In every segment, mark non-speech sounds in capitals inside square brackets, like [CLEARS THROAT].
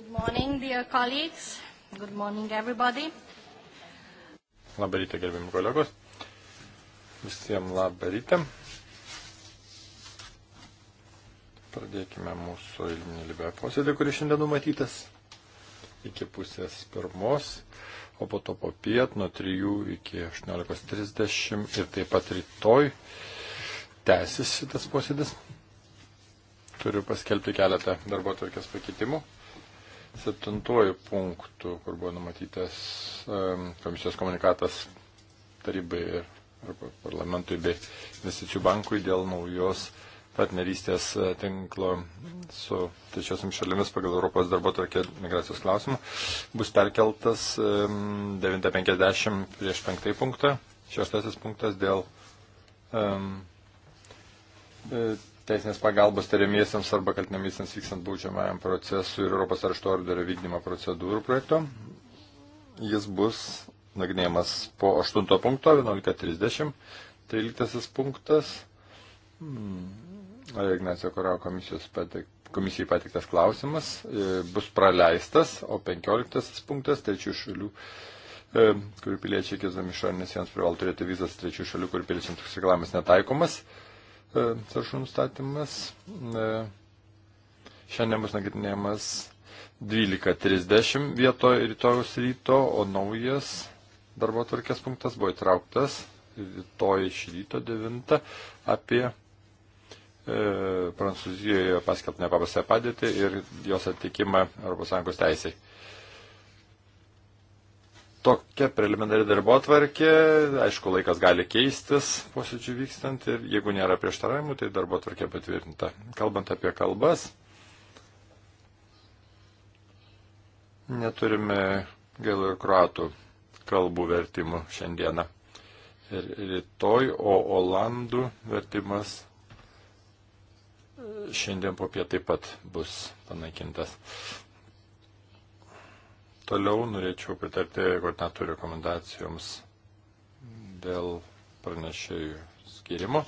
Good morning, dear colleagues. Good morning, everybody. Labą rytą, gerbimi kolegos. Visiems labą rytą. Pradėkime mūsų eilinį libę posėdį, kuris šiandien numatytas iki pusės pirmos, o po to po piet nuo 3 iki 18.30 ir taip pat rytoj tęsis šitas posėdis. Turiu paskelbti keletą darbo tvarkės pakeitimų septintuoju punktu, kur buvo numatytas komisijos komunikatas tarybai ir parlamentui bei investicijų bankui dėl naujos partnerystės e, tinklo su trečiosiam šalimis pagal Europos darbo tvarkė migracijos klausimų bus perkeltas 9.50 prieš 5 punktą. Šeštasis punktas dėl um, teisinės pagalbos tariamiesiams arba kaltinamiesiams vykstant baudžiamajam procesui ir Europos arešto orderio vykdymo procedūrų projekto. Jis bus nagrinėjamas po 8 punkto 11.30. 13 punktas. Hmm. Ignacio Korau komisijos patek, komisijai patiktas klausimas e, bus praleistas, o 15 punktas trečių šalių, e, kurių piliečiai kėsdami išorinės sienos privalo turėti vizas trečių šalių, kurių piliečiams toks reikalavimas netaikomas. E, taršų nustatymas. E, šiandien bus nagrinėjamas 12.30 vietoje rytojus ryto, o naujas darbo tvarkės punktas buvo įtrauktas rytoj iš ryto 9 apie e, Prancūzijoje paskelbtą nepaprastąją padėtį ir jos atitikimą ES teisėjai tokia preliminari darbo atvarkė, aišku, laikas gali keistis posėdžių vykstant ir jeigu nėra prieštaravimų, tai darbo atvarkė patvirtinta. Kalbant apie kalbas, neturime gailų ir kruatų kalbų vertimų šiandieną. Ir rytoj, o olandų vertimas šiandien po pietai pat bus panaikintas. Toliau norėčiau pritarti koordinatorių rekomendacijoms dėl pranešėjų skirimo.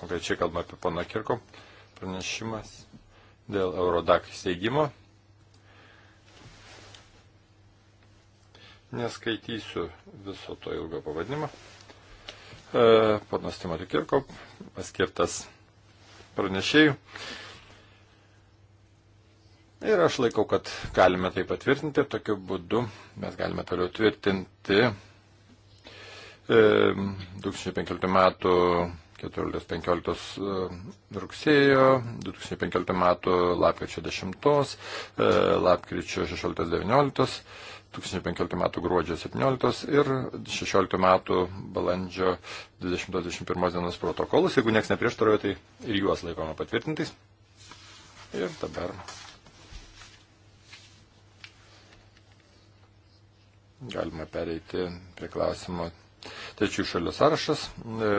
Konkrečiai kalbame apie pana Kirko pranešimas dėl Eurodak įsteigimo. Neskaitysiu viso to ilgo pavadinimo. E, Panas Timotė Kirko paskirtas pranešėjų. E, Ir aš laikau, kad galime tai patvirtinti ir tokiu būdu mes galime toliau tvirtinti e, 2015 metų 14-15 e, rugsėjo, 2015 metų lapkričio 10, e, lapkričio 16-19, 2015 metų gruodžio 17 ir 16 metų balandžio 20-21 dienos protokolus. Jeigu nieks neprieštarojo, tai ir juos laikoma patvirtintais. Ir dabar galima pereiti prie klausimo. Trečių šalių sąrašas, e,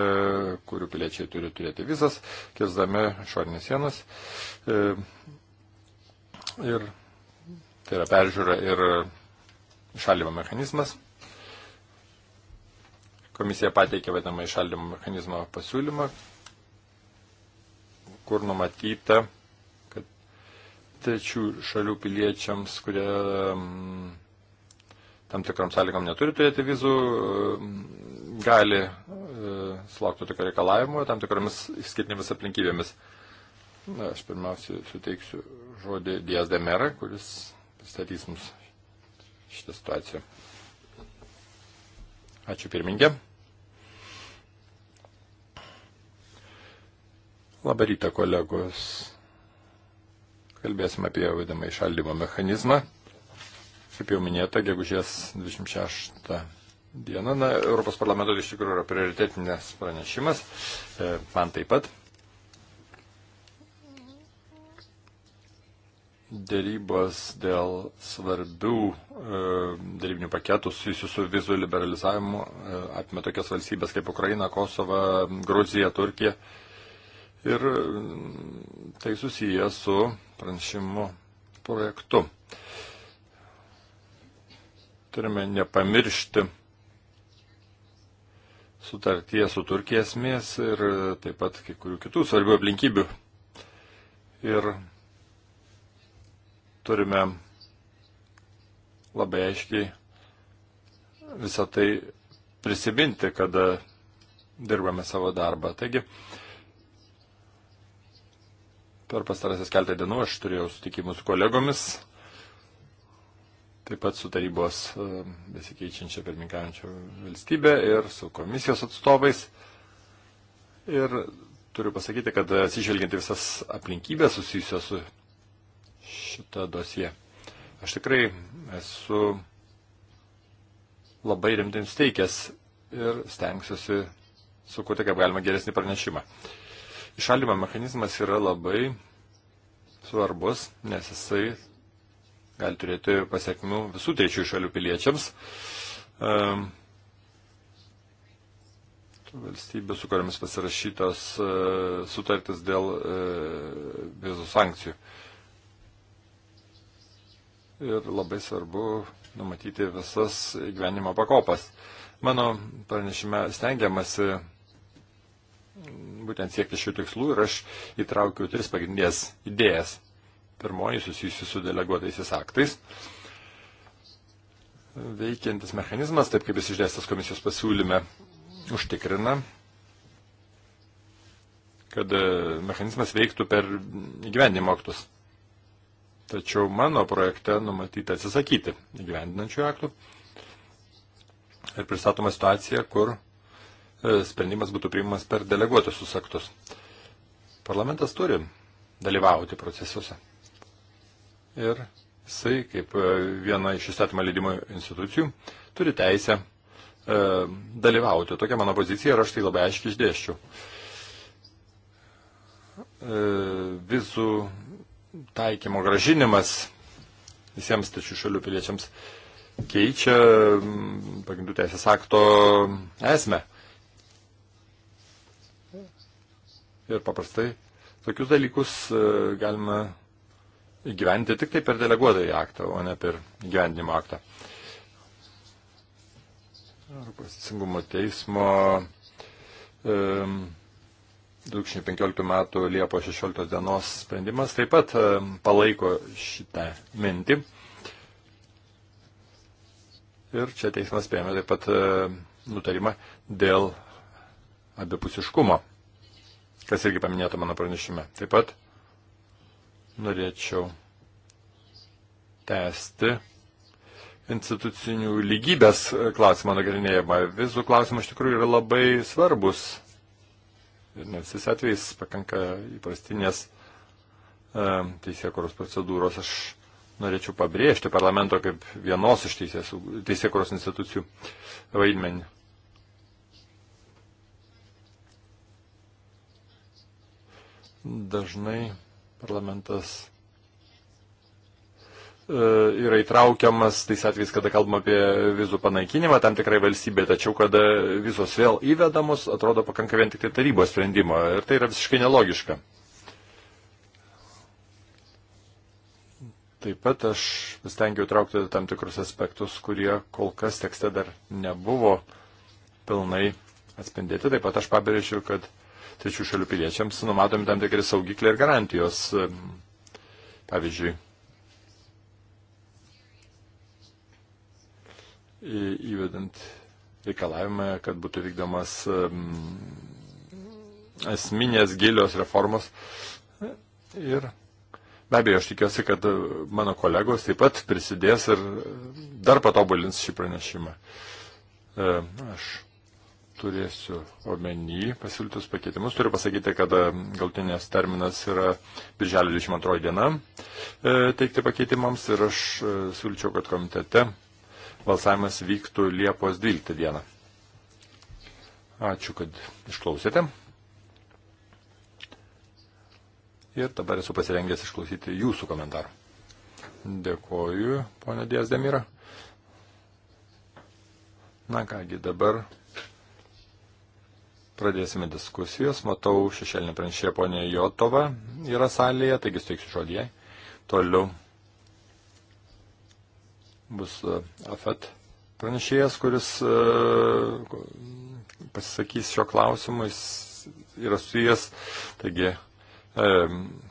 kurių piliečiai turi turėti vizas, kirsdami išorinės sienas. E, ir tai yra peržiūra ir šalimo mechanizmas. Komisija pateikė vadinamą išaldymo mechanizmo pasiūlymą, kur numatyta, kad trečių šalių piliečiams, kurie mm, tam tikram sąlygom neturi turėti vizų, e, gali e, sulaukti tokio reikalavimo tam tikromis išskirtinėmis aplinkybėmis. Na, aš pirmiausia suteiksiu žodį Dijas Demera, kuris pristatys mums šitą situaciją. Ačiū pirmininkė. Labą rytą, kolegos. Kalbėsim apie vadinamą išaldymo mechanizmą. Kaip jau minėta, gegužės 26 diena. Na, Europos parlamento iš tikrųjų yra prioritetinės pranešimas. E, man taip pat. dėrybos dėl svarbių e, dėrybinių paketų susijusių su vizų liberalizavimu e, apima tokias valstybės kaip Ukraina, Kosova, Gruzija, Turkija. Ir mm, tai susiję su pranešimu projektu. E, Turime nepamiršti sutarties su Turkija esmės ir taip pat kai kurių kitų svarbių aplinkybių. Ir turime labai aiškiai visą tai prisiminti, kada dirbame savo darbą. Taigi, per pastarąsias keltą dienų aš turėjau sutikimų su kolegomis taip pat su tarybos e, besikeičiančia pirmininkaujančia valstybė ir su komisijos atstovais. Ir turiu pasakyti, kad atsižvelgiant visas aplinkybės susijusios su šita dosie, aš tikrai esu labai rimtai nusteikęs ir stengsiuosi sukurti kaip galima geresnį pranešimą. Išalimo mechanizmas yra labai svarbus, nes jisai gali turėti pasiekmių visų trečių šalių piliečiams. Um, ehm, valstybių, su kuriamis pasirašytos uh, e, sutartis dėl uh, vizų sankcijų. Ir labai svarbu numatyti visas gyvenimo pakopas. Mano pranešime stengiamasi būtent siekti šių tikslų ir aš įtraukiu tris pagrindės idėjas. Pirmoji susijusi su deleguotaisiais aktais. Veikiantis mechanizmas, taip kaip jis išdėstas komisijos pasiūlyme, užtikrina, kad e, mechanizmas veiktų per gyvenimo aktus. Tačiau mano projekte numatyta atsisakyti gyvendinančių aktų ir pristatoma situacija, kur e, sprendimas būtų priimamas per deleguotusius aktus. Parlamentas turi dalyvauti procesuose ir jisai, kaip e, viena iš įstatymą leidimo institucijų, turi teisę e, dalyvauti. Tokia mano pozicija ir aš tai labai aiškiai išdėščiau. E, vizų taikymo gražinimas visiems tačių šalių piliečiams keičia pagrindų teisės akto esmę. Ir paprastai tokius dalykus e, galima įgyventi tik tai per deleguotąjį aktą, o ne per įgyvendinimo aktą. Europos teisingumo teismo e, 2015 metų Liepo 16 dienos sprendimas taip pat e, palaiko šitą mintį. Ir čia teismas priėmė taip pat e, nutarimą dėl abipusiškumo, kas irgi paminėta mano pranešime. Taip pat norėčiau tęsti institucinių lygybės klausimą nagrinėjimą. Vizų klausimai iš tikrųjų yra labai svarbus. Ir ne visais atvejais pakanka įprastinės e, teisėkuros procedūros. Aš norėčiau pabrėžti parlamento kaip vienos iš teisėkuros institucijų vaidmenį. Dažnai parlamentas e, yra įtraukiamas tais atvejais, kada kalbam apie vizų panaikinimą tam tikrai valstybė, tačiau kada vizos vėl įvedamos, atrodo pakanka vien tik tai tarybos sprendimo ir tai yra visiškai nelogiška. Taip pat aš stengiau traukti tam tikrus aspektus, kurie kol kas tekste dar nebuvo pilnai atspindėti. Taip pat aš pabrėžiu, kad trečių šalių piliečiams numatomi tam tikri saugikliai ir garantijos. Pavyzdžiui, įvedant reikalavimą, kad būtų vykdomas esminės gilios reformos. Ir be abejo, aš tikiuosi, kad mano kolegos taip pat prisidės ir dar patobulins šį pranešimą. Aš turėsiu omeny pasiūlytus pakeitimus. Turiu pasakyti, kad e, galtinės terminas yra birželio 22 diena e, teikti pakeitimams ir aš e, siūlyčiau, kad komitete balsavimas vyktų Liepos 12 dieną. Ačiū, kad išklausėte. Ir dabar esu pasirengęs išklausyti jūsų komentarų. Dėkoju, ponė Dėsdemira. Na kągi, dabar Pradėsime diskusijos. Matau šešėlinį pranešėją ponė Jotova yra salėje, taigi steiksiu žodį jai. Toliau bus e, AFET pranešėjas, kuris e, pasisakys šio klausimu, jis yra susijęs, taigi e,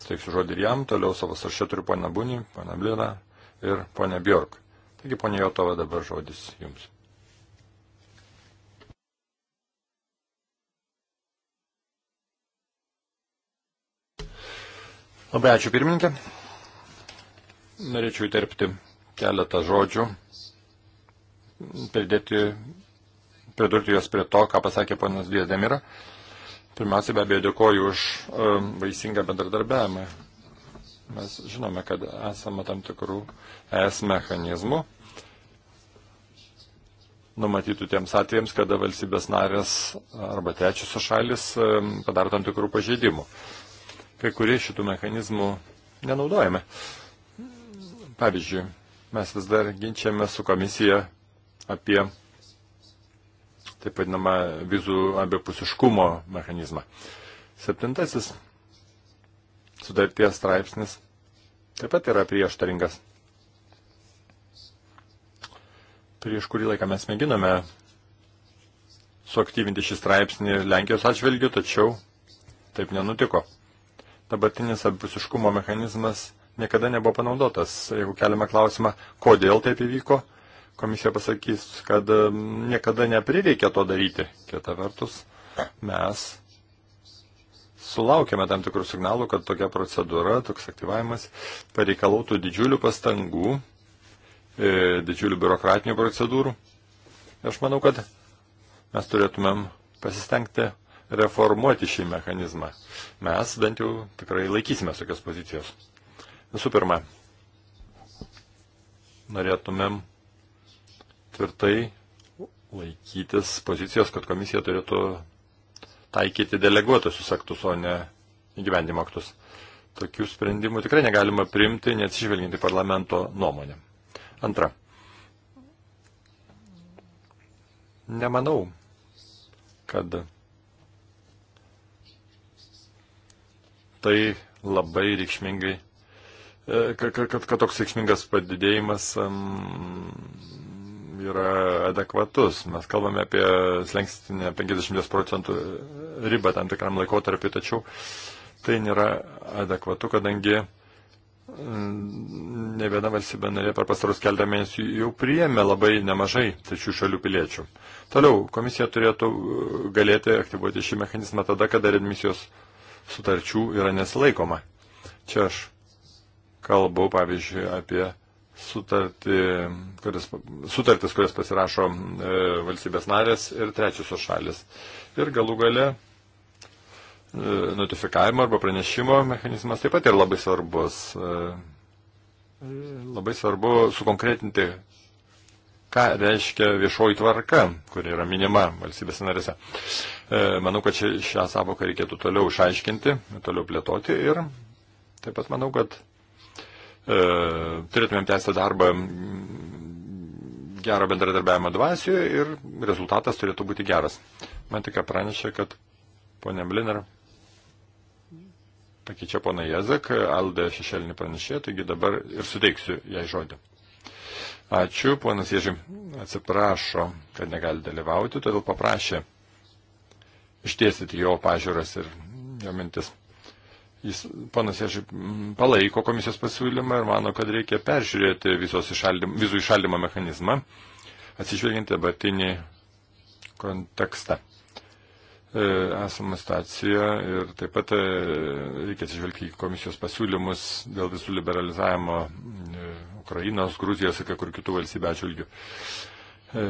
steiksiu žodį ir jam. Toliau savo saršė turiu ponę Bunį, ponę Bliną ir ponę Bjork. Taigi ponė Jotova dabar žodis jums. Labai ačiū pirmininkė. Norėčiau įterpti keletą žodžių, pridėti, pridurti juos prie to, ką pasakė ponas Diezdemira. Pirmiausia, be abejo, dėkoju už um, vaisingą bendradarbiavimą. Mes žinome, kad esame tam tikrų es mechanizmų numatytų tiems atvejams, kada valstybės narės arba trečiosios šalis um, padaro tam tikrų pažeidimų kai kurie šitų mechanizmų nenaudojame. Pavyzdžiui, mes vis dar ginčiame su komisija apie taip vadinamą vizų abipusiškumo mechanizmą. Septintasis sudarties straipsnis taip pat yra prieštaringas. Prieš kurį laiką mes mėginome suaktyvinti šį straipsnį Lenkijos atžvilgiu, tačiau taip nenutiko dabartinis abipusiškumo mechanizmas niekada nebuvo panaudotas. Jeigu keliame klausimą, kodėl taip įvyko, komisija pasakys, kad um, niekada neprireikė to daryti. Kita vertus, mes sulaukėme tam tikrų signalų, kad tokia procedūra, toks aktyvavimas pareikalautų didžiulių pastangų, e, didžiulių biurokratinių procedūrų. Aš manau, kad mes turėtumėm pasistengti reformuoti šį mechanizmą. Mes bent jau tikrai laikysime tokios pozicijos. Visų pirma, norėtumėm tvirtai laikytis pozicijos, kad komisija turėtų taikyti deleguotusius aktus, o ne įgyvendimo aktus. Tokių sprendimų tikrai negalima priimti, neatsižvelginti parlamento nuomonę. Antra. Nemanau, kad tai labai reikšmingai, e, kad, kad, kad toks reikšmingas padidėjimas yra adekvatus. Mes kalbame apie slengstinę 50 procentų ribą tam tikram laikotarpiu, tačiau tai nėra adekvatu, kadangi ne viena valstybė narė per pastarus keltą mėnesių jau priėmė labai nemažai trečių šalių piliečių. Toliau, komisija turėtų e, galėti aktyvuoti šį mechanizmą tada, kada redmisijos sutarčių yra nesilaikoma. Čia aš kalbu, pavyzdžiui, apie sutartį, kuris, sutartis, kurias pasirašo e, valstybės narės ir trečiosios šalis. Ir galų gale e, notifikavimo arba pranešimo mechanizmas taip pat yra labai svarbus. E, labai svarbu sukonkretinti ką reiškia viešoji tvarka, kuri yra minima valstybės narėse. E, manau, kad šią savoką reikėtų toliau išaiškinti, toliau plėtoti ir taip pat manau, kad e, turėtumėm tęsti darbą mm, gero bendradarbiavimo dvasioje ir rezultatas turėtų būti geras. Man tik pranešė, kad ponė Mliner pakeičia poną Jezak, Alde šešėlinį pranešė, taigi dabar ir suteiksiu jai žodį. Ačiū, ponas Ježi atsiprašo, kad negali dalyvauti, todėl paprašė ištiesyti jo pažiūras ir jo mintis. Jis, panas Ježi, palaiko komisijos pasiūlymą ir mano, kad reikia peržiūrėti išaldymo, vizų išaldymo mechanizmą, atsižvelgiant dabartinį kontekstą e, esamą staciją ir taip pat e, reikia atsižvelgti į komisijos pasiūlymus dėl visų liberalizavimo e, Ukrainos, Gruzijos ir kai kur kitų valstybių atžvilgių. E,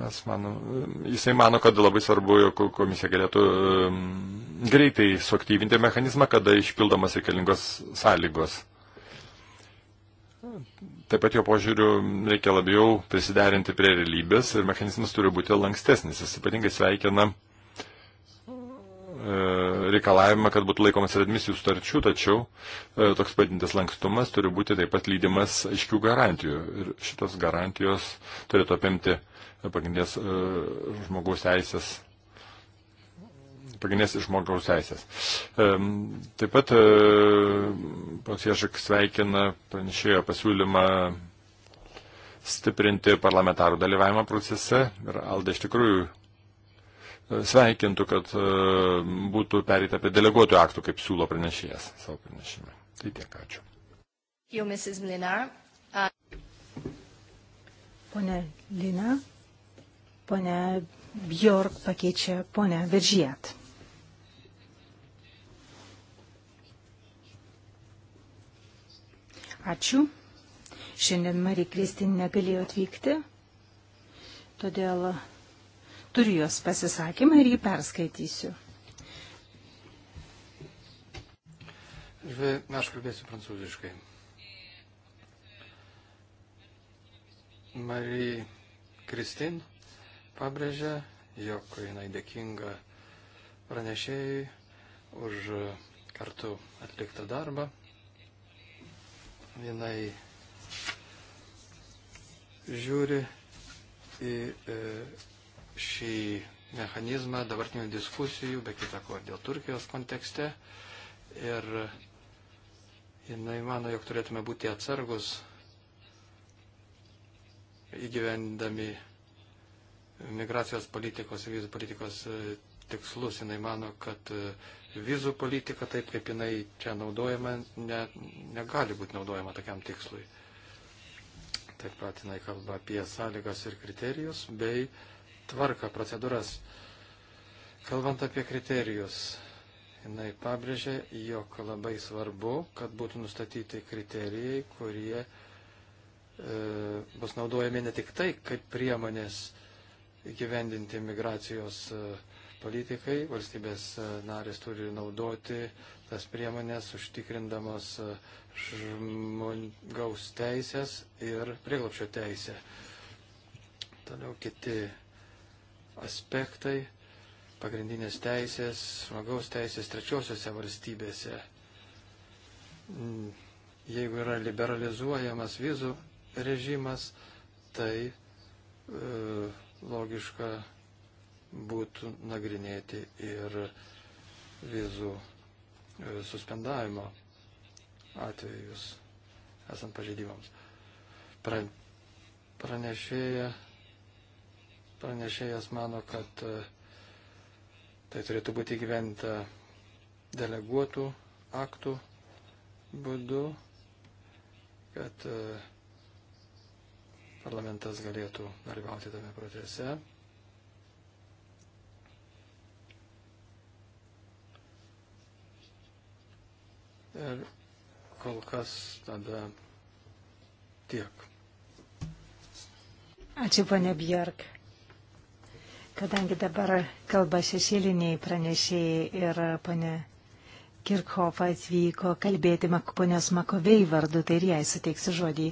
mes mano, jisai mano, kad labai svarbu, jog komisija galėtų greitai suaktyvinti mechanizmą, kada išpildomas reikalingos sąlygos. Taip pat jo požiūriu reikia labiau prisiderinti prie realybės ir mechanizmas turi būti lankstesnis. Jis ypatingai sveikina uh, E, reikalavimą, kad būtų laikomas redmisijų starčių, tačiau e, toks padintas lankstumas turi būti taip pat lydimas aiškių garantijų. Ir šitos garantijos turėtų apimti pagrindės e, žmogaus teisės. Pagrindinės žmogaus teisės. E, taip pat e, pats Ješak sveikina pranešėjo pasiūlymą stiprinti parlamentarų dalyvavimą procese ir Alda iš tikrųjų sveikintų, kad e, būtų pereita apie deleguotų aktų, kaip siūlo pranešėjas savo pranešime. Tai tiek, ačiū. You, Mrs. Mlinar. Uh... Pone Lina, pone Bjork pakeičia pone Veržijat. Ačiū. Šiandien Marija Kristin negalėjo atvykti, todėl Turiu jos pasisakymą ir jį perskaitysiu. Aš kalbėsiu prancūziškai. Marija Kristin pabrėžė, jog jinai dėkinga pranešėjai už kartu atliktą darbą. Jinai žiūri į e, šį mechanizmą dabartinių diskusijų, be kita ko ir dėl Turkijos kontekste. Ir jinai mano, jog turėtume būti atsargus įgyvendami migracijos politikos ir vizų politikos e, tikslus. Jinai mano, kad e, vizų politika, taip kaip jinai čia naudojama, ne, negali būti naudojama tokiam tikslui. Taip pat jinai kalba apie sąlygas ir kriterijus bei uh, tvarką, procedūras. Kalbant apie kriterijus, jinai pabrėžė, jog labai svarbu, kad būtų nustatyti kriterijai, kurie e, bus naudojami ne tik tai kaip priemonės įgyvendinti migracijos e, politikai, valstybės e, narės turi naudoti tas priemonės užtikrindamos e, žmogaus teisės ir prieglapšio teisę. Toliau kiti aspektai, pagrindinės teisės, žmogaus teisės trečiosiose valstybėse. Mm, jeigu yra liberalizuojamas vizų režimas, tai e, logiška būtų nagrinėti ir vizų e, suspendavimo atvejus esant pažeidimams. Pra, pranešėja Pranešėjas mano, kad e, tai turėtų būti gyventa deleguotų aktų būdu, kad e, parlamentas galėtų dalyvauti tame procese. Ir kol kas tada tiek. Ačiū, pane Bjark. Kadangi dabar kalba šešėliniai pranešėjai ir ponė Kirchhoff atvyko kalbėti ponios Makovei vardu, tai ir jai suteiksiu žodį.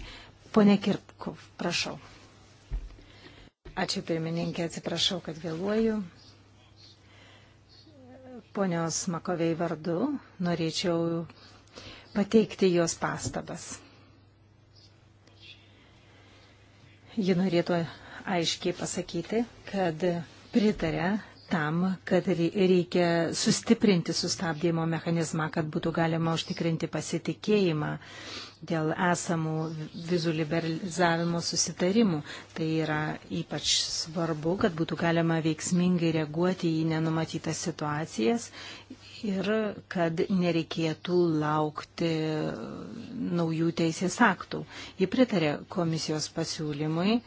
Pone Kirchhoff, prašau. Ačiū pirmininkė, atsiprašau, kad vėluoju. Ponios Makovei vardu norėčiau pateikti jos pastabas. Ji norėtų aiškiai pasakyti, kad pritarė tam, kad reikia sustiprinti sustabdymo mechanizmą, kad būtų galima užtikrinti pasitikėjimą dėl esamų vizų liberalizavimo susitarimų. Tai yra ypač svarbu, kad būtų galima veiksmingai reaguoti į nenumatytas situacijas ir kad nereikėtų laukti naujų teisės aktų. Ji pritarė komisijos pasiūlymui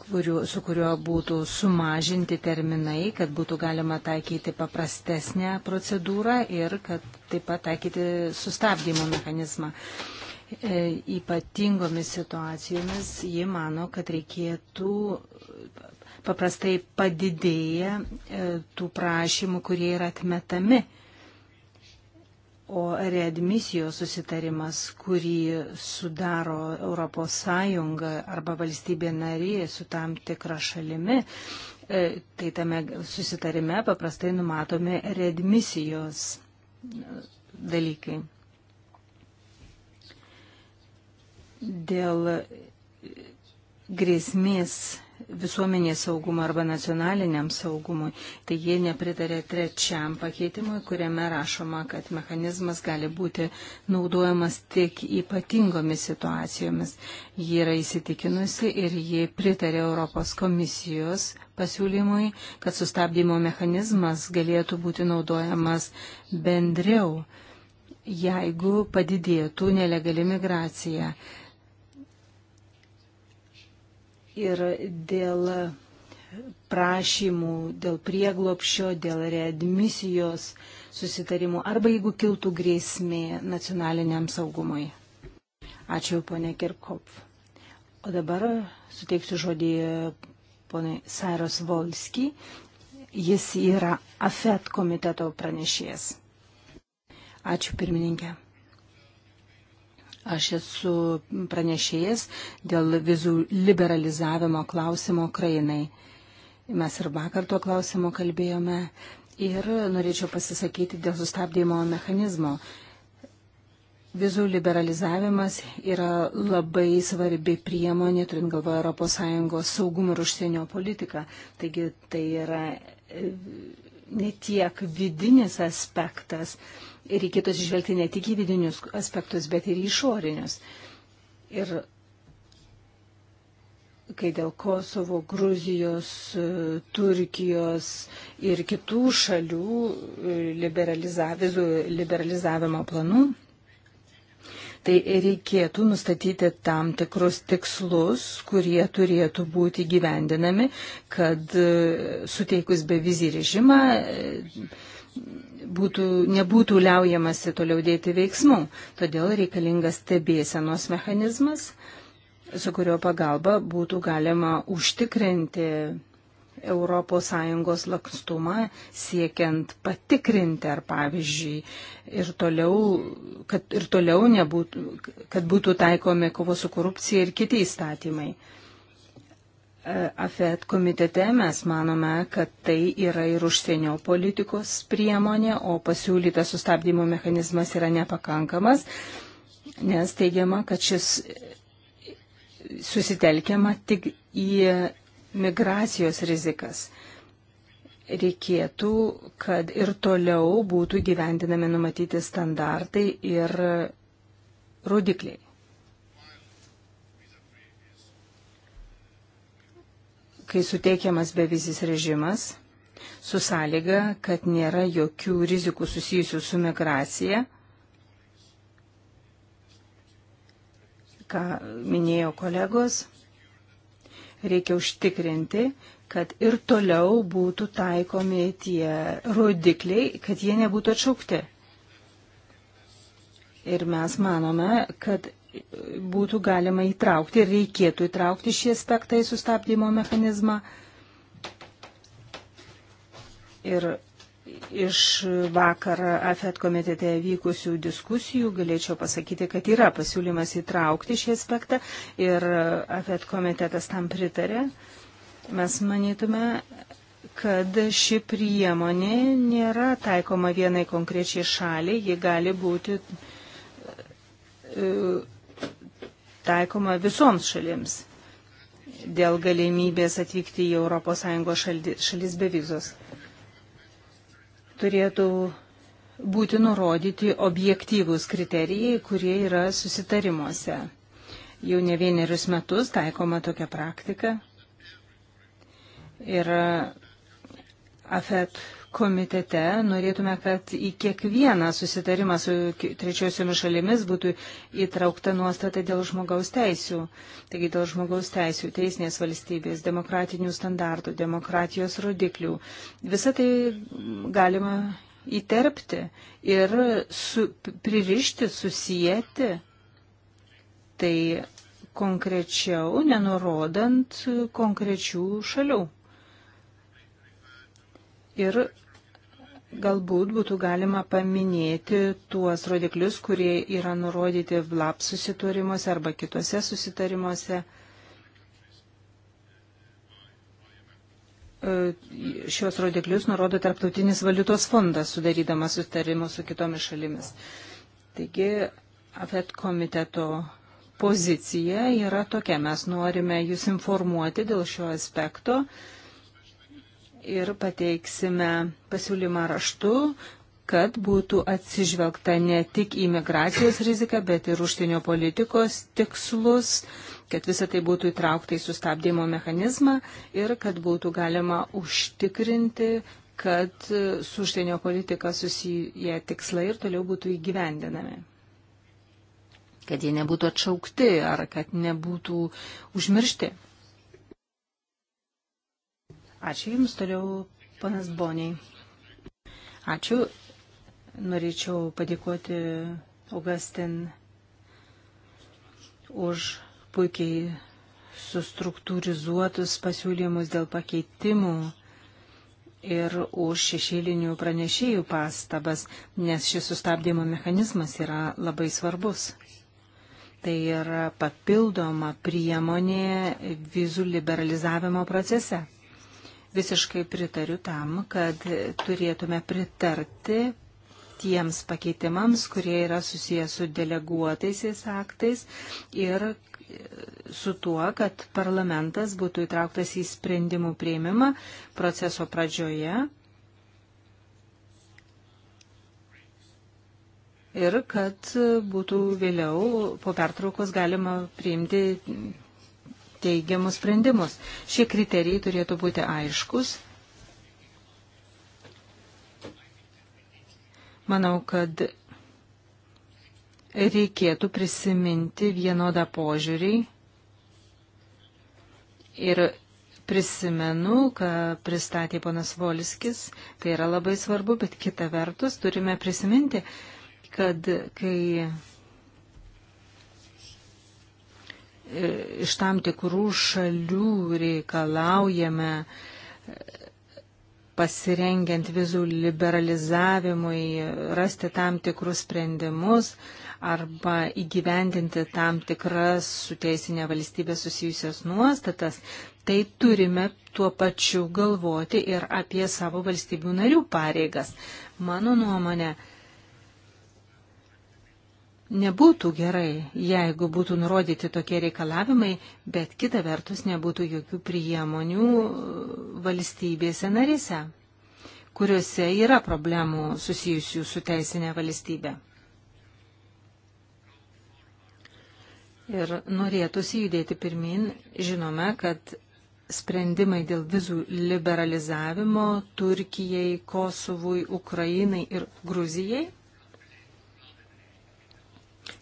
kuriuo, su kuriuo būtų sumažinti terminai, kad būtų galima taikyti paprastesnę procedūrą ir kad taip pat taikyti sustabdymo mechanizmą. E, ypatingomis situacijomis ji mano, kad reikėtų paprastai padidėję e, tų prašymų, kurie yra atmetami O readmisijos susitarimas, kurį sudaro ES arba valstybė narė su tam tikra šalimi, e, tai tame susitarime paprastai numatomi readmisijos e, dalykai. Dėl grėsmės visuomenės saugumą arba nacionaliniam saugumui. Tai jie nepritarė trečiam pakeitimui, kuriame rašoma, kad mechanizmas gali būti naudojamas tik ypatingomis situacijomis. Ji yra įsitikinusi ir ji pritarė Europos komisijos pasiūlymui, kad sustabdymo mechanizmas galėtų būti naudojamas bendriau, jeigu padidėtų nelegali migracija ir dėl prašymų, dėl prieglopšio, dėl readmisijos susitarimų arba jeigu kiltų grėsmė nacionaliniam saugumui. Ačiū, ponė Kirkop. O dabar suteiksiu žodį ponai Saros Volski. Jis yra AFET komiteto pranešėjas. Ačiū, pirmininkė. Aš esu pranešėjas dėl vizų liberalizavimo klausimo Ukrainai. Mes ir vakar tuo klausimu kalbėjome ir norėčiau pasisakyti dėl sustabdymo mechanizmo. Vizų liberalizavimas yra labai svarbi priemonė, turint galvoje ES saugumą ir užsienio politiką. Taigi tai yra ne tiek vidinis aspektas, reikėtų atsižvelgti ne tik į vidinius aspektus, bet ir į išorinius. Ir kai dėl Kosovo, Gruzijos, Turkijos ir kitų šalių e, liberalizavimo planų, tai reikėtų nustatyti tam tikrus tikslus, kurie turėtų būti gyvendinami, kad e, suteikus bevizį režimą e, būtų, nebūtų liaujamasi toliau dėti veiksmų. Todėl reikalingas stebėsenos mechanizmas, su kurio pagalba būtų galima užtikrinti ES lakstumą, siekiant patikrinti, ar pavyzdžiui, ir toliau, kad, ir toliau nebūtų, kad būtų taikomi kovo su korupcija ir kiti įstatymai. AFET komitete mes manome, kad tai yra ir užsienio politikos priemonė, o pasiūlytas sustabdymo mechanizmas yra nepakankamas, nes teigiama, kad šis susitelkiama tik į migracijos rizikas. Reikėtų, kad ir toliau būtų gyvendinami numatyti standartai ir rodikliai. kai suteikiamas bevizis režimas, su sąlyga, kad nėra jokių rizikų susijusių su migracija, ką minėjo kolegos, reikia užtikrinti, kad ir toliau būtų taikomi tie rodikliai, kad jie nebūtų atšaukti. Ir mes manome, kad būtų galima įtraukti ir reikėtų įtraukti šį aspektą į sustabdymo mechanizmą. Ir iš vakar AFET komitete vykusių diskusijų galėčiau pasakyti, kad yra pasiūlymas įtraukti šį aspektą ir AFET komitetas tam pritarė. Mes manytume, kad ši priemonė nėra taikoma vienai konkrečiai šaliai, ji gali būti taikoma visoms šalims dėl galimybės atvykti į ES šalis be vizos. Turėtų būti nurodyti objektyvūs kriterijai, kurie yra susitarimuose. Jau ne vienerius metus taikoma tokia praktika. Ir AFET komitete norėtume, kad į kiekvieną susitarimą su trečiosiomis šalimis būtų įtraukta nuostata dėl žmogaus teisų. Taigi dėl žmogaus teisų, teisinės valstybės, demokratinių standartų, demokratijos rodiklių. Visą tai galima įterpti ir su, pririšti, susijęti. Tai konkrečiau, nenurodant konkrečių šalių. Ir galbūt būtų galima paminėti tuos rodiklius, kurie yra nurodyti VLAP susitarimuose arba kitose susitarimuose. E, šios rodiklius nurodo Tarptautinis valiutos fondas, sudarydamas susitarimus su kitomis šalimis. Taigi, AFET komiteto pozicija yra tokia. Mes norime jūs informuoti dėl šio aspekto. Uh, ir pateiksime pasiūlymą raštu, kad būtų atsižvelgta ne tik į migracijos riziką, bet ir užsienio politikos tikslus, kad visa tai būtų įtraukta į sustabdymo mechanizmą ir kad būtų galima užtikrinti, kad su užsienio politika susiję tikslai ir toliau būtų įgyvendinami. Kad jie nebūtų atšaukti ar kad nebūtų užmiršti. Ačiū Jums toliau, panas Boniai. Ačiū. Norėčiau padėkoti Augustin už puikiai sustruktūrizuotus pasiūlymus dėl pakeitimų ir už šešėlinių pranešėjų pastabas, nes šis sustabdymo mechanizmas yra labai svarbus. Tai yra papildoma priemonė vizų liberalizavimo procese visiškai pritariu tam, kad turėtume pritarti tiems pakeitimams, kurie yra susijęs su deleguotaisiais aktais ir su tuo, kad parlamentas būtų įtrauktas į sprendimų prieimimą proceso pradžioje ir kad būtų vėliau po pertraukos galima priimti teigiamus sprendimus. Šie kriterijai turėtų būti aiškus. Manau, kad reikėtų prisiminti vienodą požiūrį ir prisimenu, ką pristatė ponas Volskis, tai yra labai svarbu, bet kita vertus turime prisiminti, kad kai iš tam tikrų šalių reikalaujame pasirengiant vizų liberalizavimui, rasti tam tikrus sprendimus arba įgyvendinti tam tikras su teisinė valstybė susijusias nuostatas, tai turime tuo pačiu galvoti ir apie savo valstybių narių pareigas. Mano nuomonė, Nebūtų gerai, jeigu būtų nurodyti tokie reikalavimai, bet kita vertus nebūtų jokių priemonių e, valstybėse narise, kuriuose yra problemų susijusių su teisinė valstybė. Ir norėtųsi judėti pirmin, žinome, kad sprendimai dėl vizų liberalizavimo Turkijai, Kosovui, Ukrainai ir Gruzijai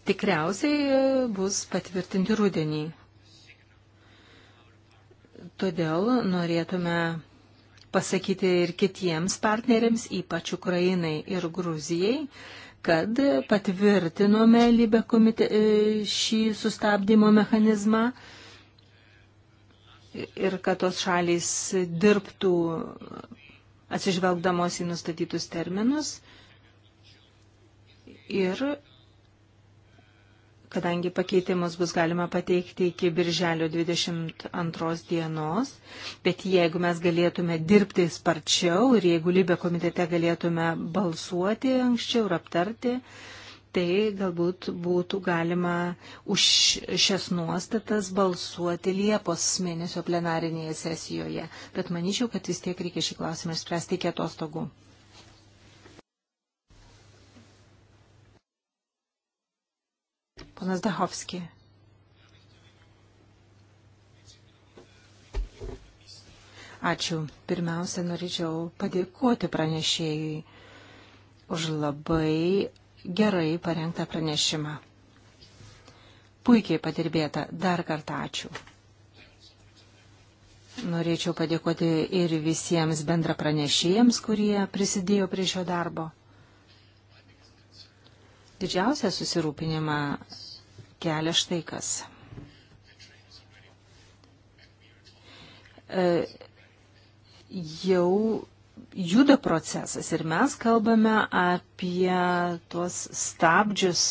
tikriausiai e, bus patvirtinti rudenį. Todėl norėtume pasakyti ir kitiems partneriams, ypač Ukrainai ir Gruzijai, kad patvirtinome Libe komite e, šį sustabdymo mechanizmą ir kad tos šalys dirbtų atsižvelgdamos į nustatytus terminus. Ir kadangi pakeitimus bus galima pateikti iki birželio 22 dienos, bet jeigu mes galėtume dirbti sparčiau ir jeigu Libė komitete galėtume balsuoti anksčiau ir aptarti, tai galbūt būtų galima už šias nuostatas balsuoti Liepos mėnesio plenarinėje sesijoje. Bet manyčiau, kad vis tiek reikia šį klausimą spręsti iki atostogų. Ponas Dahovski. Ačiū. Pirmiausia, norėčiau padėkoti pranešėjai už labai gerai parengtą pranešimą. Puikiai padirbėta. Dar kartą ačiū. Norėčiau padėkoti ir visiems bendra pranešėjams, kurie prisidėjo prie šio darbo. Didžiausia susirūpinimą kelia štai kas. E, jau juda procesas ir mes kalbame apie tuos stabdžius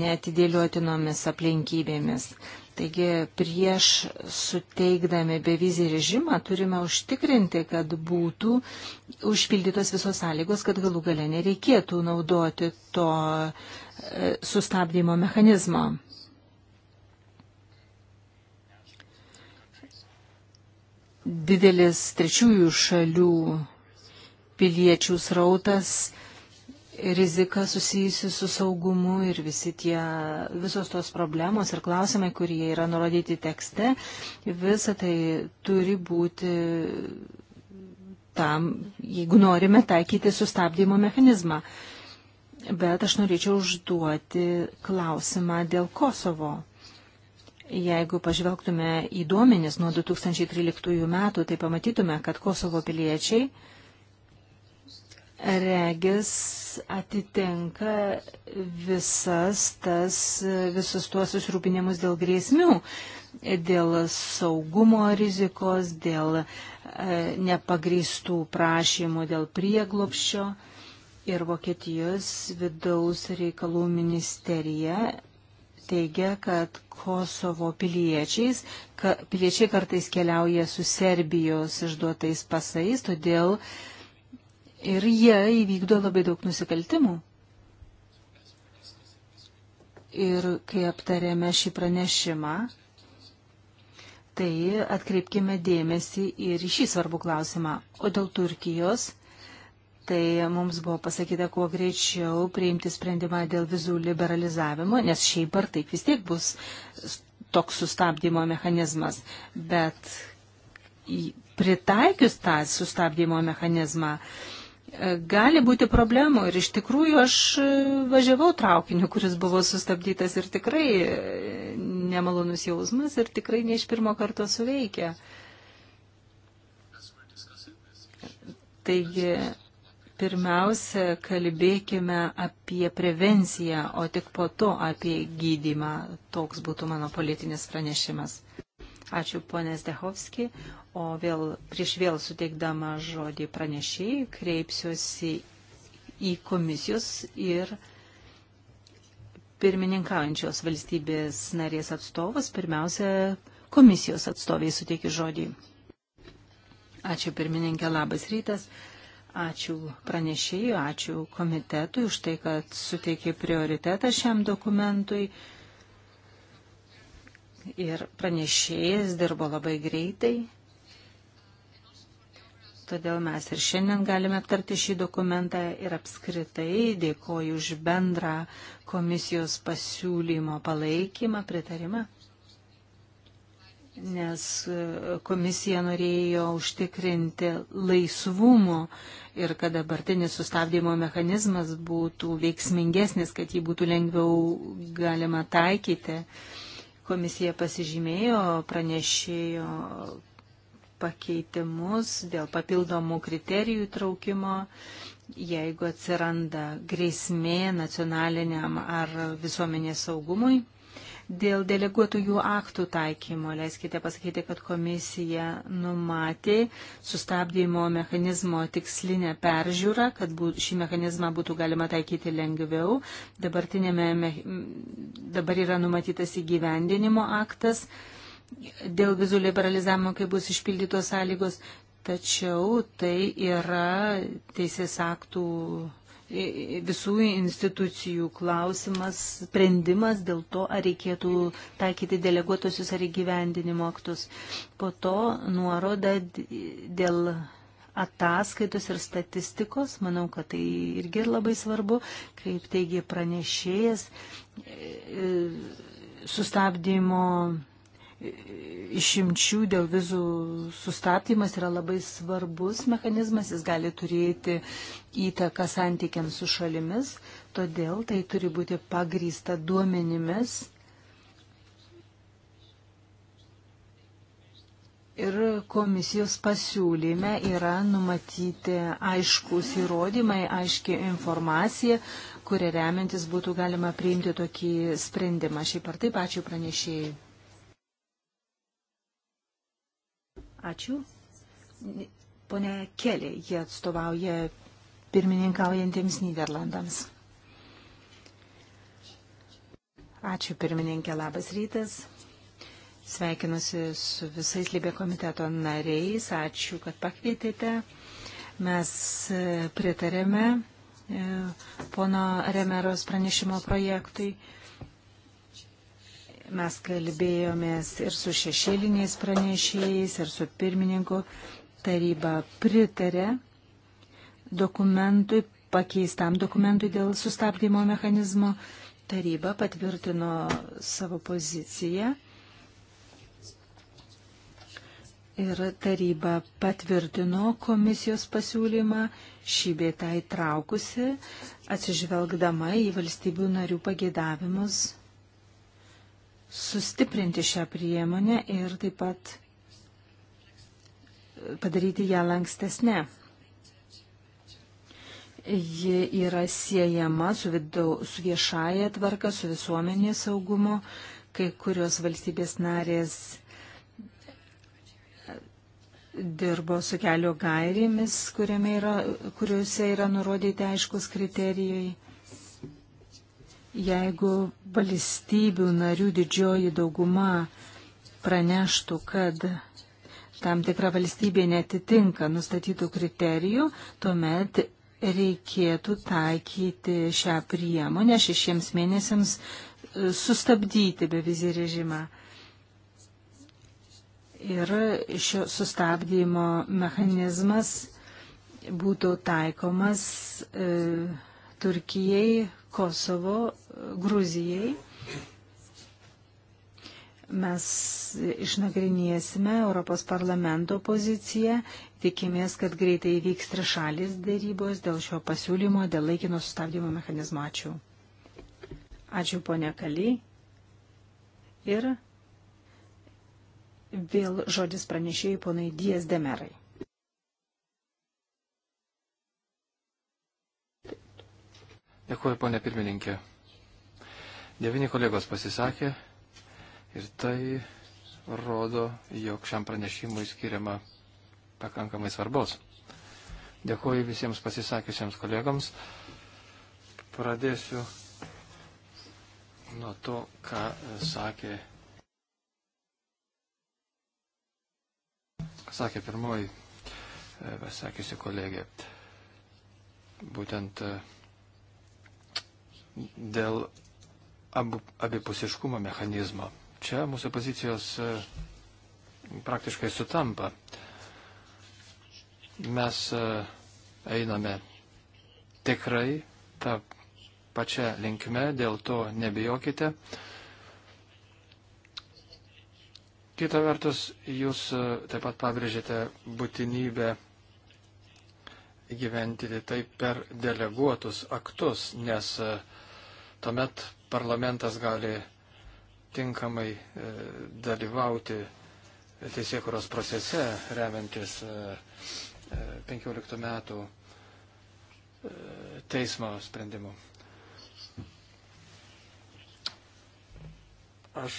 netidėliuotinomis aplinkybėmis. Taigi prieš suteikdami bevizį režimą turime užtikrinti, kad būtų užpildytos visos sąlygos, kad galų gale nereikėtų naudoti to E, sustabdymo mechanizmo. Didelis trečiųjų šalių piliečių srautas rizika susijusi su saugumu ir visi tie, visos tos problemos ir klausimai, kurie yra nurodyti tekste, visa tai turi būti tam, jeigu norime taikyti sustabdymo mechanizmą. Bet aš norėčiau užduoti klausimą dėl Kosovo. Jeigu pažvelgtume į duomenis nuo 2013 metų, tai pamatytume, kad Kosovo piliečiai regis atitinka visas tas, visus tuos susirūpinimus dėl grėsmių, dėl saugumo rizikos, dėl e, nepagrįstų prašymų, dėl prieglopščio ir Vokietijos vidaus reikalų ministerija teigia, kad Kosovo piliečiais, ka, piliečiai kartais keliauja su Serbijos išduotais pasais, todėl ir jie įvykdo labai daug nusikaltimų. Ir kai aptarėme šį pranešimą, tai atkreipkime dėmesį ir šį svarbų klausimą. O dėl Turkijos tai mums buvo pasakyta, kuo greičiau priimti sprendimą dėl vizų liberalizavimo, nes šiaip ar taip vis tiek bus toks sustabdymo mechanizmas. Bet pritaikius tą sustabdymo mechanizmą, e, gali būti problemų. Ir iš tikrųjų aš e, važiavau traukiniu, kuris buvo sustabdytas ir tikrai e, nemalonus jausmas ir tikrai ne iš pirmo karto suveikia. Taigi Pirmiausia, kalbėkime apie prevenciją, o tik po to apie gydimą. Toks būtų mano politinis pranešimas. Ačiū, ponė Zdehovski. O vėl, prieš vėl suteikdama žodį pranešėjai, kreipsiuosi į komisijos ir pirmininkaujančios valstybės narės atstovas. Pirmiausia, komisijos atstoviai suteikiu žodį. Ačiū pirmininkė, labas rytas. Ačiū pranešėjui, ačiū komitetui už tai, kad suteikė prioritetą šiam dokumentui. Ir pranešėjas dirbo labai greitai. Todėl mes ir šiandien galime aptarti šį dokumentą ir apskritai dėkoju už bendrą komisijos pasiūlymo palaikymą, pritarimą nes e, komisija norėjo užtikrinti laisvumo ir kad dabartinis sustabdymo mechanizmas būtų veiksmingesnis, kad jį būtų lengviau galima taikyti. Komisija pasižymėjo, pranešėjo pakeitimus dėl papildomų kriterijų traukimo, jeigu atsiranda grėsmė nacionaliniam ar visuomenės saugumui Dėl deleguotųjų aktų taikymo, leiskite pasakyti, kad komisija numatė sustabdymo mechanizmo tikslinę peržiūrą, kad būt, šį mechanizmą būtų galima taikyti lengviau. Dabartinėme, dabar yra numatytas įgyvendinimo aktas dėl vizų liberalizavimo, kai bus išpildytos sąlygos, tačiau tai yra teisės aktų visų institucijų klausimas, sprendimas dėl to, ar reikėtų taikyti deleguotusius ar įgyvendinimo aktus. Po to nuoroda dėl ataskaitos ir statistikos, manau, kad tai irgi labai svarbu, kaip teigia pranešėjas, e, sustabdymo išimčių dėl vizų sustabdymas yra labai svarbus mechanizmas, jis gali turėti įtaką santykiams su šalimis, todėl tai turi būti pagrysta duomenimis. Ir komisijos pasiūlyme yra numatyti aiškus įrodymai, aiški informacija, kuria remiantis būtų galima priimti tokį sprendimą. Šiaip ar taip, ačiū pranešėjai. Ačiū. Pone Kelė, jie atstovauja pirmininkaujantiems Niderlandams. Ačiū pirmininkė, labas rytas. Sveikinusi su visais Libė komiteto nariais. Ačiū, kad pakvietėte. Mes e, pritarėme e, pono Remeros pranešimo projektui. Mes kalbėjomės ir su šešėliniais pranešėjais, ir su pirmininku. Taryba pritarė dokumentui, pakeistam dokumentui dėl sustabdymo mechanizmo. Taryba patvirtino savo poziciją. Ir taryba patvirtino komisijos pasiūlymą šį bėtą įtraukusi, atsižvelgdama į valstybių narių pagėdavimus sustiprinti šią priemonę ir taip pat e, padaryti ją lankstesnę. Ji yra siejama su, vidau, su viešaja tvarka, su visuomenės saugumo, kai kurios valstybės narės e, dirbo su kelio gairėmis, yra, kuriuose yra nurodyti aiškus kriterijai. Jeigu valstybių narių didžioji dauguma praneštų, kad tam tikra valstybė netitinka nustatytų kriterijų, tuomet reikėtų taikyti šią priemonę šešiems mėnesiams e, sustabdyti bevizį režimą. Ir šio sustabdymo mechanizmas būtų taikomas e, Turkijai, Kosovo Gruzijai. Mes išnagrinėsime Europos parlamento poziciją, tikimės, kad greitai įvyks trišalis dėrybos dėl šio pasiūlymo, dėl laikino sustabdymo mechanizmo. Ačiū. Ačiū, ponia Kaly. Ir vėl žodis pranešėjai ponai Dies Demerai. Dėkuoju, ponė pirmininkė. Devini kolegos pasisakė ir tai rodo, jog šiam pranešimui skiriama pakankamai svarbos. Dėkuoju visiems pasisakiusiems kolegams. Pradėsiu nuo to, ką sakė, ką sakė pirmoji, sakysi kolegė. Būtent e, dėl abipusiškumo mechanizmo. Čia mūsų pozicijos e, praktiškai sutampa. Mes e, einame tikrai tą pačią linkmę, dėl to nebijokite. Kita vertus, jūs e, taip pat pabrėžėte būtinybę įgyventyti tai per deleguotus aktus, nes tuomet parlamentas gali tinkamai e, dalyvauti teisėkuros procese, remiantis 15 e, e, metų teismo sprendimu. Aš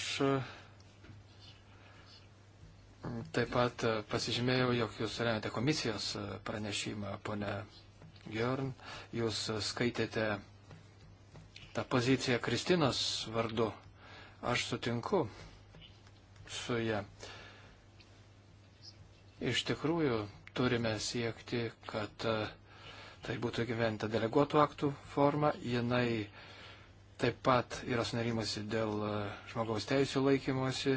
taip pat pasižymėjau, jog jūs remiate komisijos pranešimą, ponė Gjörn, jūs skaitėte tą poziciją Kristinos vardu. Aš sutinku su ją. Iš tikrųjų, turime siekti, kad e, tai būtų gyventa deleguotų aktų forma. Jinai taip pat yra sunerimasi dėl e, žmogaus teisų laikymosi,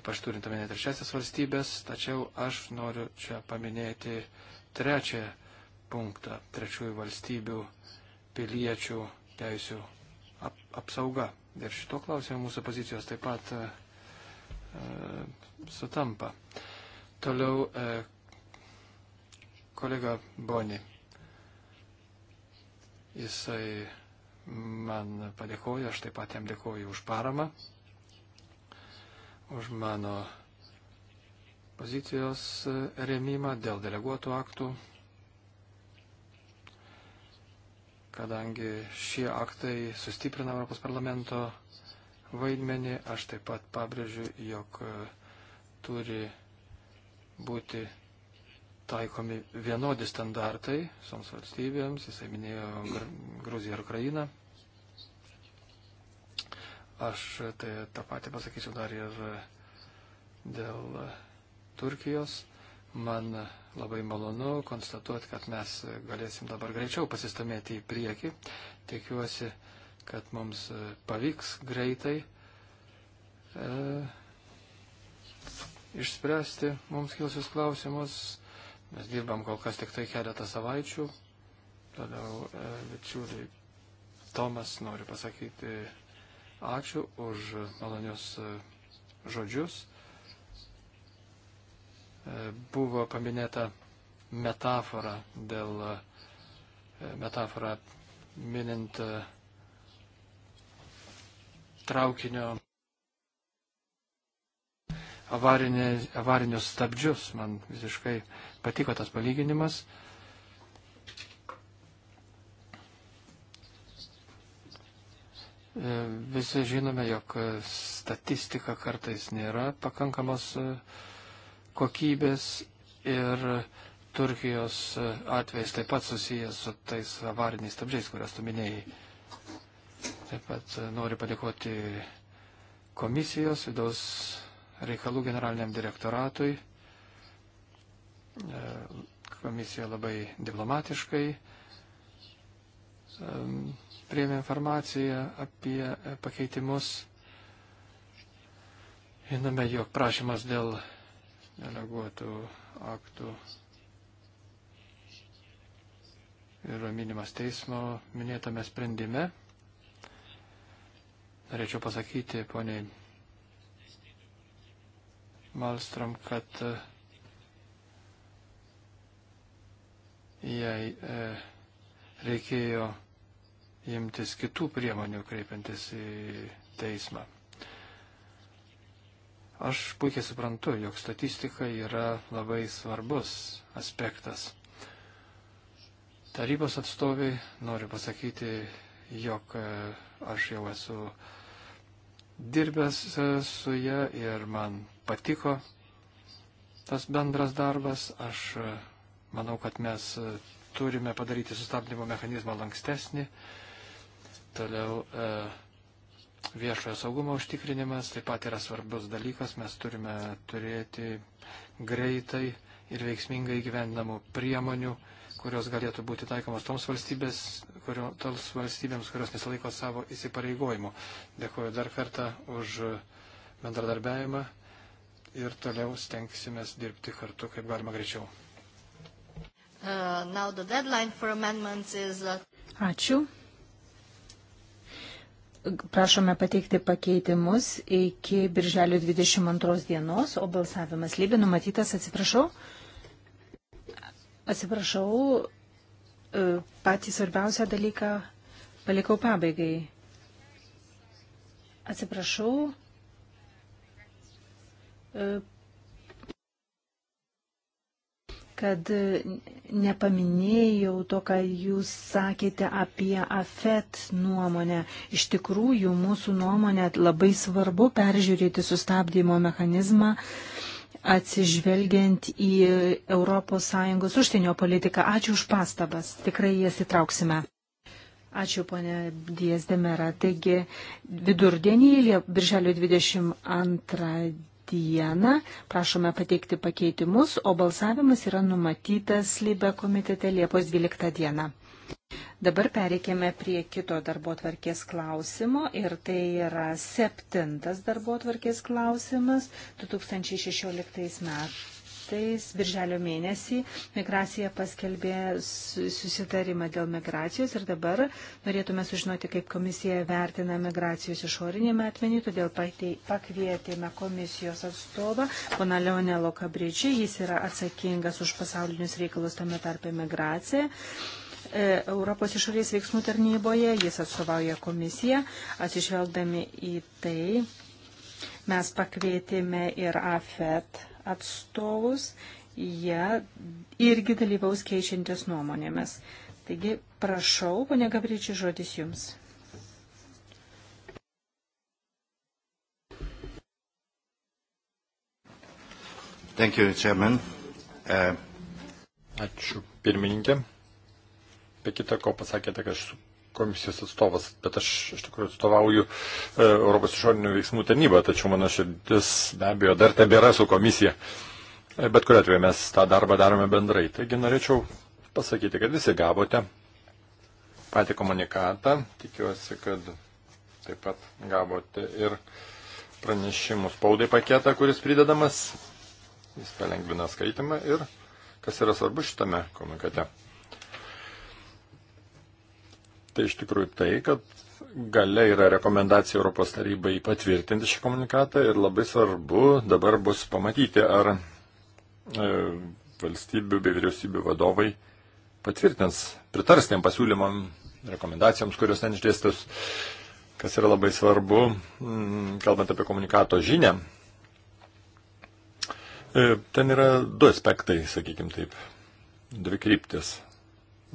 ypač turint omenyje trečiasias valstybės, tačiau aš noriu čia paminėti trečią punktą trečiųjų valstybių piliečių teisų ap apsauga. Ir šito klausimo mūsų pozicijos taip pat e, e, sutampa. Toliau e, kolega Boni. Jisai man padėkojo, aš taip pat jam dėkoju už paramą, už mano pozicijos e, remimą dėl deleguotų aktų kadangi šie aktai sustiprina Europos parlamento vaidmenį, aš taip pat pabrėžiu, jog e, turi būti taikomi vienodi standartai visoms valstybėms, jisai minėjo Gruziją ir Ukrainą. Aš tai tą patį pasakysiu dar ir e, dėl e, Turkijos. Man labai malonu konstatuoti, kad mes galėsim dabar greičiau pasistumėti į priekį. Tikiuosi, kad mums e, pavyks greitai e, išspręsti mums kilusius klausimus. Mes dirbam kol kas tik tai keletą savaičių. Toliau, e, bičiuliai, Tomas nori pasakyti ačiū už malonius e, žodžius buvo paminėta metafora dėl e, metafora minint e, traukinio avarinė, avarinius stabdžius. Man visiškai patiko tas palyginimas. E, visi žinome, jog statistika kartais nėra pakankamos uh, kokybės ir Turkijos atvejs taip pat susijęs su tais avariniais stabdžiais, kurias tu minėjai. Taip pat e, noriu padėkoti komisijos, vidaus reikalų generaliniam direktoratui. E, komisija labai diplomatiškai e, priėmė informaciją apie pakeitimus. Žinome, jog prašymas dėl deleguotų aktų yra minimas teismo minėtame sprendime. Norėčiau pasakyti, poniai Malstrom, kad jai e, reikėjo imtis kitų priemonių kreipiantis į teismą. Aš puikiai suprantu, jog statistika yra labai svarbus aspektas. Tarybos atstoviai noriu pasakyti, jog e, aš jau esu dirbęs e, su ją ir man patiko tas bendras darbas. Aš e, manau, kad mes turime padaryti sustabdymo mechanizmą lankstesnį. Toliau. E, Viešojo saugumo užtikrinimas taip pat yra svarbus dalykas. Mes turime turėti greitai ir veiksmingai gyvendamų priemonių, kurios galėtų būti taikomos toms, valstybės, kurio, toms valstybėms, kurios nesilaiko savo įsipareigojimų. Dėkuoju dar kartą už bendradarbiavimą ir toliau stengsimės dirbti kartu, kaip galima greičiau. Uh, is... Uh, Ačiū prašome pateikti pakeitimus iki birželio 22 dienos, o balsavimas lygiai numatytas, atsiprašau, atsiprašau, e, patį svarbiausią dalyką palikau pabaigai. Atsiprašau, e, kad nepaminėjau to, ką jūs sakėte apie AFET nuomonę. Iš tikrųjų, mūsų nuomonė labai svarbu peržiūrėti sustabdymo mechanizmą atsižvelgiant į ES užsienio politiką. Ačiū už pastabas, tikrai jas įtrauksime. Ačiū, ponė Diezdemera. Taigi, vidurdienį, birželio 22 dieną. Prašome pateikti pakeitimus, o balsavimas yra numatytas Lybe komitete Liepos 12 dieną. Dabar pereikėme prie kito darbo tvarkės klausimo ir tai yra septintas darbo tvarkės klausimas 2016 metais metais, birželio mėnesį, migracija paskelbė susitarimą dėl migracijos ir dabar norėtume sužinoti, kaip komisija vertina migracijos išorinį metmenį, todėl pakvietėme komisijos atstovą, pana Leonelo Kabričiai, jis yra atsakingas už pasaulinius reikalus tame tarpe migraciją. E, Europos išorės veiksmų tarnyboje, jis atstovauja komisiją, atsižvelgdami į tai, mes pakvietėme ir AFET atstovus, jie irgi dalyvaus keičiantis nuomonėmis. Taigi, prašau, ponia Gabričiai, žodis jums. Thank you, Chairman. Uh... Ačiū, pirmininkė. Be kita ko pasakėte, kad aš komisijos atstovas, bet aš iš tikrųjų atstovauju e, Europos išorinių veiksmų tarnybą, tačiau mano širdis be abejo dar tebėra su komisija. E, bet kuriu atveju mes tą darbą darome bendrai. Taigi norėčiau pasakyti, kad visi gavote patį komunikatą. Tikiuosi, kad taip pat gavote ir pranešimų spaudai paketą, kuris pridedamas. Jis palengvina skaitimą ir kas yra svarbu šitame komunikate tai iš tikrųjų tai, kad gale yra rekomendacija Europos tarybai patvirtinti šį komunikatą ir labai svarbu dabar bus pamatyti, ar e, valstybių bei vyriausybių vadovai patvirtins, pritars tiem pasiūlymam, rekomendacijoms, kurios ten išdėstus, kas yra labai svarbu, m, mm, kalbant apie komunikato žinę. E, ten yra du aspektai, sakykim taip, dvi kryptis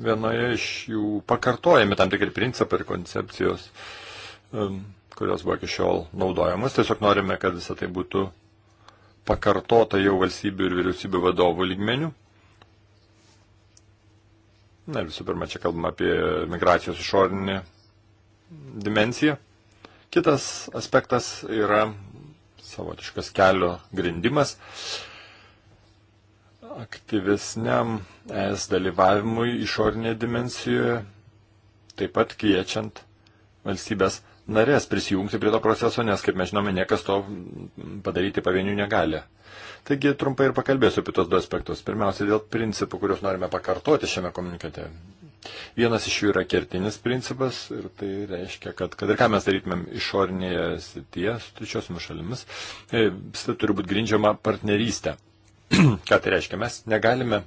vienoje iš jų pakartojami tam tikri principai ir koncepcijos, kurios buvo iki šiol naudojamos. Tiesiog norime, kad visą tai būtų pakartota jau valstybių ir vyriausybių vadovų lygmenių. Na ir visų pirma, čia kalbame apie migracijos išorinį dimenciją. Kitas aspektas yra savotiškas kelio grindimas. Uh, aktyvesniam es dalyvavimui išorinėje dimensijoje, taip pat kviečiant valstybės narės prisijungti prie to proceso, nes, kaip mes žinome, niekas to padaryti pavienių negali. Taigi trumpai ir pakalbėsiu apie tos du aspektus. Pirmiausia, dėl principų, kuriuos norime pakartoti šiame komunikate. Vienas iš jų yra kertinis principas ir tai reiškia, kad kad ir ką mes darytumėm išorinėje srityje su trečiosiomis šalimis, visą e, turi būti grindžiama partnerystė. [CLEARS THROAT] Ką tai reiškia? Mes negalime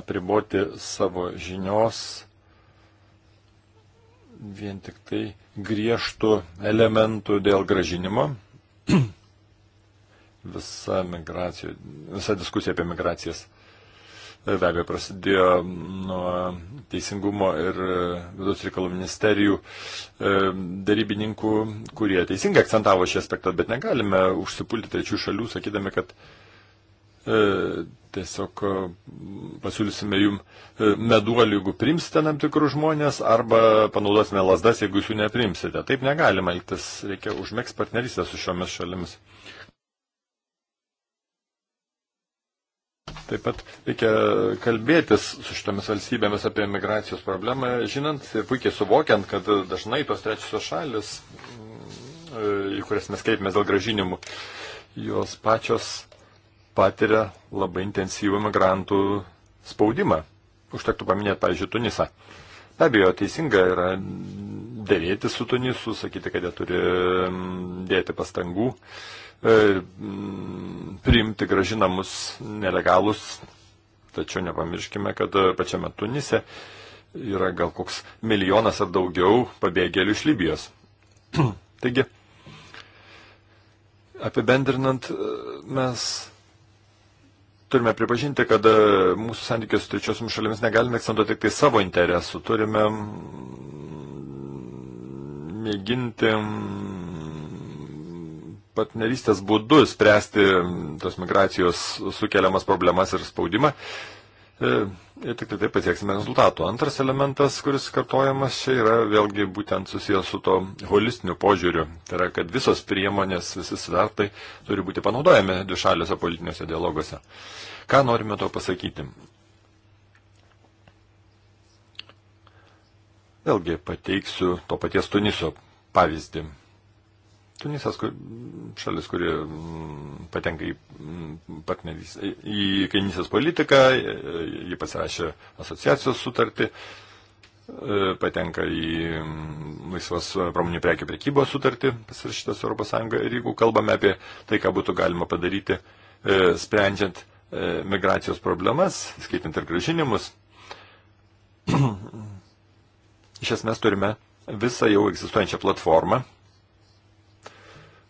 apriboti savo žinios vien tik tai griežtų elementų dėl gražinimo. [CLEARS THROAT] Visa, visa diskusija apie migracijas e, be abejo prasidėjo nuo teisingumo ir vidaus reikalų ministerijų e, darybininkų, kurie teisingai akcentavo šį aspektą, bet negalime užsipulti trečių šalių, sakydami, kad E, tiesiog e, pasiūlysime jum e, meduolį, jeigu primsite tam tikrus žmonės, arba panaudosime lasdas, jeigu jūs jų neprimsite. Taip negalima elgtis, reikia užmėgs partnerystę su šiomis šalimis. Taip pat reikia kalbėtis su šitomis valstybėmis apie migracijos problemą, žinant ir puikiai suvokiant, kad dažnai tos trečiosios šalis, mm, į kurias mes kreipimės dėl gražinimų, jos pačios patiria labai intensyvų migrantų spaudimą. Užtektų paminėti, pavyzdžiui, Tunisą. Be abejo, teisinga yra dėrėti su Tunisu, sakyti, kad jie turi mm, dėti pastangų, e, mm, priimti gražinamus nelegalus, tačiau nepamirškime, kad pačiame Tunise yra gal koks milijonas ar daugiau pabėgėlių iš Libijos. [CLEARS THROAT] Taigi, apibendrinant, e, mes turime pripažinti, kad e, mūsų santykius su trečiosiomis šalimis negalime akcentuoti tik tai savo interesų. Turime mėginti partnerystės būdu spręsti tos migracijos sukeliamas problemas ir spaudimą. E, ir tik tai pasieksime rezultatų. Antras elementas, kuris kartojamas čia yra vėlgi būtent susijęs su to holistiniu požiūriu. Tai yra, kad visos priemonės, visi svertai turi būti panaudojami dvišaliuose politiniuose dialoguose. Ką norime to pasakyti? Vėlgi pateiksiu to paties Tuniso pavyzdį. Tunisas, kur, šalis, kuri mm, patenka į, mm, partnerys, į kainysės politiką, ji pasirašė asociacijos sutartį, e, patenka į mm, laisvas pramonių prekių prekybos sutartį pasirašytas ES. Ir jeigu kalbame apie tai, ką būtų galima padaryti, e, sprendžiant e, migracijos problemas, skaitant ir gražinimus, [CLEARS THROAT] iš esmės turime visą jau egzistuojančią platformą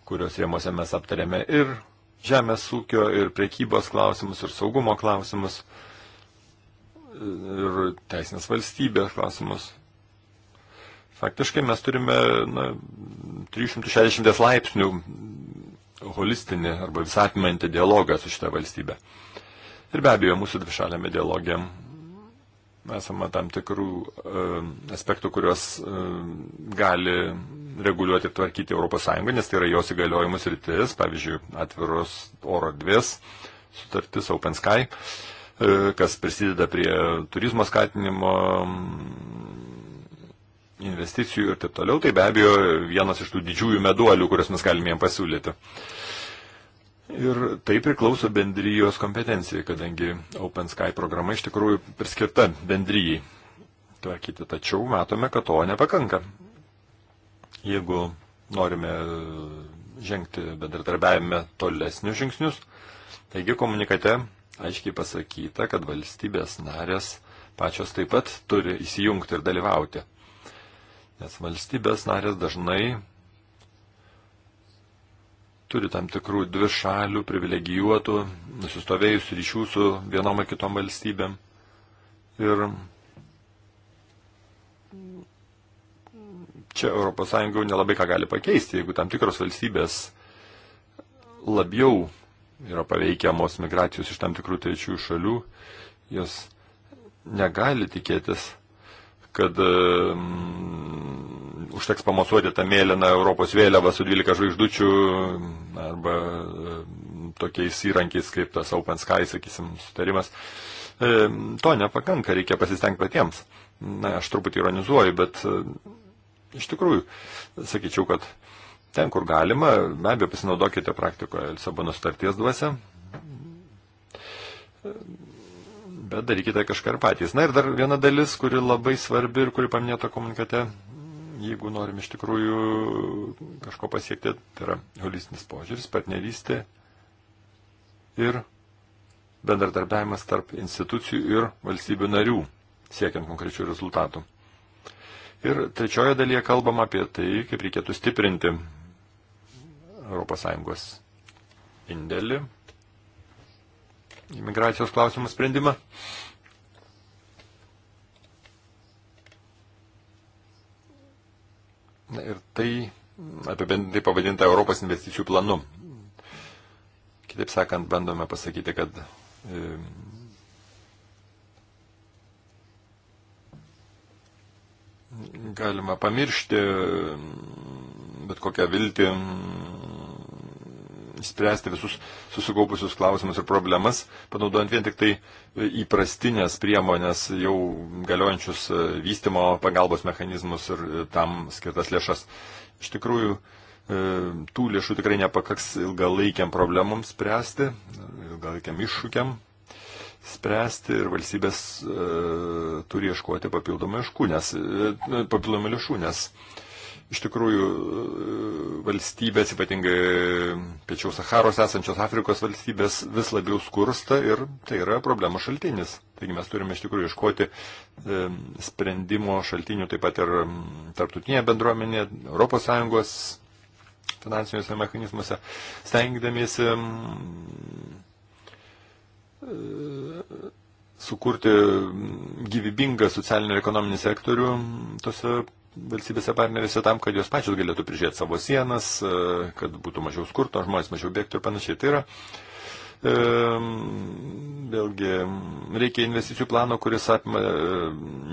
kurios rėmose mes aptarėme ir žemės ūkio, ir prekybos klausimus, ir saugumo klausimus, ir teisinės valstybės klausimus. Faktiškai mes turime na, 360 laipsnių holistinį arba visapimantį dialogą su šitą valstybę. Ir be abejo, mūsų dvišalėme dialogė esama tam tikrų e, aspektų, kuriuos e, gali reguliuoti ir tvarkyti ES, nes tai yra jos įgaliojimus rytis, pavyzdžiui, atviros oro dvies sutartis Open Sky, e, kas prisideda prie turizmo skatinimo mm, investicijų ir taip toliau, tai be abejo vienas iš tų didžiųjų meduolių, kuriuos mes galime jiem pasiūlyti. Uh, Ir tai priklauso bendrijos kompetencijai, kadangi Open Sky programa iš tikrųjų priskirta bendryjai tvarkyti. Tačiau matome, kad to nepakanka. Jeigu norime žengti bendradarbiavime tolesnius žingsnius, taigi komunikate aiškiai pasakyta, kad valstybės narės pačios taip pat turi įsijungti ir dalyvauti. Nes valstybės narės dažnai turi tam tikrų dvi šalių, privilegijuotų, nusistovėjusių ryšių su vienom ar kitom valstybėm. Ir čia ES nelabai ką gali pakeisti, jeigu tam tikros valstybės labiau yra paveikiamos migracijos iš tam tikrų trečiųjų šalių, jos negali tikėtis kad um, užteks pamosuoti tą mėlyną Europos vėliavą su 12 žvaigždučių arba um, tokiais įrankiais kaip tas Open Sky, sakysim, sutarimas. Um, to nepakanka, reikia pasistengti patiems. Na, aš truputį ironizuoju, bet um, iš tikrųjų sakyčiau, kad ten, kur galima, be abejo pasinaudokite praktikoje Lisabono starties dvasia. Um, bet darykite kažką ir patys. Na ir dar viena dalis, kuri labai svarbi ir kuri paminėta komunikate, jeigu norim iš tikrųjų kažko pasiekti, tai yra holistinis požiūris, partnerystė ir bendradarbiavimas tarp institucijų ir valstybių narių, siekiant konkrečių rezultatų. Ir trečioje dalyje kalbam apie tai, kaip reikėtų stiprinti ES indėlį imigracijos klausimų sprendimą. Na ir tai apibendrintai pavadinta Europos investicijų planu. Kitaip sakant, bandome pasakyti, kad e, galima pamiršti bet kokią viltį spręsti visus susikaupusius klausimus ir problemas, panaudojant vien tik tai įprastinės priemonės, jau galiojančius e, vystimo pagalbos mechanizmus ir e, tam skirtas lėšas. Iš tikrųjų, e, tų lėšų tikrai nepakaks ilgalaikiam problemams spręsti, ilgalaikiam iššūkiam spręsti ir valstybės e, turi ieškoti papildomų, ieškų, nes, e, papildomų lėšų, nes e, Iš tikrųjų, e, valstybės, ypatingai piečiau Saharos esančios Afrikos valstybės, vis labiau skursta ir tai yra problemų šaltinis. Taigi mes turime iš tikrųjų iškoti e, sprendimo šaltinių taip pat ir tarptautinėje bendruomenėje, ES finansiniuose mechanizmuose, stengdamiesi e, sukurti gyvybingą socialinį ir ekonominį sektorių tose valstybėse partnerėse tam, kad jos pačios galėtų prižiūrėti savo sienas, e, kad būtų mažiau skurto, žmonės mažiau bėgtų ir panašiai. Tai yra e, vėlgi reikia investicijų plano, kuris apima e,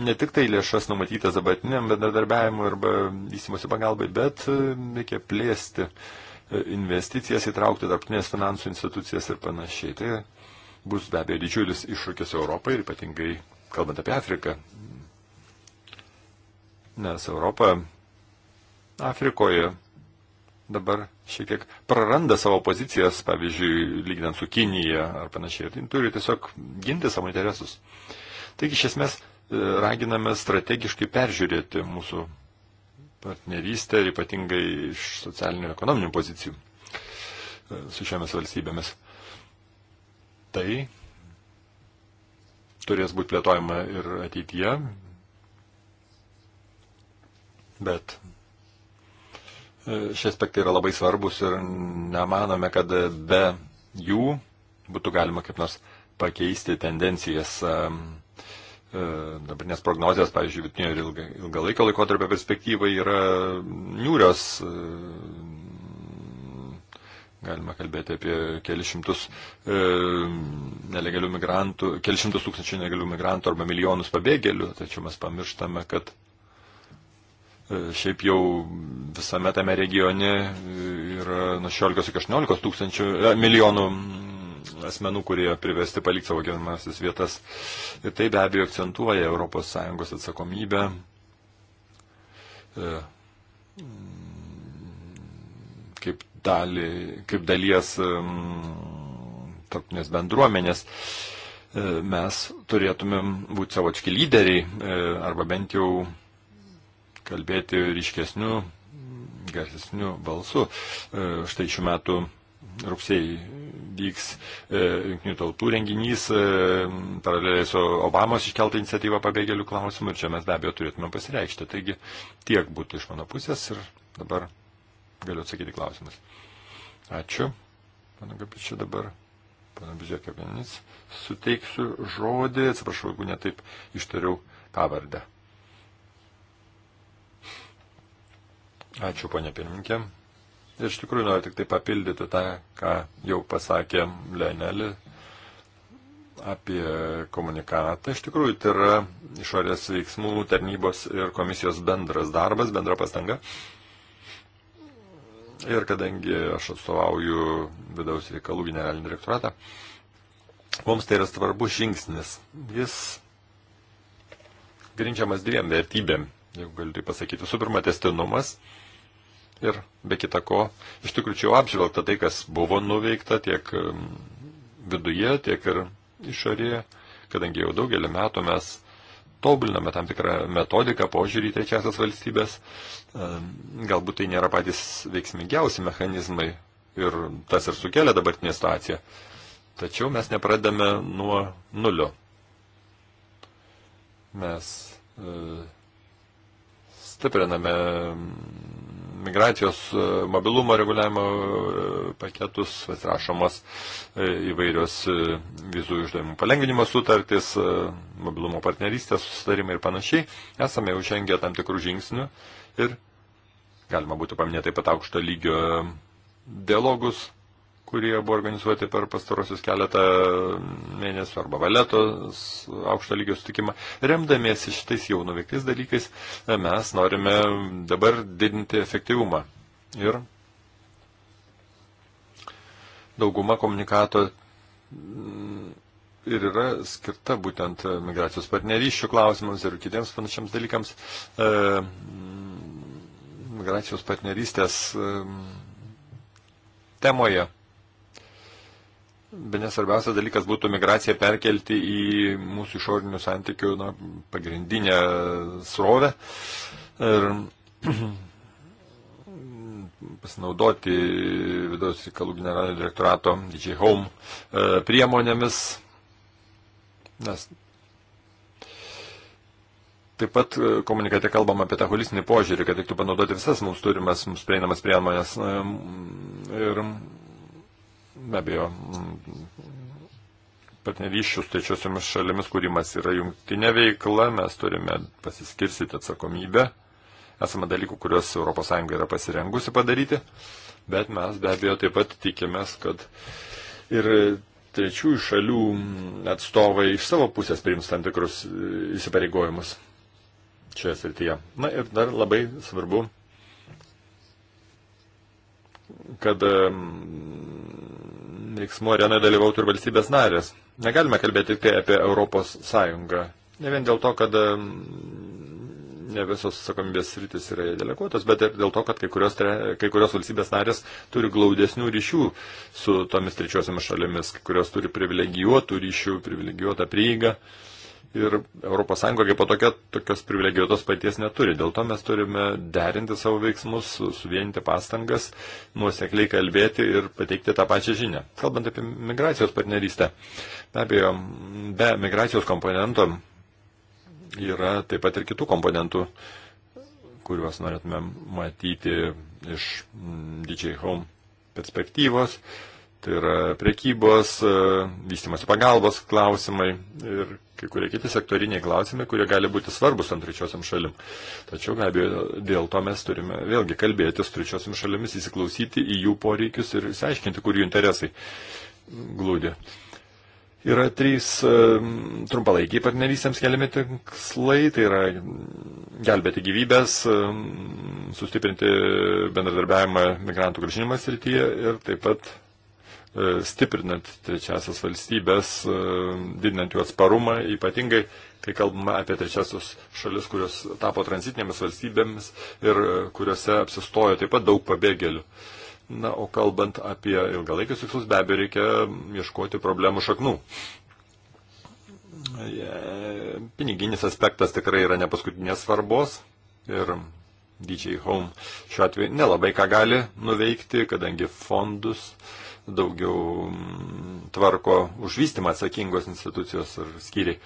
ne tik tai lėšas numatytas dabartiniam bendradarbiavimui arba vystimosi pagalbai, bet reikia plėsti investicijas, įtraukti tarptinės finansų institucijas ir panašiai. Tai bus be abejo didžiulis iššūkis Europai ir ypatingai kalbant apie Afriką, nes Europa Afrikoje dabar šiek tiek praranda savo pozicijas, pavyzdžiui, lyginant su Kinija ar panašiai, ir tai turi tiesiog ginti savo interesus. Taigi, iš esmės, e, raginame strategiškai peržiūrėti mūsų partnerystę ir ypatingai iš socialinių ir ekonominių pozicijų e, su šiomis valstybėmis. Tai turės būti plėtojama ir ateityje, Bet e, šie aspektai yra labai svarbus ir nemanome, kad be jų būtų galima kaip nors pakeisti tendencijas e, e, dabartinės prognozijas, pavyzdžiui, vidutinio ir ilga, ilgalaikio laikotarpio perspektyvai yra niūrios. Galima kalbėti apie kelišimtus e, nelegalių migrantų, kelišimtus tūkstančių nelegalių migrantų arba milijonus pabėgėlių, tačiau mes pamirštame, kad e, šiaip jau visame tame regione e, yra nuo 16 iki 18 tūkstančių e, milijonų mm, asmenų, kurie priversti palikti savo gyvenamasis vietas. Ir tai be abejo akcentuoja ES atsakomybę e, mm, kaip, dalį, kaip dalies mm, tarptinės bendruomenės. Mes turėtumėm būti savočki lyderiai arba bent jau kalbėti ryškesniu, garsesniu balsu. E, štai šių metų rugsėjai vyks e, jungtinių tautų renginys, e, paraleliai su Obamos iškeltą iniciatyvą pabėgėlių klausimų ir čia mes be abejo turėtume pasireikšti. Taigi tiek būtų iš mano pusės ir dabar galiu atsakyti klausimus. Ačiū. Mano kaip čia dabar, pana Bizėkė Vienis, suteiksiu žodį, atsiprašau, jeigu netaip ištariau pavardę. Ačiū, ponė pirminkė. Iš tikrųjų noriu tik tai papildyti tą, ką jau pasakė Lenelį apie komunikatą. Iš tikrųjų, tai yra išorės veiksmų tarnybos ir komisijos bendras darbas, bendra pastanga. Ir kadangi aš atstovauju vidaus reikalų generalinį direktoratą, mums tai yra svarbus žingsnis. Jis grindžiamas dviem vertybėm, jeigu galiu tai pasakyti. Visų pirma, testinumas ir be kita ko, iš tikrųjų jau apžvelgta tai, kas buvo nuveikta tiek um, viduje, tiek ir išorėje, kadangi jau daugelį metų mes tobuliname tam tikrą metodiką, požiūrį į trečiasias valstybės. Um, galbūt tai nėra patys veiksmingiausi mechanizmai ir tas ir sukelia dabartinė situacija. Tačiau mes nepradame nuo nulio. Mes e, stipriname migracijos e, mobilumo reguliavimo e, paketus, atrašomas e, įvairios vizų išdavimų palengvinimo sutartys, mobilumo partnerystės susitarimai ir panašiai, esame jau žengę tam tikrų žingsnių ir galima būtų paminėti taip pat aukšto lygio dialogus kurie buvo organizuoti per pastarosius keletą mėnesių arba valetos aukšto lygio sutikimą. Remdamiesi šitais jau nuveiktais dalykais, e, mes norime dabar didinti efektyvumą. Ir dauguma komunikato mm, ir yra skirta būtent migracijos partnerysčių klausimams ir kitiems panašiams dalykams. E, mm, migracijos partnerystės mm, temoje Be nesvarbiausias dalykas būtų migraciją perkelti į mūsų išorinių santykių na, pagrindinę srovę ir [CLEARS THROAT] pasinaudoti vidaus reikalų generalinio direktorato DJ Home e, priemonėmis. Nes Taip pat e, komunikate kalbam apie tą holistinį požiūrį, kad reiktų panaudoti visas mums turimas, mums prieinamas priemonės. E, ir be abejo, mm, partnerysčių su trečiosiomis šalimis kūrimas yra jungtinė veikla, mes turime pasiskirsyti atsakomybę. Esame dalykų, kuriuos ES yra pasirengusi padaryti, bet mes be abejo taip pat tikimės, kad ir trečiųjų šalių mm, atstovai iš savo pusės priims tam tikrus e, įsipareigojimus šioje srityje. Na ir dar labai svarbu, kad mm, veiksmų arenoje dalyvautų ir valstybės narės. Negalime kalbėti tik tai apie Europos Sąjungą. Ne vien dėl to, kad ne visos atsakomybės rytis yra deleguotos, bet ir dėl to, kad kai kurios, kai kurios valstybės narės turi glaudesnių ryšių su tomis trečiosiamis šalimis, kai kurios turi privilegijuotų ryšių, privilegijuotą prieigą. Uh, ir ES kaip po tokia, tokios privilegijuotos paties neturi. Dėl to mes turime derinti savo veiksmus, suvienyti pastangas, nuosekliai kalbėti ir pateikti tą pačią žinią. Kalbant apie migracijos partnerystę, be abejo, be migracijos komponento yra taip pat ir kitų komponentų, kuriuos norėtume matyti iš DJ Home perspektyvos. Uh, Tai yra priekybos, e, vystimosi pagalbos klausimai ir kai kurie kiti sektoriniai klausimai, kurie gali būti svarbus tam trečiosiam šalim. Tačiau be abejo, dėl to mes turime vėlgi kalbėti su trečiosiam šalimis, įsiklausyti į jų poreikius ir išsiaiškinti, kur jų interesai glūdi. Yra trys e, trumpalaikiai partnerystėms keliami tikslai, tai yra gelbėti gyvybės, e, sustiprinti bendradarbiavimą migrantų gražinimas rytyje ir taip pat E, stiprinant trečiasias valstybės, e, didinant jų atsparumą, ypatingai, kai kalbame apie trečiasius šalis, kurios tapo tranzitinėmis valstybėmis ir e, kuriuose apsistojo taip pat daug pabėgėlių. Na, o kalbant apie ilgalaikius tikslus, be abejo, reikia ieškoti problemų šaknų. Piniginis aspektas tikrai yra nepaskutinės svarbos ir DJ Home šiuo atveju nelabai ką gali nuveikti, kadangi fondus uh, daugiau mm, tvarko užvystymą atsakingos institucijos ar skyriai.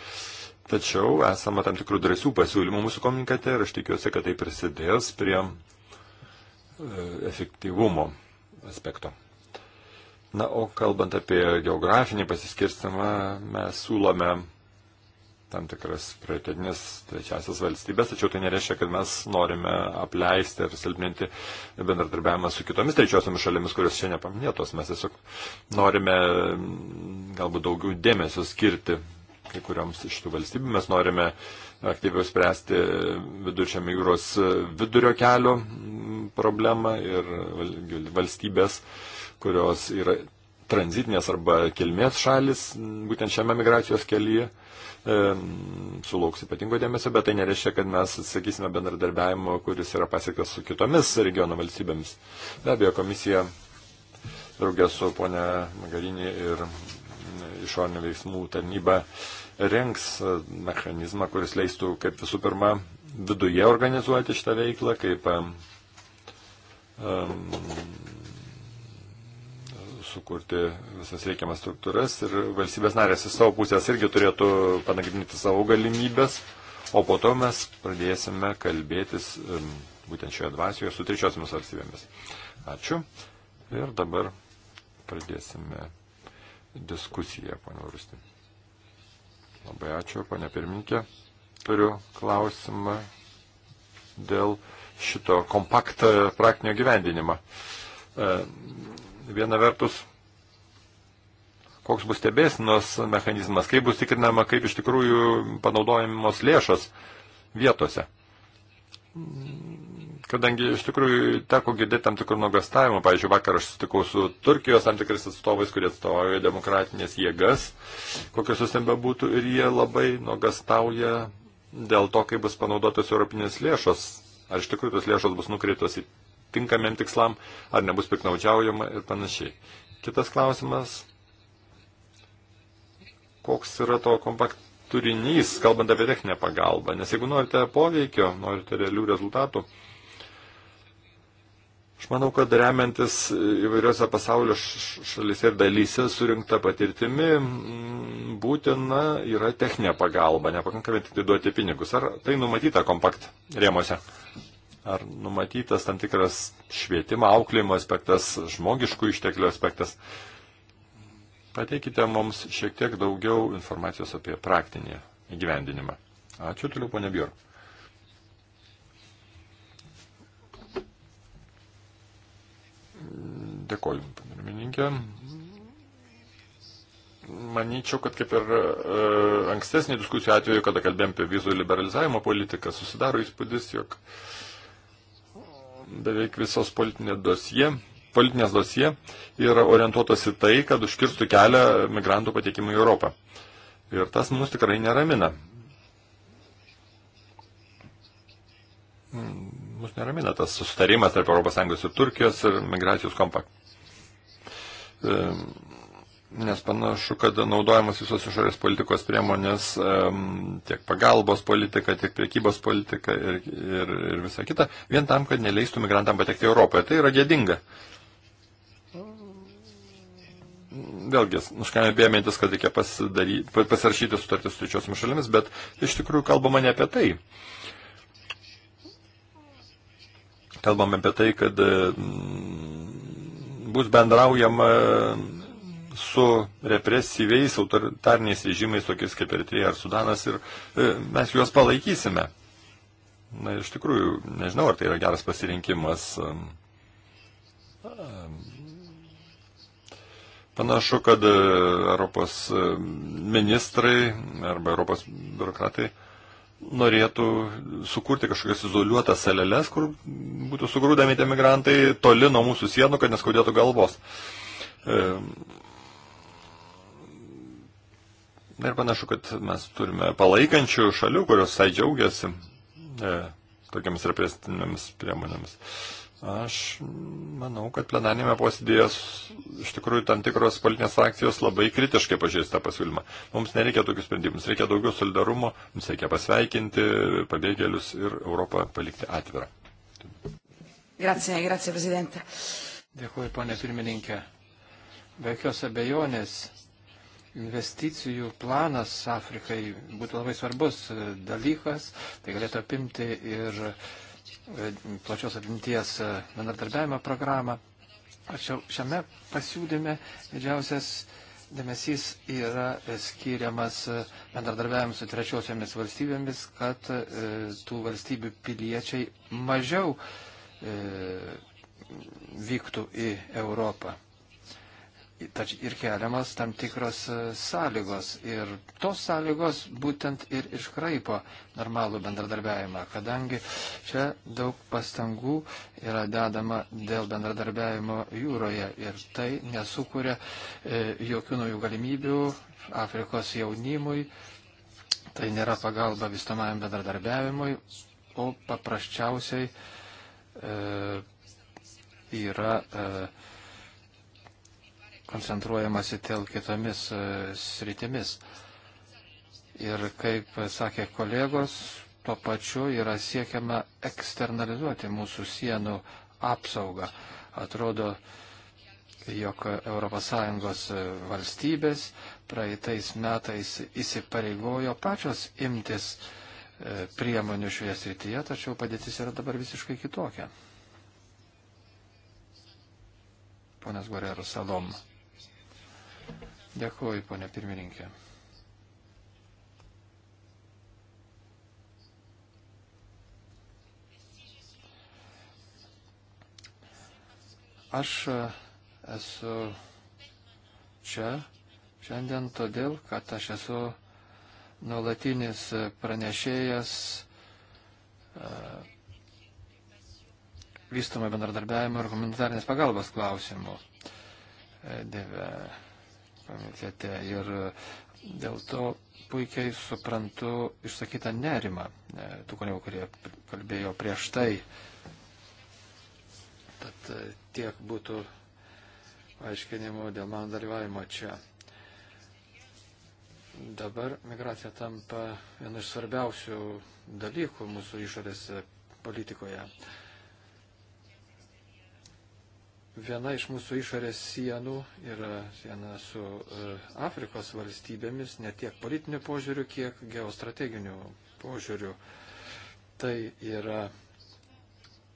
Tačiau esama tam tikrų drąsių pasiūlymų mūsų komunikate ir aš tikiuosi, kad tai prisidės prie e, efektyvumo aspekto. Na, o kalbant apie geografinį pasiskirstimą, mes siūlome tam tikras prioritetinės trečiasias valstybės, tačiau tai nereiškia, kad mes norime apleisti ar silpninti bendradarbiavimą su kitomis trečiosiomis šalimis, kurios čia nepaminėtos. Mes tiesiog norime mm, galbūt daugiau dėmesio skirti kai kurioms iš tų valstybių. Mes norime aktyviau spręsti vidurčiame jūros vidurio kelio mm, problemą ir valstybės, kurios yra tranzitinės arba kilmės šalis mm, būtent šiame migracijos kelyje e, sulauks ypatingo dėmesio, bet tai nereiškia, kad mes atsakysime bendradarbiavimo, kuris yra pasiektas su kitomis regiono valstybėmis. Be abejo, komisija draugė su ponia Magarinė ir išorinio veiksmų tarnyba rengs mechanizmą, kuris leistų, kaip visų pirma, viduje organizuoti šitą veiklą, kaip um, sukurti visas reikiamas struktūras ir valstybės narės iš savo pusės irgi turėtų panagrinėti savo galimybės, o po to mes pradėsime kalbėtis būtent šioje dvasioje su trečiosiomis valstybėmis. Ačiū. Ir dabar pradėsime diskusiją, ponia Rusti. Labai ačiū, ponia pirminkė. Turiu klausimą dėl šito kompakt praktinio gyvendinimo. E, Viena vertus, koks bus stebėsinos mechanizmas, kaip bus tikrinama, kaip iš tikrųjų panaudojamos lėšos vietose. Kadangi iš tikrųjų teko girdėti tam tikrų nuogastavimų, pavyzdžiui, vakar aš sutikau su Turkijos tam tikrais atstovais, kurie atstovauja demokratinės jėgas, kokios jos ten bebūtų, ir jie labai nuogastauja dėl to, kaip bus panaudotos europinės lėšos. Ar iš tikrųjų tos lėšos bus nukreiptos į tinkamiem tikslam, ar nebus piknaudžiaujama ir panašiai. Kitas klausimas, koks yra to kompakt turinys, kalbant apie techninę pagalbą, nes jeigu norite poveikio, norite realių rezultatų, Aš manau, kad remiantis įvairiuose pasaulio šalise ir dalyse surinkta patirtimi, būtina yra techninė pagalba, nepakankamai tik tai duoti pinigus. Ar tai numatyta kompakt rėmose? Ar numatytas tam tikras švietimo auklėjimo aspektas, žmogiškų išteklių aspektas? Pateikite mums šiek tiek daugiau informacijos apie praktinį įgyvendinimą. Ačiū toliau, ponė Bjor. Dėkoju, panirmininkė. Manyčiau, kad kaip ir e, ankstesnė diskusijų atveju, kada kalbėjom apie vizų liberalizavimo politiką, susidaro įspūdis, jog e, beveik visos politinė dosie, politinės dosie yra orientuotos į tai, kad užkirstų kelią migrantų patekimui į Europą. Ir tas mus tikrai neramina. Mus neramina tas sustarimas tarp ES ir Turkijos ir migracijos kompakt nes panašu, kad naudojamos visos išorės politikos priemonės, tiek pagalbos politika, tiek priekybos politika ir, ir, ir visa kita, vien tam, kad neleistų migrantam patekti Europoje. Tai yra gėdinga. Vėlgi, nuškame bėmintis, kad reikia pasirašyti sutartį su trečiosiomis šalimis, bet iš tikrųjų kalbama ne apie tai. Kalbame apie tai, kad mm, bus bendraujama su represyviais autoritarniais režimais, tokiais kaip Eritrija ar Sudanas, ir e, mes juos palaikysime. Na, iš tikrųjų, nežinau, ar tai yra geras pasirinkimas. Panašu, kad e, Europos e, ministrai arba Europos biurokratai norėtų sukurti kažkokias izoliuotas saleles, kur būtų sugrūdami tie migrantai toli nuo mūsų sienų, kad neskaudėtų galvos. E, Na ir panašu, kad mes turime palaikančių šalių, kurios visai džiaugiasi e, tokiamis represinėmis priemonėmis. Aš manau, kad plenarėme posėdėje iš tikrųjų tam tikros politinės frakcijos labai kritiškai pažiūrės tą pasiūlymą. Mums nereikia tokių sprendimų, mums reikia daugiau solidarumo, mums reikia pasveikinti pabėgėlius ir Europą palikti atvirą. Grazie, grazie, prezidente. Dėkuoju, ponė pirmininkė. Be jokios abejonės investicijų planas Afrikai būtų labai svarbus dalykas, tai galėtų apimti ir e, plačios apimties e, bendradarbiavimo programą. Tačiau šiame pasiūlyme didžiausias dėmesys yra skiriamas e, bendradarbiavimu su trečiosiomis valstybėmis, kad tų valstybių piliečiai mažiau vyktų į Europą ir keliamas tam tikros e, sąlygos. Ir tos sąlygos būtent ir iškraipo normalų bendradarbiavimą, kadangi čia daug pastangų yra dedama dėl bendradarbiavimo jūroje ir tai nesukuria e, jokių naujų galimybių Afrikos jaunimui. Tai nėra pagalba vystamajam bendradarbiavimui, o paprasčiausiai e, yra e, koncentruojamasi dėl kitomis e, sritimis. Ir kaip sakė kolegos, tuo pačiu yra siekiama eksternalizuoti mūsų sienų apsaugą. Atrodo, jog ES e, valstybės praeitais metais įsipareigojo pačios imtis e, priemonių šioje srityje, tačiau padėtis yra dabar visiškai kitokia. Ponas Guerrero Salom. Dėkuoju, ponė pirmininkė. Aš e, esu čia šiandien todėl, kad aš esu nuolatinis pranešėjas e, vystomą bendradarbiavimo ir humanitarnės pagalbos klausimų. E, Dėve komitete ir e, dėl to puikiai suprantu išsakytą nerimą e, tų kolegų, kurie kalbėjo prieš tai. Tad e, tiek būtų aiškinimų dėl mano dalyvavimo čia. Dabar migracija tampa viena iš svarbiausių dalykų mūsų išorės politikoje. Viena iš mūsų išorės sienų yra siena su e, Afrikos valstybėmis, ne tiek politiniu požiūriu, kiek geostrateginiu požiūriu. Tai yra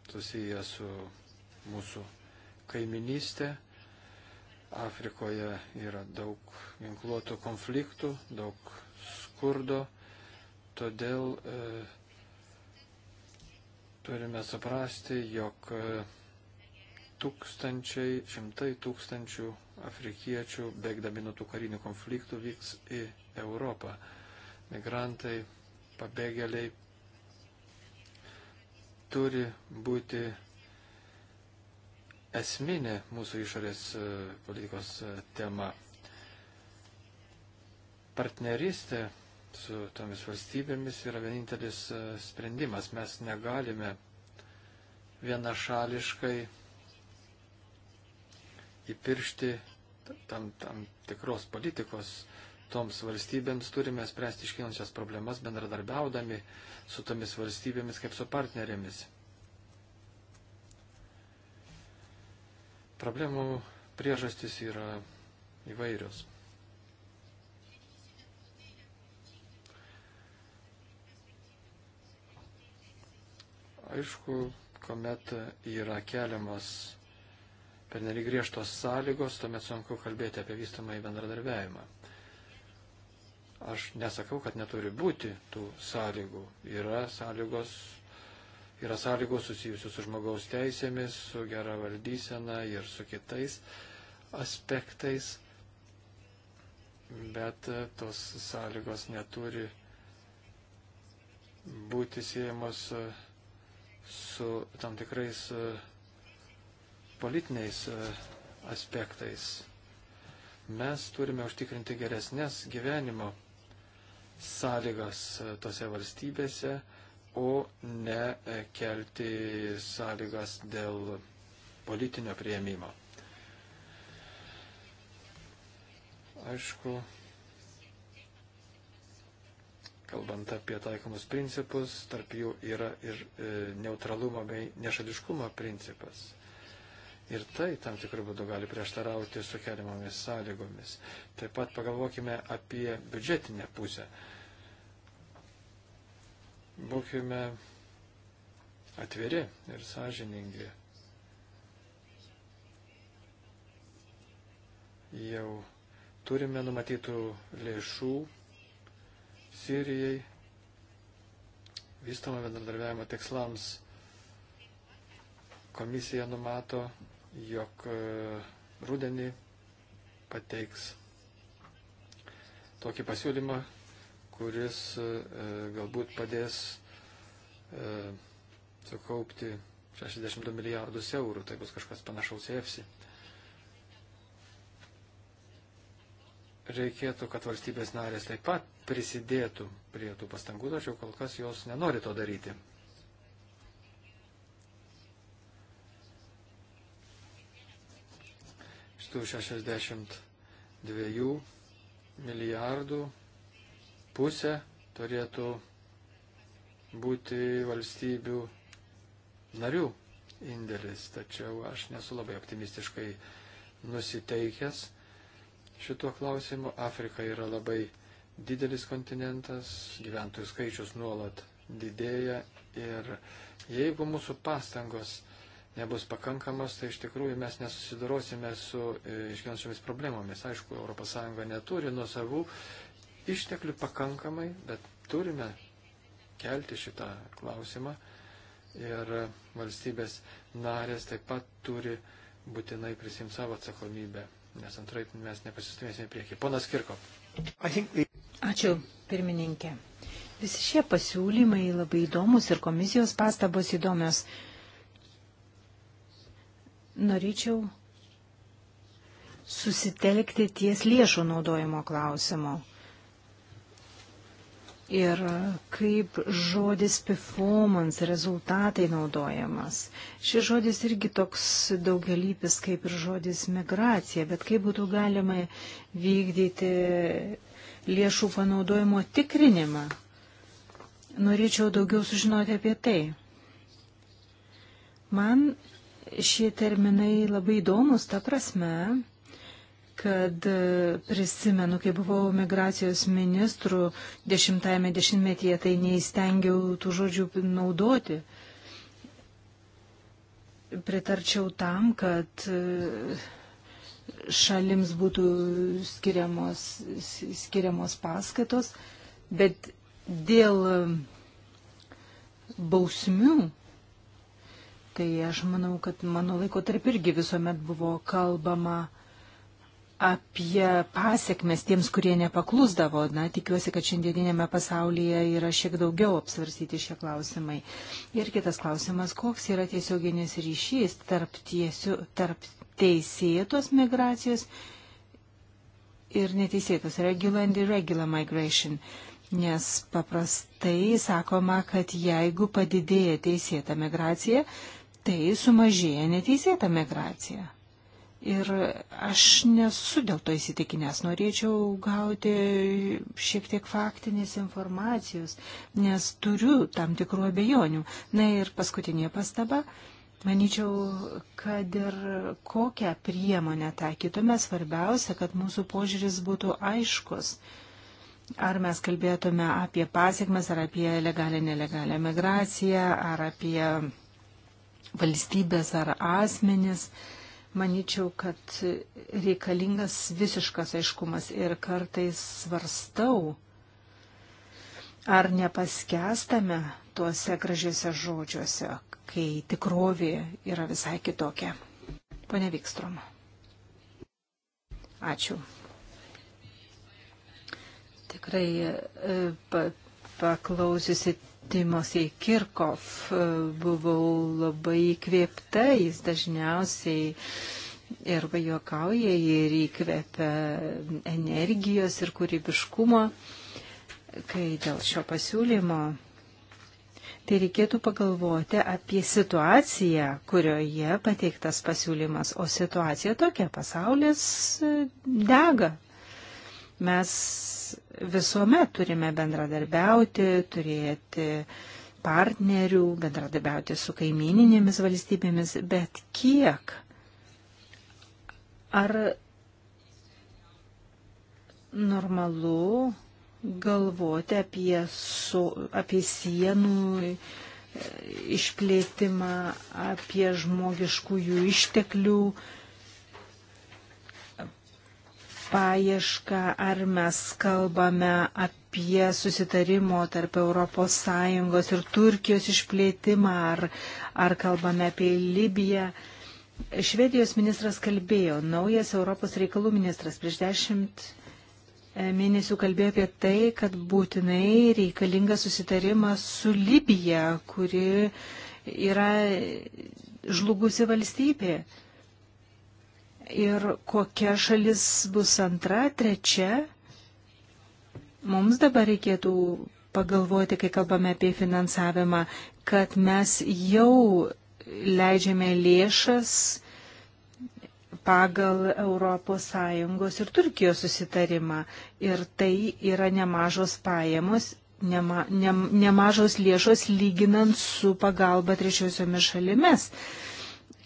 susiję su mūsų kaiminystė. Afrikoje yra daug ginkluotų konfliktų, daug skurdo, todėl e, turime suprasti, jog e, tūkstančiai, šimtai tūkstančių afrikiečių, bėgdami nuo tų karinių konfliktų, vyks į Europą. Migrantai, pabėgėliai turi būti esminė mūsų išorės e, politikos e, tema. Partneristė su tomis valstybėmis yra vienintelis e, sprendimas. Mes negalime vienašališkai įpiršti tam, tam tikros politikos toms valstybėms, turime spręsti iškylančias problemas bendradarbiaudami su tomis valstybėmis kaip su partnerėmis. Problemų priežastis yra įvairios. Aišku, kuomet yra keliamas pernelyg griežtos sąlygos, tuomet sunku kalbėti apie vystamą į bendradarbiavimą. Aš nesakau, kad neturi būti tų sąlygų. Yra sąlygos, yra sąlygos susijusios su žmogaus teisėmis, su gera valdysena ir su kitais aspektais, bet tos sąlygos neturi būti siejamos su tam tikrais uh, politiniais e, aspektais. Mes turime užtikrinti geresnės gyvenimo sąlygas e, tose valstybėse, o ne e, kelti sąlygas dėl politinio prieimimo. Aišku, kalbant apie taikomus principus, tarp jų yra ir neutralumo bei nešališkumo principas. Ir tai tam tikrų būdų gali prieštarauti sukeliamomis sąlygomis. Taip pat pagalvokime apie biudžetinę pusę. Būkime atviri ir sąžiningi. Jau turime numatytų lėšų Sirijai vystomo bendradarbiavimo tikslams. Komisija numato jog e, rudenį pateiks tokį pasiūlymą, kuris e, e, galbūt padės sukaupti 62 milijardus eurų. Tai bus kažkas panašaus į EFSI. Reikėtų, kad valstybės narės taip pat prisidėtų prie tų pastangų, tačiau kol kas jos nenori to daryti. 162 milijardų pusė turėtų būti valstybių narių indėlis, tačiau aš nesu labai optimistiškai nusiteikęs šituo klausimu. Afrika yra labai didelis kontinentas, gyventojų skaičius nuolat didėja ir jeigu mūsų pastangos nebus pakankamos, tai iš tikrųjų mes nesusidorosime su e, iškilančiomis problemomis. Aišku, ES neturi nuo savų išteklių pakankamai, bet turime kelti šitą klausimą ir valstybės narės taip pat turi būtinai prisimti savo atsakomybę, nes antraip mes nepasistumėsime prieki. Ponas Kirko. Ačiū, pirmininkė. Visi šie pasiūlymai labai įdomus ir komisijos pastabos įdomios. Norėčiau susitelkti ties lėšų naudojimo klausimo. Ir kaip žodis performance, rezultatai naudojamas. Šis žodis irgi toks daugelypis kaip ir žodis migracija, bet kaip būtų galima vykdyti lėšų panaudojimo tikrinimą. Norėčiau daugiau sužinoti apie tai. Man Šie terminai labai įdomus ta prasme, kad e, prisimenu, kai buvau migracijos ministrų dešimtajame dešimtmetyje, tai neįstengiau tų žodžių naudoti. Pritarčiau tam, kad e, šalims būtų skiriamos, skiriamos paskatos, bet dėl e, bausmių Tai aš manau, kad mano laiko tarp irgi visuomet buvo kalbama apie pasiekmes tiems, kurie nepaklusdavo. Na, tikiuosi, kad šiandieninėme pasaulyje yra šiek daugiau apsvarstyti šie klausimai. Ir kitas klausimas, koks yra tiesioginis ryšys tarp, tiesių, tarp teisėtos migracijos ir neteisėtos, regular and irregular migration. Nes paprastai sakoma, kad jeigu padidėja teisėta migracija, tai sumažėja neteisėta migracija. Ir aš nesu dėl to įsitikinęs, norėčiau gauti šiek tiek faktinės informacijos, nes turiu tam tikrų abejonių. Na ir paskutinė pastaba. Manyčiau, kad ir kokią priemonę taikytume, svarbiausia, kad mūsų požiūris būtų aiškus. Ar mes kalbėtume apie pasiekmes, ar apie legalę, nelegalę migraciją, ar apie valstybės ar asmenis, manyčiau, kad reikalingas visiškas aiškumas ir kartais svarstau, ar nepaskestame tuose gražiuose žodžiuose, kai tikrovė yra visai kitokia. Pone Vikstrom. Ačiū. Tikrai e, paklausiusi Timosei Kirkov e, buvau labai įkvėpta, jis dažniausiai ir vajokauja ir įkvėpia energijos ir kūrybiškumo, kai dėl šio pasiūlymo. Tai reikėtų pagalvoti apie situaciją, kurioje pateiktas pasiūlymas, o situacija tokia, pasaulis dega. Mes visuomet turime bendradarbiauti, turėti partnerių, bendradarbiauti su kaimininėmis valstybėmis, bet kiek? Ar normalu galvoti apie, su, apie sienų e, išplėtimą, apie žmogiškųjų išteklių paiešką, ar mes kalbame apie susitarimo tarp ES ir Turkijos išplėtimą, ar, ar kalbame apie Libiją. Švedijos ministras kalbėjo, naujas Europos reikalų ministras prieš dešimt e, mėnesių kalbėjo apie tai, kad būtinai reikalinga susitarimas su Libija, kuri yra žlugusi valstybė ir kokia šalis bus antra, trečia. Mums dabar reikėtų pagalvoti, kai kalbame apie finansavimą, kad mes jau leidžiame lėšas pagal ES ir Turkijos susitarimą. Ir tai yra nemažos pajamos, nema, ne, nemažos lėšos lyginant su pagalba trečiosiomis šalimis.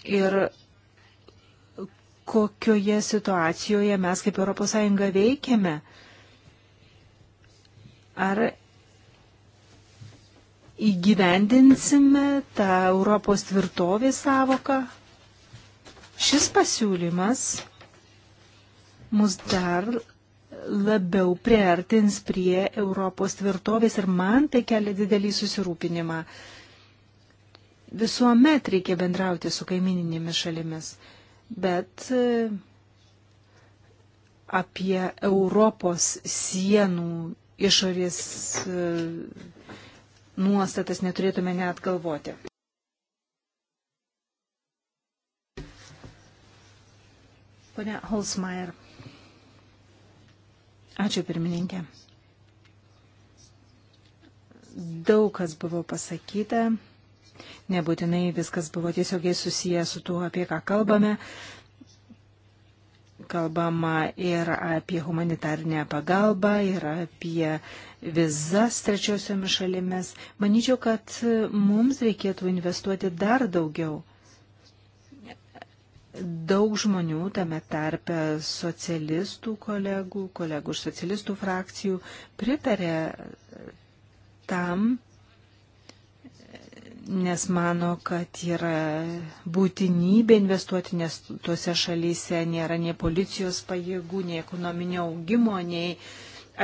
Ir kokioje situacijoje mes kaip ES veikiame. Ar įgyvendinsime tą Europos tvirtovės savoką? Šis pasiūlymas mus dar labiau priartins prie Europos tvirtovės ir man tai kelia didelį susirūpinimą. Visuomet reikia bendrauti su kaimininėmis šalimis bet e, apie Europos sienų išorės e, nuostatas neturėtume net galvoti. Pone Holsmeier. Ačiū pirmininkė. Daug kas buvo pasakyta. Nebūtinai viskas buvo tiesiogiai susiję su tuo, apie ką kalbame. Kalbama ir apie humanitarnę pagalbą, ir apie vizas trečiosiomis šalimis. Manyčiau, kad mums reikėtų investuoti dar daugiau daug žmonių, tame tarpe socialistų kolegų, kolegų iš socialistų frakcijų, pritarė tam, nes mano, kad yra būtinybė investuoti, nes tuose šalyse nėra nei policijos pajėgų, nei ekonominio augimo, nei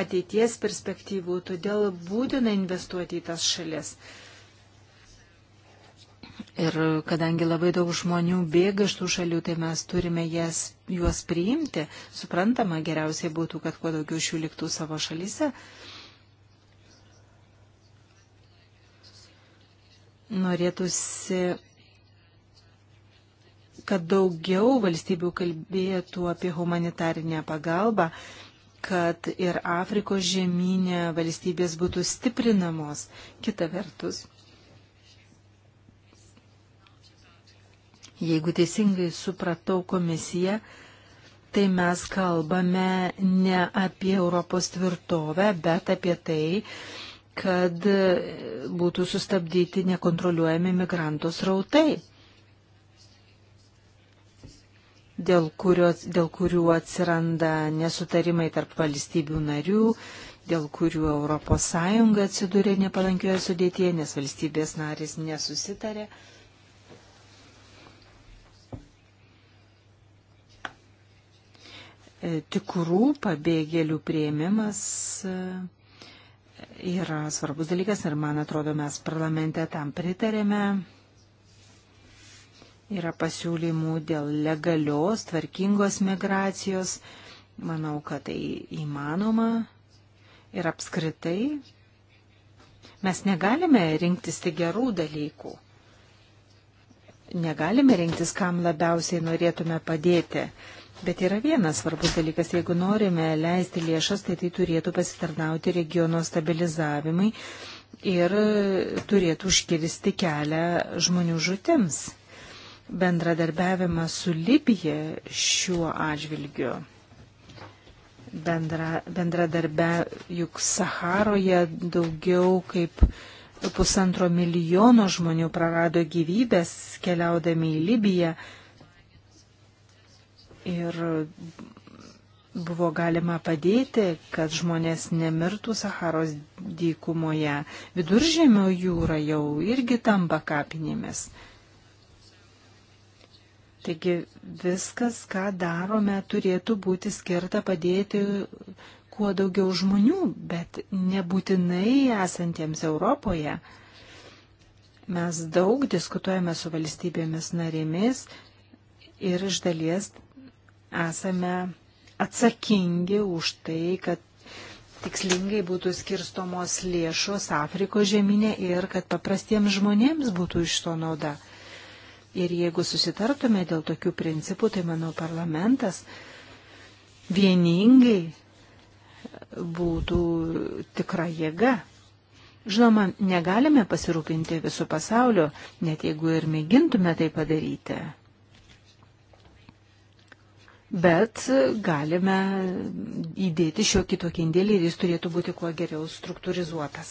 ateities perspektyvų, todėl būtina investuoti į tas šalis. Ir kadangi labai daug žmonių bėga iš tų šalių, tai mes turime jas, juos priimti. Suprantama, geriausiai būtų, kad kuo daugiau šių liktų savo šalyse. Uh, Norėtųsi, kad daugiau valstybių kalbėtų apie humanitarinę pagalbą, kad ir Afrikos žemynė valstybės būtų stiprinamos. Kita vertus, jeigu teisingai supratau komisiją, tai mes kalbame ne apie Europos tvirtovę, bet apie tai, kad būtų sustabdyti nekontroliuojami migrantų srautai, dėl, kurio, dėl kurių atsiranda nesutarimai tarp valstybių narių, dėl kurių ES atsidūrė nepalankioje sudėtyje, nes valstybės narys nesusitarė. E, tikrų pabėgėlių prieimimas e, yra svarbus dalykas ir man atrodo mes parlamente tam pritarėme. Yra pasiūlymų dėl legalios, tvarkingos migracijos. Manau, kad tai įmanoma ir apskritai mes negalime rinktis tik gerų dalykų. Negalime rinktis, kam labiausiai norėtume padėti. Bet yra vienas svarbus dalykas, jeigu norime leisti lėšas, tai tai turėtų pasitarnauti regiono stabilizavimai ir turėtų užkirsti kelią žmonių žutims. Bendradarbiavimas su Libija šiuo atžvilgiu. Bendra, bendradarbia juk Saharoje daugiau kaip pusantro milijono žmonių prarado gyvybės keliaudami į Libiją ir buvo galima padėti, kad žmonės nemirtų Saharos dykumoje. Viduržėmio jūra jau irgi tampa kapinėmis. Taigi viskas, ką darome, turėtų būti skirta padėti kuo daugiau žmonių, bet nebūtinai esantiems Europoje. Mes daug diskutuojame su valstybėmis narėmis ir iš dalies esame atsakingi už tai, kad tikslingai būtų skirstomos lėšos Afrikos žemynė ir kad paprastiems žmonėms būtų iš to nauda. Ir jeigu susitartume dėl tokių principų, tai manau parlamentas vieningai būtų tikra jėga. Žinoma, negalime pasirūpinti visų pasaulio, net jeigu ir mėgintume tai padaryti. Bet galime įdėti šio kitokį indėlį ir jis turėtų būti kuo geriau struktūrizuotas.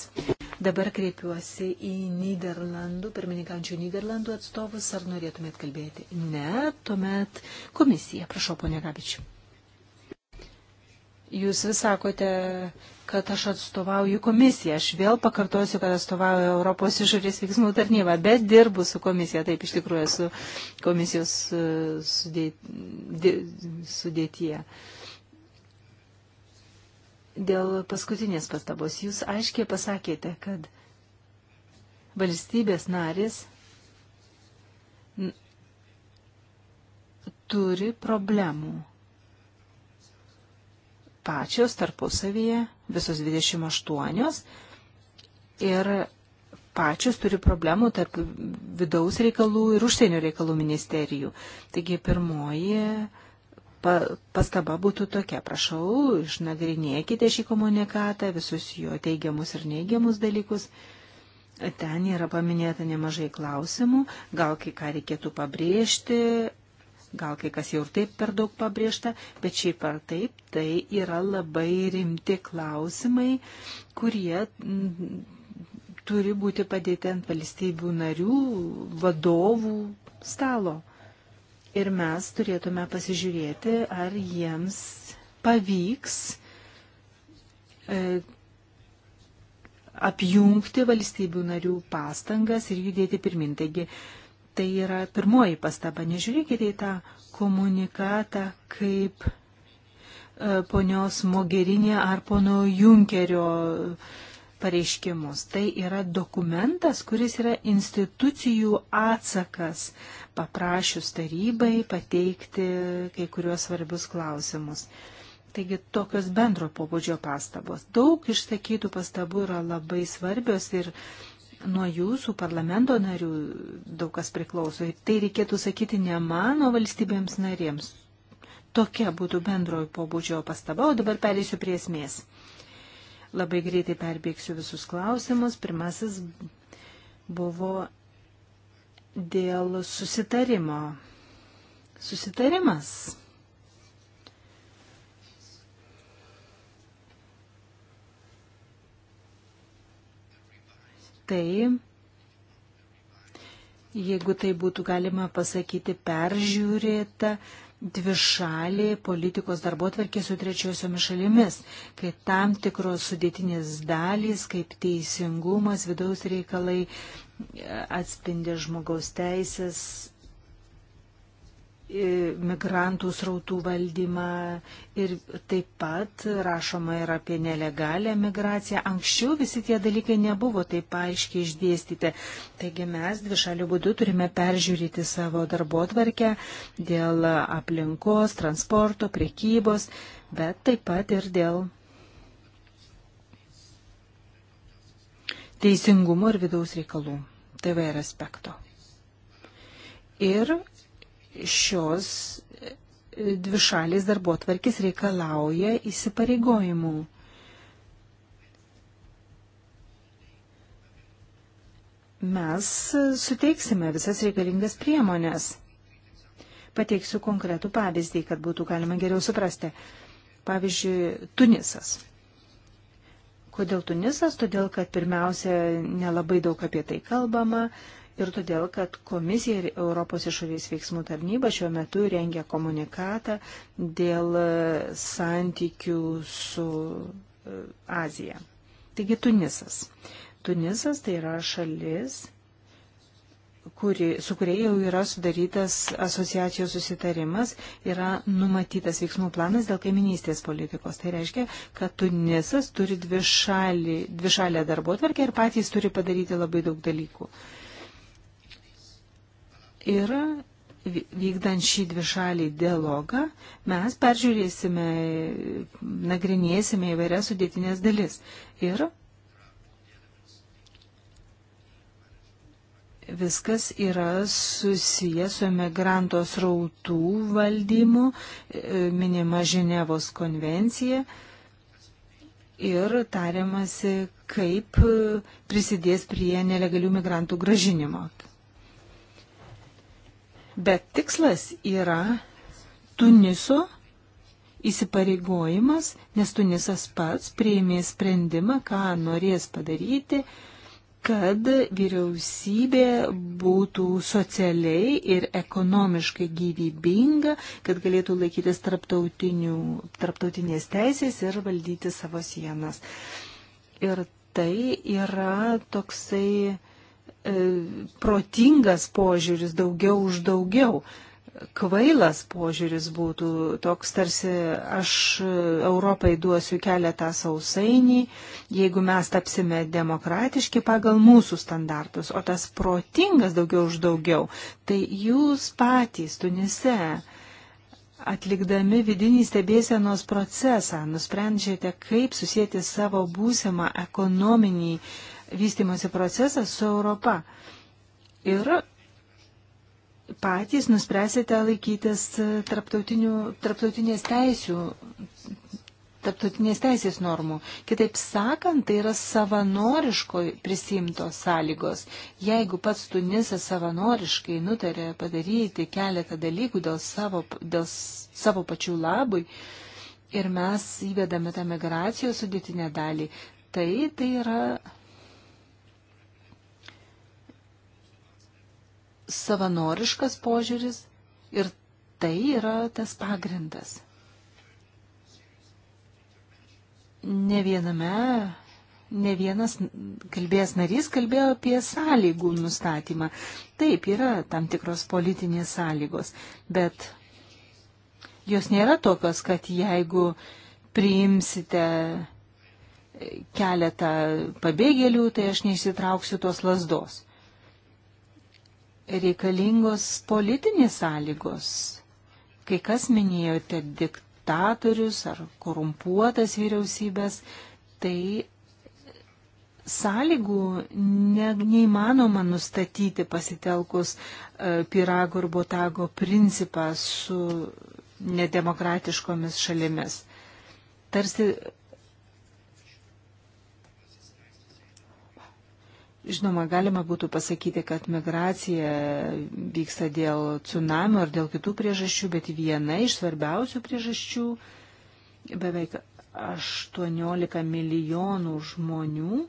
Dabar kreipiuosi į Niderlandų, pirmininkančių Niderlandų atstovus, ar norėtumėt kalbėti? Ne, tuomet komisija, prašau, ponė Gabičiu. Jūs vis sakote, kad aš atstovauju komisiją. Aš vėl pakartosiu, kad atstovauju Europos išorės veiksmų tarnybą, bet dirbu su komisija. Taip, iš tikrųjų esu komisijos e, sudėtyje. Dėl paskutinės pastabos jūs aiškiai pasakėte, kad valstybės narės turi problemų pačios tarpusavyje, visos 28, ir pačios turi problemų tarp vidaus reikalų ir užsienio reikalų ministerijų. Taigi pirmoji pa, pastaba būtų tokia, prašau, išnagrinėkite šį komunikatą, visus jo teigiamus ir neigiamus dalykus. Ten yra paminėta nemažai klausimų, gal kai ką reikėtų pabrėžti, gal kai kas jau ir taip per daug pabrėžta, bet šiaip ar taip, tai yra labai rimti klausimai, kurie mm, turi būti padėti ant valstybių narių, vadovų stalo. Ir mes turėtume pasižiūrėti, ar jiems pavyks e, apjungti valstybių narių pastangas ir judėti pirmin. Taigi, e, Tai yra pirmoji pastaba. Nežiūrėkite į tą komunikatą kaip e, ponios Mogerinė ar pono Junkerio pareiškimus. Tai yra dokumentas, kuris yra institucijų atsakas, paprašius tarybai pateikti kai kuriuos svarbius klausimus. Taigi tokios bendro pobūdžio pastabos. Daug išsakytų pastabų yra labai svarbios ir nuo jūsų parlamento narių daug kas priklauso. Tai reikėtų sakyti ne mano valstybėms narėms. Tokia būtų bendrojo pobūdžio pastaba, o dabar perėsiu prie esmės. Labai greitai perbėgsiu visus klausimus. Pirmasis buvo dėl susitarimo. Susitarimas tai, jeigu tai būtų galima pasakyti, peržiūrėta dvišalį politikos darbotvarkė su trečiosiomis šalimis, kai tam tikros sudėtinės dalys, kaip teisingumas, vidaus reikalai atspindi žmogaus teisės migrantų srautų valdymą ir taip pat rašoma ir apie nelegalią migraciją. Anksčiau visi tie dalykai nebuvo taip aiškiai išdėstyti. Taigi mes dvišalių būdų turime peržiūrėti savo darbo tvarkę dėl aplinkos, transporto, priekybos, bet taip pat ir dėl teisingumo ir vidaus reikalų. TV ir aspekto. Ir šios dvišalės darbo tvarkis reikalauja įsipareigojimų. Mes suteiksime visas reikalingas priemonės. Pateiksiu konkretų pavyzdį, kad būtų galima geriau suprasti. Pavyzdžiui, Tunisas. Kodėl Tunisas? Todėl, kad pirmiausia, nelabai daug apie tai kalbama, ir todėl, kad komisija ir Europos išorės veiksmų tarnyba šiuo metu rengia komunikatą dėl e, santykių su e, Azija. Taigi Tunisas. Tunisas tai yra šalis, kuri, su kuria jau yra sudarytas asociacijos susitarimas, yra numatytas veiksmų planas dėl kaiminystės politikos. Tai reiškia, kad Tunisas turi dvišalį, dvišalę darbo tvarkę ir patys turi padaryti labai daug dalykų. Uh, Ir vykdant šį dvišalį dialogą mes peržiūrėsime, nagrinėsime įvairias sudėtinės dalis. Ir viskas yra susijęs su emigrantos rautų valdymu, e, minima Ženevos konvencija ir tariamasi, kaip prisidės prie nelegalių migrantų gražinimo. Bet tikslas yra Tuniso įsipareigojimas, nes Tunisas pats prieimė sprendimą, ką norės padaryti, kad vyriausybė būtų socialiai ir ekonomiškai gyvybinga, kad galėtų laikytis tarptautinės teisės ir valdyti savo sienas. Ir tai yra toksai uh, E, protingas požiūris daugiau už daugiau. Kvailas požiūris būtų toks tarsi aš Europai duosiu keletą sausainį, jeigu mes tapsime demokratiški pagal mūsų standartus, o tas protingas daugiau už daugiau, tai jūs patys Tunise Atlikdami vidinį stebėsenos procesą, nusprendžiate, kaip susijęti savo būsimą ekonominį vystimosi procesą su Europa. Ir patys nuspręsite laikytis tarptautinės teisių tarptautinės teisės normų. Kitaip sakant, tai yra savanoriško prisimtos sąlygos. Jeigu pats Tunisas savanoriškai nutarė padaryti keletą dalykų dėl savo, dėl savo pačių labui ir mes įvedame tą migracijos sudėtinę dalį, tai tai yra savanoriškas požiūris ir tai yra tas pagrindas. Ne viename, ne vienas kalbėjęs narys kalbėjo apie sąlygų nustatymą. Taip, yra tam tikros politinės sąlygos, bet jos nėra tokios, kad jeigu priimsite keletą pabėgėlių, tai aš neįsitrauksiu tos lasdos reikalingos politinės sąlygos. Kai kas minėjote diktatorius ar korumpuotas vyriausybės, tai sąlygų ne, neįmanoma nustatyti pasitelkus e, pirago ir botago principą su nedemokratiškomis šalimis. Tarsi Žinoma, galima būtų pasakyti, kad migracija vyksta dėl tsunamio ar dėl kitų priežasčių, bet viena iš svarbiausių priežasčių beveik 18 milijonų žmonių e,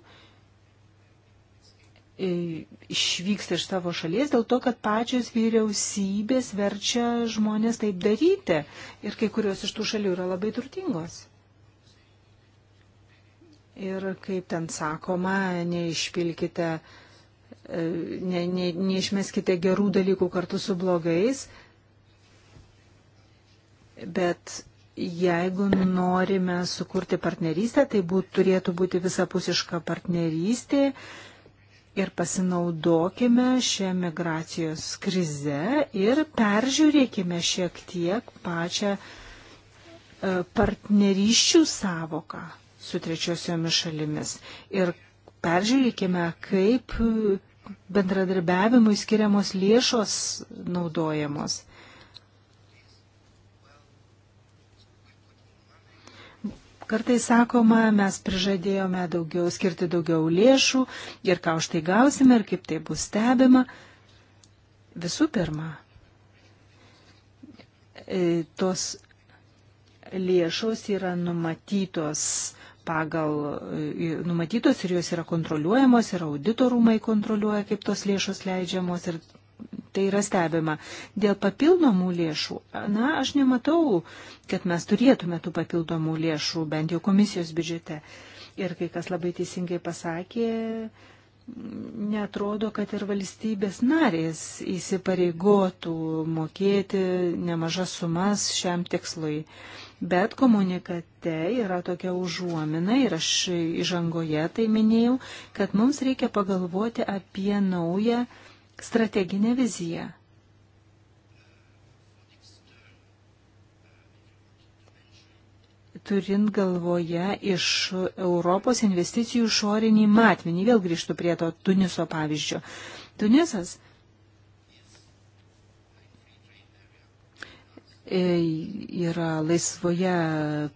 išvyksta iš savo šalies dėl to, kad pačios vyriausybės verčia žmonės taip daryti. Ir kai kurios iš tų šalių yra labai turtingos. Ir kaip ten sakoma, neišpilkite, e, ne, ne, neišmeskite gerų dalykų kartu su blogais, bet jeigu norime sukurti partnerystę, tai būt, turėtų būti visapusiška partnerystė ir pasinaudokime šią migracijos krizę ir peržiūrėkime šiek tiek pačią e, partnerysčių savoką su trečiosiomis šalimis. Ir peržiūrėkime, kaip bendradarbiavimui skiriamos lėšos naudojamos. Kartais sakoma, mes prižadėjome daugiau, skirti daugiau lėšų ir ką už tai gausime ir kaip tai bus stebima. Visų pirma, e, tos lėšos yra numatytos pagal e, numatytos ir jos yra kontroliuojamos ir auditorumai kontroliuoja, kaip tos lėšos leidžiamos ir tai yra stebima. Dėl papildomų lėšų, na, aš nematau, kad mes turėtume tų papildomų lėšų, bent jau komisijos biudžete. Ir kai kas labai teisingai pasakė, netrodo, kad ir valstybės narės įsipareigotų mokėti nemažas sumas šiam tikslui. Bet komunikate yra tokia užuomina ir aš įžangoje tai minėjau, kad mums reikia pagalvoti apie naują strateginę viziją. turint galvoje iš Europos investicijų išorinį matmenį. Vėl grįžtų prie to Tuniso pavyzdžio. Tunisas e, yra laisvoje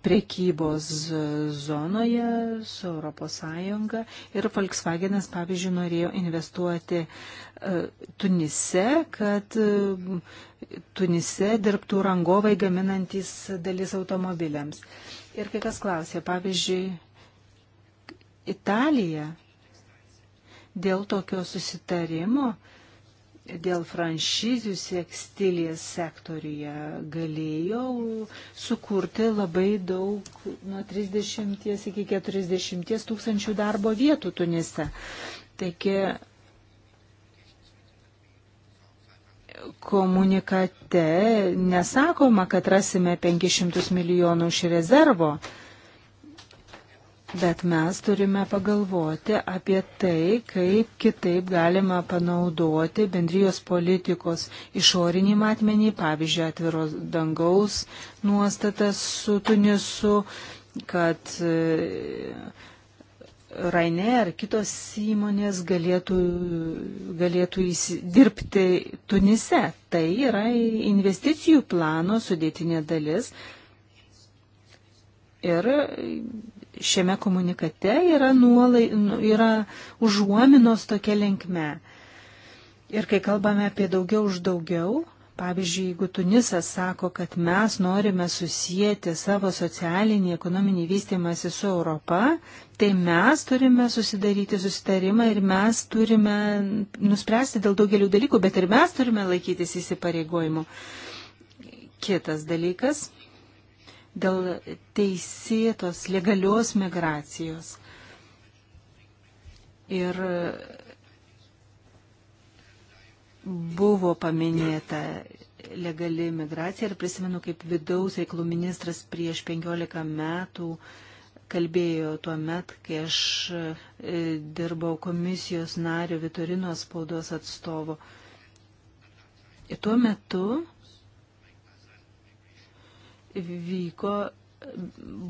prekybos zonoje su Europos Sąjunga ir Volkswagenas, pavyzdžiui, norėjo investuoti e, Tunise, kad e, Tunise dirbtų rangovai gaminantis dalis automobiliams. Ir kai kas klausė, pavyzdžiui, Italija dėl tokio susitarimo, dėl franšizių tekstilės sektorija galėjo sukurti labai daug, nuo 30 iki 40 tūkstančių darbo vietų Tunise. Taigi komunikate nesakoma, kad rasime 500 milijonų iš rezervo, bet mes turime pagalvoti apie tai, kaip kitaip galima panaudoti bendrijos politikos išorinį matmenį, pavyzdžiui, atviros dangaus nuostatas su Tunisu, kad Raine ar kitos įmonės galėtų, galėtų dirbti Tunise. Tai yra investicijų plano sudėtinė dalis. Ir šiame komunikate yra, nuolai, nu, yra užuominos tokia linkme. Ir kai kalbame apie daugiau už daugiau, Pavyzdžiui, jeigu Tunisas sako, kad mes norime susijęti savo socialinį, ekonominį vystimąsi su Europa, tai mes turime susidaryti susitarimą ir mes turime nuspręsti dėl daugelių dalykų, bet ir mes turime laikytis įsipareigojimų. Kitas dalykas - dėl teisėtos legalios migracijos. Ir buvo paminėta legali migracija ir prisimenu, kaip vidaus reikalų ministras prieš 15 metų kalbėjo tuo met, kai aš e, dirbau komisijos nario Vitorino spaudos atstovo. Ir tuo metu vyko,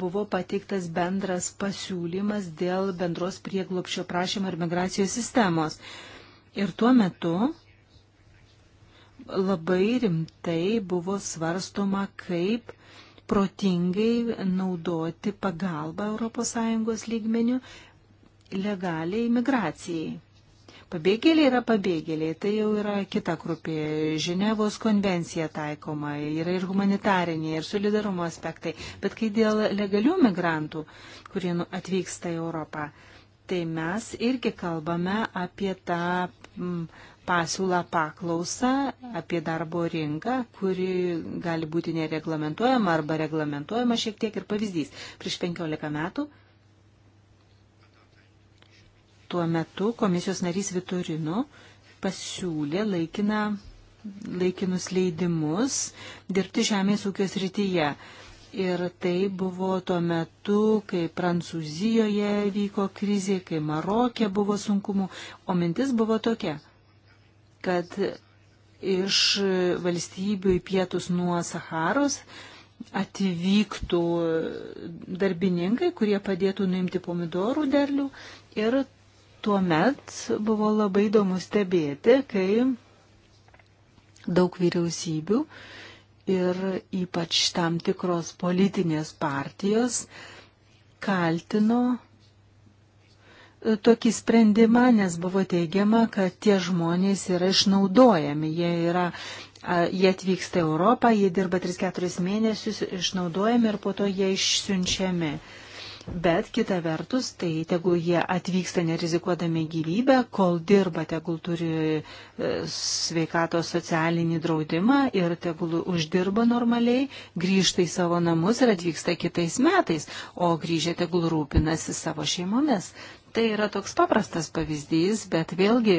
buvo pateiktas bendras pasiūlymas dėl bendros prieglopščio prašymo ir migracijos sistemos. Ir tuo metu labai rimtai buvo svarstoma, kaip protingai naudoti pagalbą ES lygmenių legaliai migracijai. Pabėgėliai yra pabėgėliai, tai jau yra kita grupė. Ženevos konvencija taikoma, yra ir humanitariniai, ir solidarumo aspektai. Bet kai dėl legalių migrantų, kurie nu atvyksta į Europą, tai mes irgi kalbame apie tą mm, pasiūlą paklausą, apie darbo rinką, kuri gali būti nereglamentuojama arba reglamentuojama šiek tiek ir pavyzdys. Prieš 15 metų tuo metu komisijos narys Vitorino pasiūlė laikiną, laikinus leidimus dirbti žemės ūkio srityje. Ir tai buvo tuo metu, kai Prancūzijoje vyko krizė, kai Marokė buvo sunkumų, o mintis buvo tokia – kad iš valstybių į pietus nuo Saharos atvyktų darbininkai, kurie padėtų nuimti pomidorų derlių. Ir tuomet buvo labai įdomu stebėti, kai daug vyriausybių ir ypač tam tikros politinės partijos kaltino tokį sprendimą, nes buvo teigiama, kad tie žmonės yra išnaudojami, jie yra jie atvyksta į Europą, jie dirba 3-4 mėnesius, išnaudojami ir po to jie išsiunčiami. Bet kita vertus, tai tegul jie atvyksta nerizikuodami gyvybę, kol dirba, tegul turi e, sveikatos socialinį draudimą ir tegul uždirba normaliai, grįžta į savo namus ir atvyksta kitais metais, o grįžę tegul rūpinasi savo šeimomis. Tai yra toks paprastas pavyzdys, bet vėlgi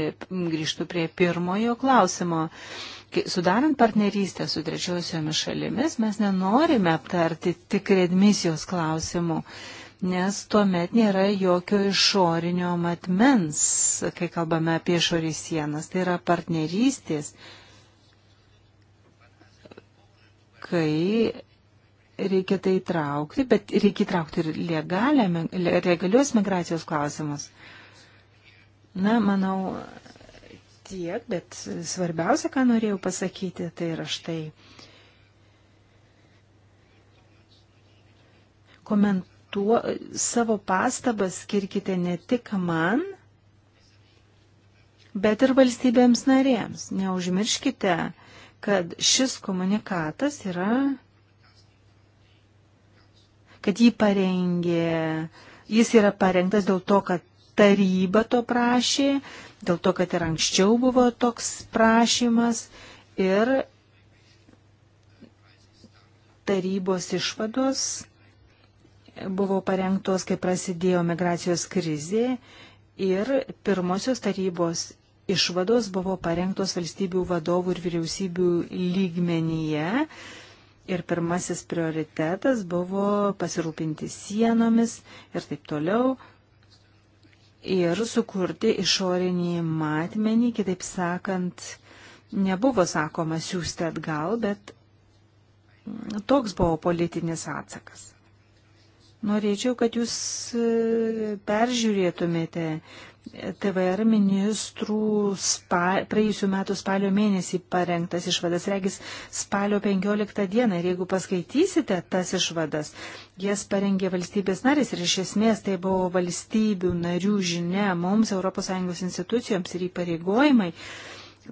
grįžtų prie pirmojo klausimo. Sudarant partnerystę su trečiosiomis šalimis, mes nenorime aptarti tik redmisijos klausimų, nes tuomet nėra jokio išorinio matmens, kai kalbame apie išorį sienas. Tai yra partnerystės, kai reikia tai traukti, bet reikia traukti ir legalę, legalios migracijos klausimus. Na, manau, tiek, bet svarbiausia, ką norėjau pasakyti, tai yra štai komentuo savo pastabas skirkite ne tik man, bet ir valstybėms narėms. Neužmirškite, kad šis komunikatas yra kad jį parengė. Jis yra parengtas dėl to, kad taryba to prašė, dėl to, kad ir anksčiau buvo toks prašymas ir tarybos išvados buvo parengtos, kai prasidėjo migracijos krizė ir pirmosios tarybos išvados buvo parengtos valstybių vadovų ir vyriausybių lygmenyje Ir pirmasis prioritetas buvo pasirūpinti sienomis ir taip toliau. Ir sukurti išorinį matmenį, kitaip sakant, nebuvo sakoma siūsti atgal, bet toks buvo politinis atsakas. Norėčiau, kad jūs e, peržiūrėtumėte TVR ministrų spa, praėjusių metų spalio mėnesį parengtas išvadas, regis spalio 15 dieną. Ir jeigu paskaitysite tas išvadas, jas parengė valstybės narės ir iš esmės tai buvo valstybių narių žinia mums, ES institucijoms ir įpareigojimai.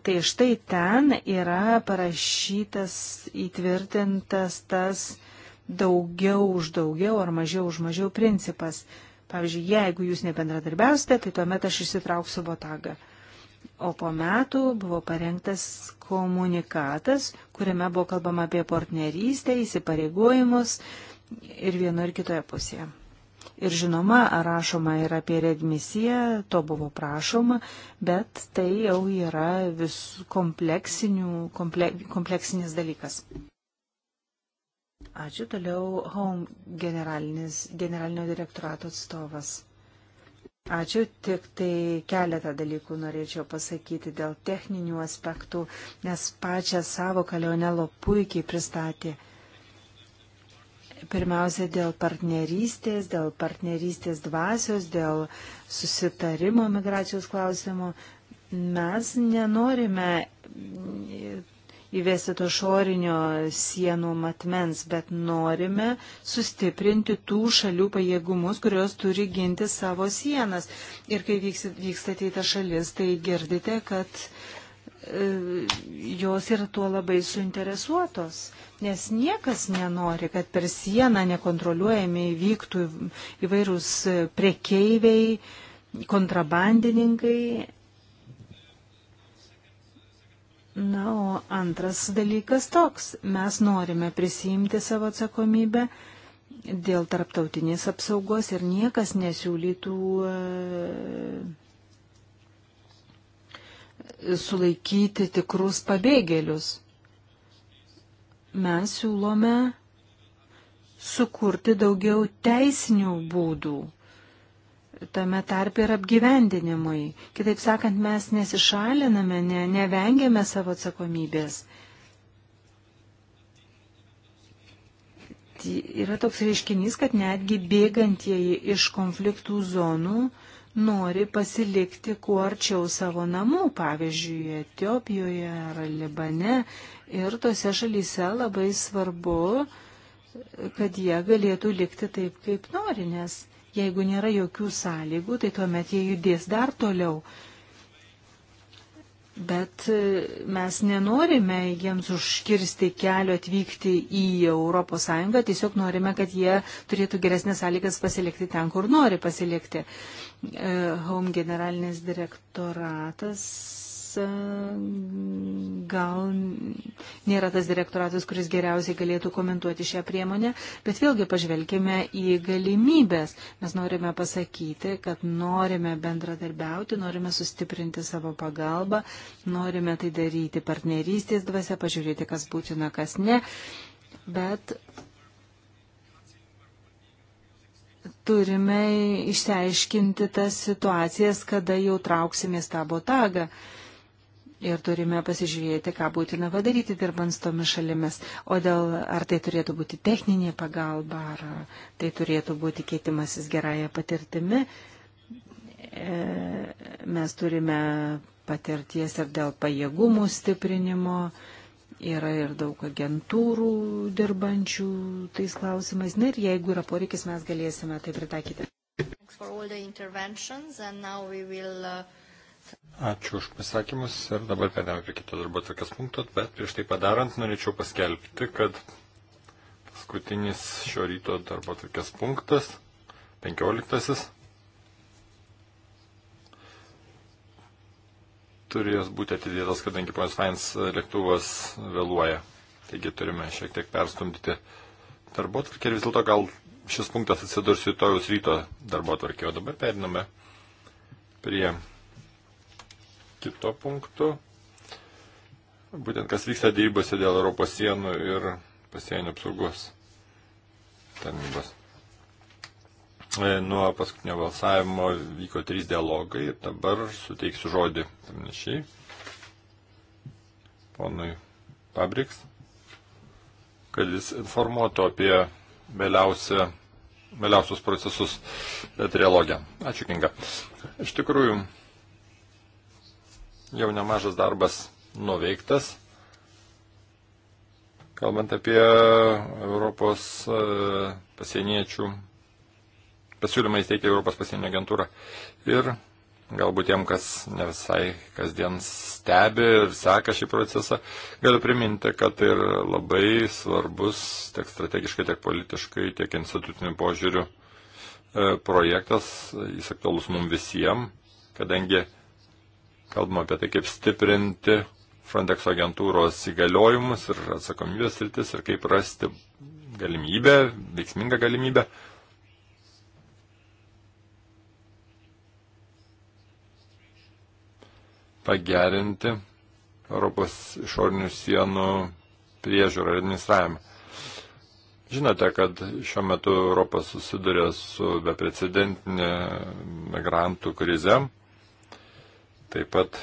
Tai štai ten yra parašytas, įtvirtintas tas daugiau už daugiau ar mažiau už mažiau principas. Pavyzdžiui, jeigu jūs nebendradarbiausite, tai tuomet aš išsitrauksiu botagą. O po metų buvo parengtas komunikatas, kuriame buvo kalbama apie partnerystę, įsipareigojimus ir vienoje ir kitoje pusėje. Ir žinoma, rašoma ir apie redmisiją, to buvo prašoma, bet tai jau yra vis kompleksinių, komple, kompleksinis dalykas. Ačiū toliau Home generalinio direktorato atstovas. Ačiū, tik tai keletą dalykų norėčiau pasakyti dėl techninių aspektų, nes pačią savo kalionelo puikiai pristatė. Pirmiausia, dėl partnerystės, dėl partnerystės dvasios, dėl susitarimo migracijos klausimų. Mes nenorime įvesti to šorinio sienų matmens, bet norime sustiprinti tų šalių pajėgumus, kurios turi ginti savo sienas. Ir kai vykstate į tą šalis, tai girdite, kad e, jos yra tuo labai suinteresuotos, nes niekas nenori, kad per sieną nekontroliuojami vyktų įvairūs prekeiviai, kontrabandininkai Na, o antras dalykas toks. Mes norime prisijimti savo atsakomybę dėl tarptautinės apsaugos ir niekas nesiūlytų e, sulaikyti tikrus pabėgėlius. Mes siūlome sukurti daugiau teisinių būdų tame tarp ir apgyvendinimui. Kitaip sakant, mes nesišaliname, ne, nevengiame savo atsakomybės. Yra toks reiškinys, kad netgi bėgantieji iš konfliktų zonų nori pasilikti kuo arčiau savo namų, pavyzdžiui, Etiopijoje ar Libane. Ir tose šalyse labai svarbu, kad jie galėtų likti taip, kaip nori, nes Jeigu nėra jokių sąlygų, tai tuomet jie judės dar toliau. Bet e, mes nenorime jiems užkirsti kelio atvykti į ES, tiesiog norime, kad jie turėtų geresnės sąlygas pasilikti ten, kur nori pasilikti. E, Home generalinis direktoratas gal nėra tas direktoratas, kuris geriausiai galėtų komentuoti šią priemonę, bet vėlgi pažvelkime į galimybės. Mes norime pasakyti, kad norime bendradarbiauti, norime sustiprinti savo pagalbą, norime tai daryti partnerystės dvasia, pažiūrėti, kas būtina, kas ne. Bet turime išsiaiškinti tas situacijas, kada jau trauksime stabo tagą. Uh, ir turime pasižiūrėti, ką būtina padaryti dirbant su tomis šalimis. O dėl ar tai turėtų būti techninė pagalba, ar tai turėtų būti keitimasis gerąją patirtimi, e, mes turime patirties ir dėl pajėgumų stiprinimo. Yra ir daug agentūrų dirbančių tais klausimais. Na ir jeigu yra poreikis, mes galėsime tai pritaikyti. Thanks for all the interventions and now we will uh... Ačiū už pasakymus ir dabar perėmėme prie kito darbo tokios punkto, bet prieš tai padarant norėčiau paskelbti, kad paskutinis šio ryto darbo tokios punktas, penkioliktasis, turės būti atidėtas, kadangi ponas Fains lėktuvas vėluoja. Taigi turime šiek tiek perstumdyti darbo atvarkį ir vis dėlto gal šis punktas atsidurs rytojus ryto darbo atvarkį. O dabar periname prie kito punktu, būtent kas vyksta dėrybose dėl Europos sienų ir pasienio apsaugos tarnybos. E, nuo paskutinio balsavimo vyko trys dialogai ir dabar suteiksiu žodį panašiai ponui Pabriks, kad jis informuotų apie vėliausią vėliausius procesus trialogę. Ačiū, Kinga. Iš tikrųjų, jau nemažas darbas nuveiktas. Kalbant apie Europos e, pasieniečių pasiūlymą įsteigti Europos pasienio agentūrą. Ir galbūt tiem, kas ne visai kasdien stebi ir seka šį procesą, galiu priminti, kad tai yra labai svarbus tiek strategiškai, tiek politiškai, tiek institutiniu požiūriu e, projektas, jis aktualus mums visiems, kadangi kalbama apie tai, kaip stiprinti Frontex agentūros įgaliojimus ir atsakomybės rytis ir kaip rasti galimybę, veiksmingą galimybę. pagerinti Europos išorinių sienų priežiūrą ir administravimą. Žinote, kad šiuo metu Europas susiduria su beprecedentinė migrantų krize. Taip pat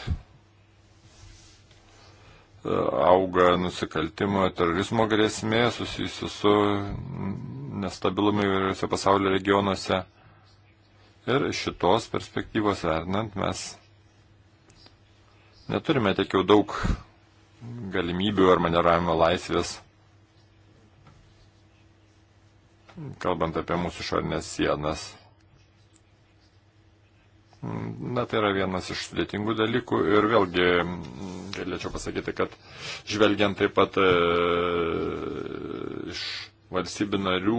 e, auga nusikaltimo terorizmo grėsmė susijusi su nestabilumu įvairiuose pasaulio regionuose. Ir šitos perspektyvos vernant mes neturime tiek jau daug galimybių ar maneravimo laisvės, kalbant apie mūsų išorinės sienas Na, tai yra vienas iš sudėtingų dalykų ir vėlgi galėčiau pasakyti, kad žvelgiant taip pat e, iš valstybių narių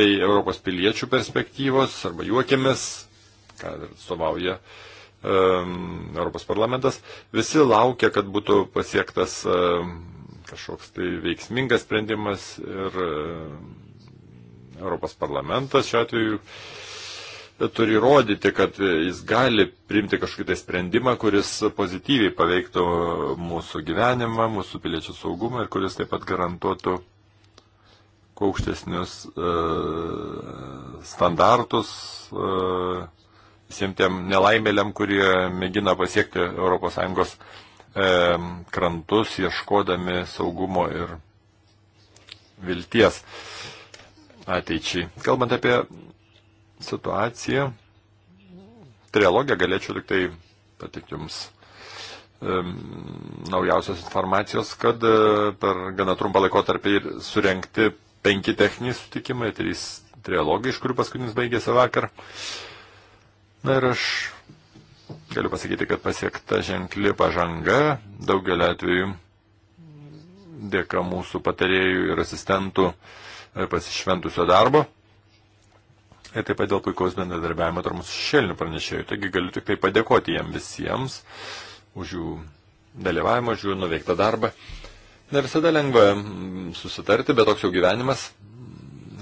bei Europos piliečių perspektyvos arba juokiamis, ką atstovauja e, Europos parlamentas, visi laukia, kad būtų pasiektas e, kažkoks tai veiksmingas sprendimas ir e, Europos parlamentas šiuo atveju. E, turi įrodyti, kad jis gali priimti kažkokį tai sprendimą, kuris pozityviai paveiktų mūsų gyvenimą, mūsų piliečių saugumą ir kuris taip pat garantuotų kuo aukštesnius e, standartus e, visiems tiem nelaimėliam, kurie mėgina pasiekti ES e, krantus, ieškodami saugumo ir vilties ateičiai. Kalbant apie situaciją. Trialogę galėčiau tik tai patikti jums naujausios informacijos, kad e, per gana trumpą laikotarpį ir surenkti penki techniniai sutikimai, trys trialogai, iš kurių paskutinis baigėsi vakar. Na ir aš galiu pasakyti, kad pasiekta ženkli pažanga daugelio atveju dėka mūsų patarėjų ir asistentų e, pasišventusio darbo ir taip pat dėl puikaus bendradarbiavimo tarp mūsų šešėlinių pranešėjų. Taigi galiu tik tai padėkoti jiem visiems už jų dalyvavimą, už jų nuveiktą darbą. Ne visada lengva mm, susitarti, bet toks jau gyvenimas.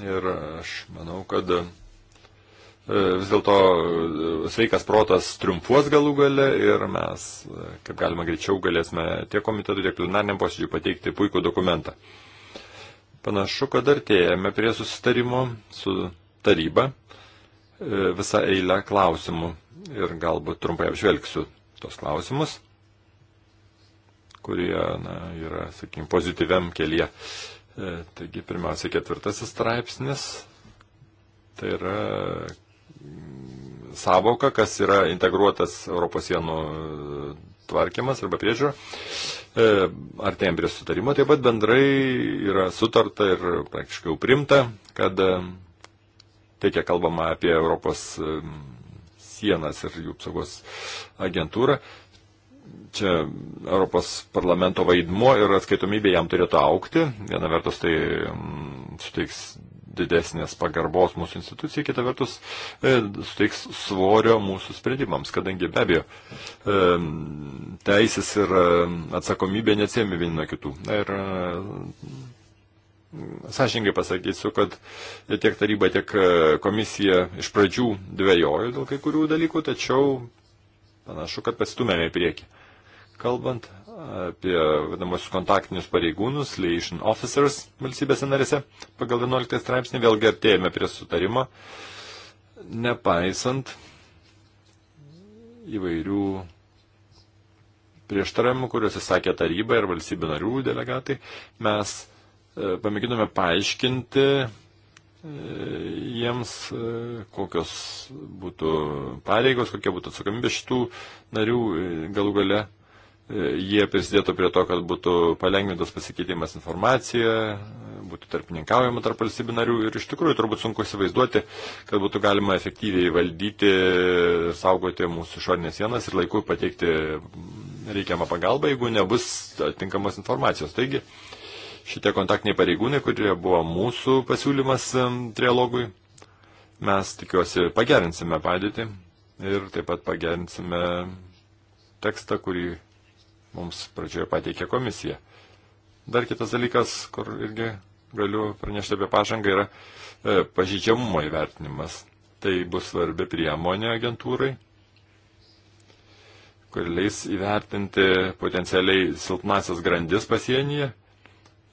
Ir aš manau, kad e, vis dėlto e, sveikas protas triumfuos galų gale ir mes, e, kaip galima greičiau, galėsime tiek komitetui, tiek plenariniam posėdžiui pateikti puikų dokumentą. Panašu, kad artėjame prie susitarimo su taryba e, visą eilę klausimų ir galbūt trumpai apžvelgsiu tos klausimus, kurie na, yra, sakykime, pozityviam kelyje. E, taigi, pirmiausia, ketvirtasis straipsnis, tai yra mm, savoka, kas yra integruotas Europos sienų tvarkymas arba priežiūra. E, Artėjom prie sutarimo, taip pat bendrai yra sutarta ir praktiškai jau primta, kad tai, kiek kalbama apie Europos sienas ir jų apsaugos agentūrą. Čia Europos parlamento vaidmuo ir atskaitomybė jam turėtų aukti. Viena vertus tai suteiks didesnės pagarbos mūsų institucijai, kita vertus e, suteiks svorio mūsų sprendimams, kadangi be abejo e, teisės ir atsakomybė neatsiemi vieni nuo kitų. Ir e, sąžininkai pasakysiu, kad tiek taryba, tiek e, komisija iš pradžių dvėjojo dėl kai kurių dalykų, tačiau panašu, kad pastumėme į priekį. Kalbant apie vadamosius kontaktinius pareigūnus, liaison officers valstybėse narėse, pagal 11 straipsnį vėlgi artėjame prie sutarimo, nepaisant įvairių prieštaravimų, kuriuos įsakė taryba ir valstybių narių delegatai, mes E, pamėginome paaiškinti e, jiems, e, kokios būtų pareigos, kokia būtų atsakomybė šitų narių galų gale. Jie prisidėtų prie to, kad būtų palengvintas pasikeitimas informacija, būtų tarpininkaujama tarp valstybių narių ir iš tikrųjų turbūt sunku įsivaizduoti, kad būtų galima efektyviai valdyti, saugoti mūsų išorinės sienas ir laiku pateikti reikiamą pagalbą, jeigu nebus atitinkamos informacijos. Taigi, uh, Šitie kontaktiniai pareigūnai, kurie buvo mūsų pasiūlymas trialogui, mes tikiuosi pagerinsime padėtį ir taip pat pagerinsime tekstą, kurį mums pradžioje pateikė komisija. Dar kitas dalykas, kur irgi galiu pranešti apie pažangą, yra e, pažydžiamumo įvertinimas. Tai bus svarbi priemonė agentūrai, kuri leis įvertinti potencialiai silpnasias grandis pasienyje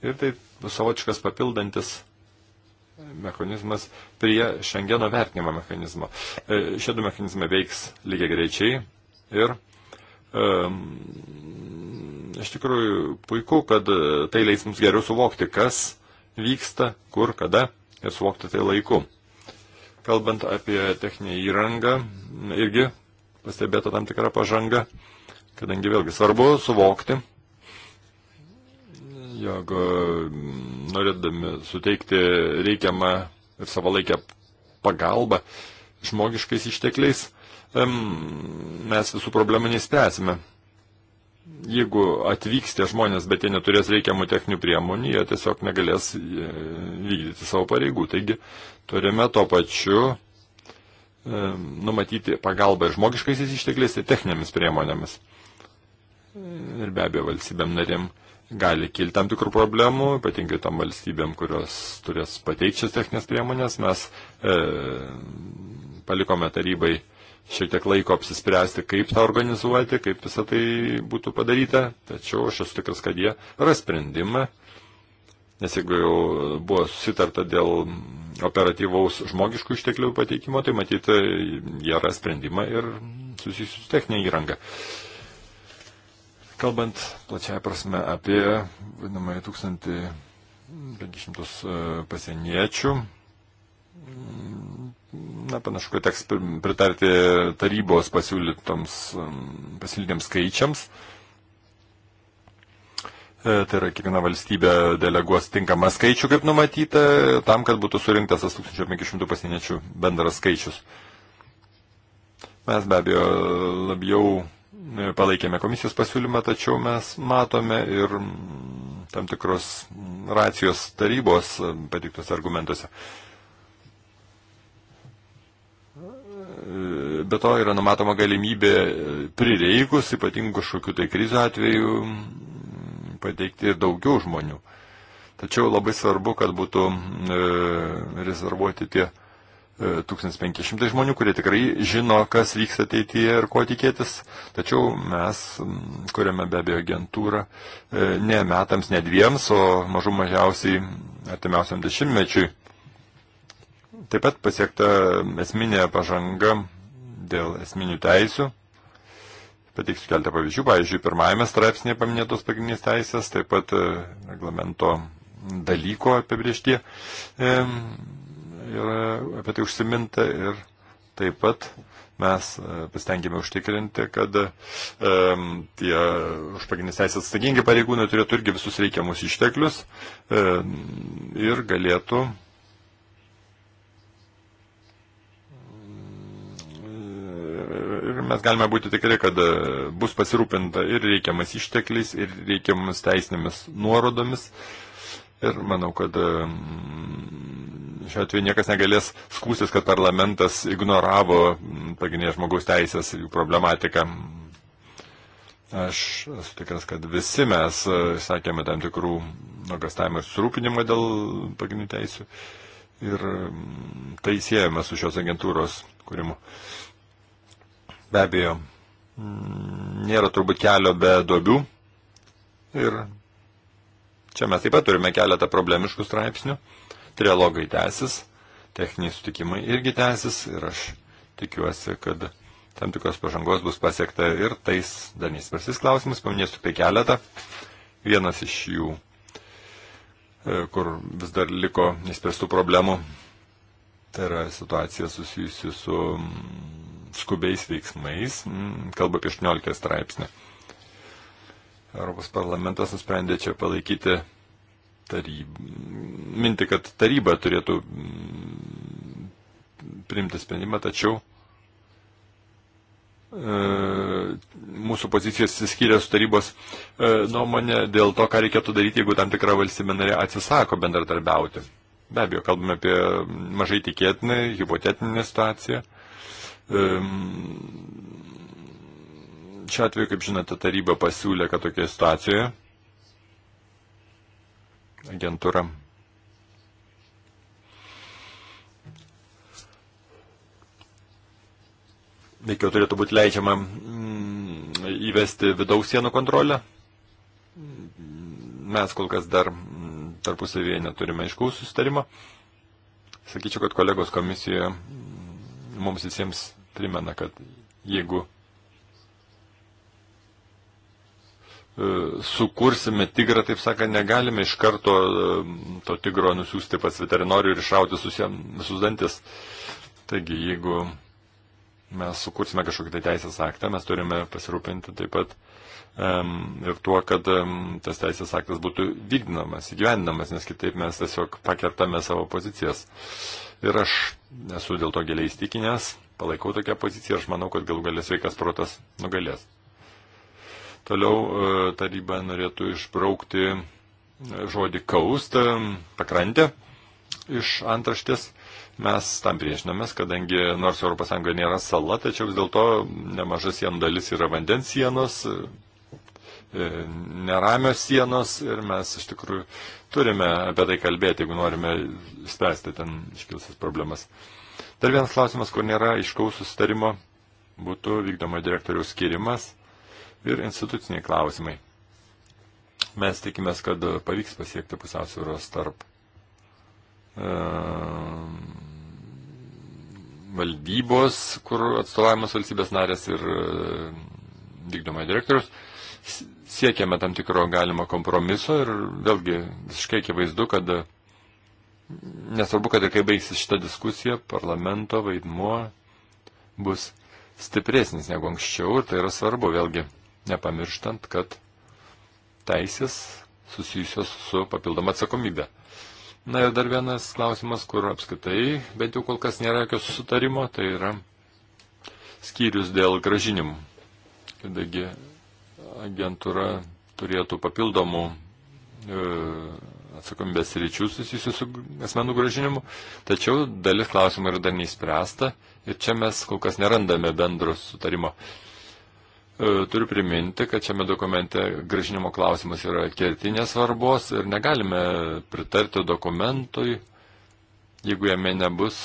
Ir tai savočiškas papildantis mechanizmas prie Šengeno vertinimo mechanizmo. E, šie du mechanizmai veiks lygiai greičiai ir iš um, tikrųjų puiku, kad e, tai leis mums geriau suvokti, kas vyksta, kur, kada ir suvokti tai laiku. Kalbant apie techninę įrangą, irgi pastebėta tam tikra pažanga, kadangi vėlgi svarbu suvokti, jog e, norėdami suteikti reikiamą ir savalaikę pagalbą žmogiškais ištekliais, mes visų problemų neįspręsime. Jeigu atvyks tie žmonės, bet jie neturės reikiamų techninių priemonių, jie tiesiog negalės e, vykdyti savo pareigų. Taigi turime tuo pačiu e, numatyti pagalbą ir žmogiškaisiais ištekliais, ir techninėmis priemonėmis. Ir be abejo valstybėm narėm uh, gali kilti tam tikrų problemų, ypatingai tam valstybėm, kurios turės pateikti šias techninės priemonės. Mes e, palikome tarybai šiek tiek laiko apsispręsti, kaip tą organizuoti, kaip visą tai būtų padaryta, tačiau aš esu tikras, kad jie ras sprendimą, nes jeigu jau buvo susitarta dėl operatyvaus žmogiškų išteklių pateikimo, tai matyti, jie ras sprendimą ir susijusius techninę įrangą. E, Kalbant plačiaja prasme apie vadinamąjį 1500 e, pasieniečių, na, panašu, kad teks pritarti tarybos pasiūlytams, pasiūlytiems skaičiams. E, tai yra, kiekviena valstybė deleguos tinkamą skaičių, kaip numatyta, tam, kad būtų surinktas tas 1500 pasieniečių bendras skaičius. Mes be abejo labiau palaikėme komisijos pasiūlymą, tačiau mes matome ir tam tikros racijos tarybos patiktos argumentuose. Be to yra numatoma galimybė prireikus, ypatingų kažkokių tai krizių atveju, pateikti ir daugiau žmonių. Tačiau labai svarbu, kad būtų e, rezervuoti tie e, 1500 e, žmonių, kurie tikrai žino, kas vyks ateityje ir ko tikėtis. Tačiau mes kuriame be abejo agentūrą e, ne metams, ne dviems, o mažų mažiausiai artimiausiam dešimtmečiui. Taip pat pasiekta esminė pažanga dėl esminių teisių. Pateiksiu keltą pavyzdžių. Pavyzdžiui, pirmajame straipsnėje paminėtos pagrindinės teisės, taip pat e, reglamento dalyko apibriežtie. E, yra apie tai užsiminta ir taip pat mes e, pasitengėme užtikrinti, kad um, tie už pagrindinės teisės atsakingi pareigūnai turėtų irgi visus reikiamus išteklius um, ir galėtų ir mes galime būti tikri, kad bus pasirūpinta ir reikiamas ištekliais, ir reikiamas teisinėmis nuorodomis. Uh, Ir manau, kad mm, šiuo atveju niekas negalės skūstis, kad parlamentas ignoravo mm, pagrindinės žmogaus teisės ir jų problematiką. Aš esu tikras, kad visi mes e, sakėme tam tikrų nuogastavimų ir surūpinimo dėl pagrindinių teisų ir mm, tai siejame su šios agentūros kūrimu. Be abejo, nėra turbūt kelio be duobių ir Čia mes taip pat turime keletą problemiškų straipsnių. Trialogai tęsis, techniniai sutikimai irgi tęsis ir aš tikiuosi, kad tam tikros pažangos bus pasiekta ir tais danys svarsis klausimus, paminėsiu tik tai keletą. Vienas iš jų, e, kur vis dar liko nespręstų problemų, tai yra situacija susijusi su mm, skubiais veiksmais, mm, kalba apie 18 straipsnį. Europos parlamentas nusprendė čia palaikyti taryb... mintį, kad taryba turėtų mm, priimti sprendimą, tačiau e, mūsų pozicijos įsiskyrė su tarybos e, nuomonė dėl to, ką reikėtų daryti, jeigu tam tikra valstybė narė atsisako bendradarbiauti. Be abejo, kalbame apie mažai tikėtinę, hipotetinę situaciją. Šiuo atveju, kaip žinote, taryba pasiūlė, kad tokioje situacijoje agentūra veikiau turėtų būti leidžiama mm, įvesti vidaus sienų kontrolę. Mes kol kas dar mm, tarpusavėje neturime aiškaus sustarimo. Sakyčiau, kad kolegos komisijoje mm, mums visiems primena, kad jeigu E, sukursime tigrą, taip sakant, negalime iš karto e, to tigro nusiųsti pas veterinorių ir išrauti visus dantis. Taigi, jeigu mes sukursime kažkokį tai teisės aktą, mes turime pasirūpinti taip pat um, ir tuo, kad um, tas teisės aktas būtų vykdinamas, įgyvendinamas, nes kitaip mes tiesiog pakertame savo pozicijas. Ir aš esu dėl to giliai įstikinęs, palaikau tokią poziciją ir aš manau, kad gal galės sveikas protas nugalės. Toliau e, taryba norėtų išbraukti e, žodį kaust, e, pakrantę iš antraštės. Mes tam priešinamės, kadangi nors ES nėra sala, tačiau vis dėlto nemaža sienų dalis yra vandens sienos, neramios sienos ir mes iš tikrųjų turime apie tai kalbėti, jeigu norime spręsti ten iškilusias problemas. Dar vienas klausimas, kur nėra iškaus susitarimo, būtų vykdomo direktoriaus skirimas ir instituciniai klausimai. Mes tikimės, kad pavyks pasiekti pusiausvėros tarp e, valdybos, kur atstovavimas valstybės narės ir e, ehm, vykdomo direktorius. Siekiame tam tikro galimo kompromiso ir vėlgi visiškai akivaizdu, kad nesvarbu, kad ir kai baigsis šitą diskusiją, parlamento vaidmuo bus stipresnis negu anksčiau ir tai yra svarbu vėlgi nepamirštant, kad teisės susijusios su papildoma atsakomybė. Na ir dar vienas klausimas, kur apskaitai, bent jau kol kas nėra jokio susitarimo, tai yra skyrius dėl gražinimų. Kadangi agentūra turėtų papildomų e, atsakomybės ryčių susijusių su asmenų gražinimu, tačiau dalis klausimų yra dar neįspręsta ir čia mes kol kas nerandame bendro sutarimo. E, E, turiu priminti, kad šiame dokumente gražinimo klausimas yra kertinės svarbos ir negalime pritarti dokumentui, jeigu jame nebus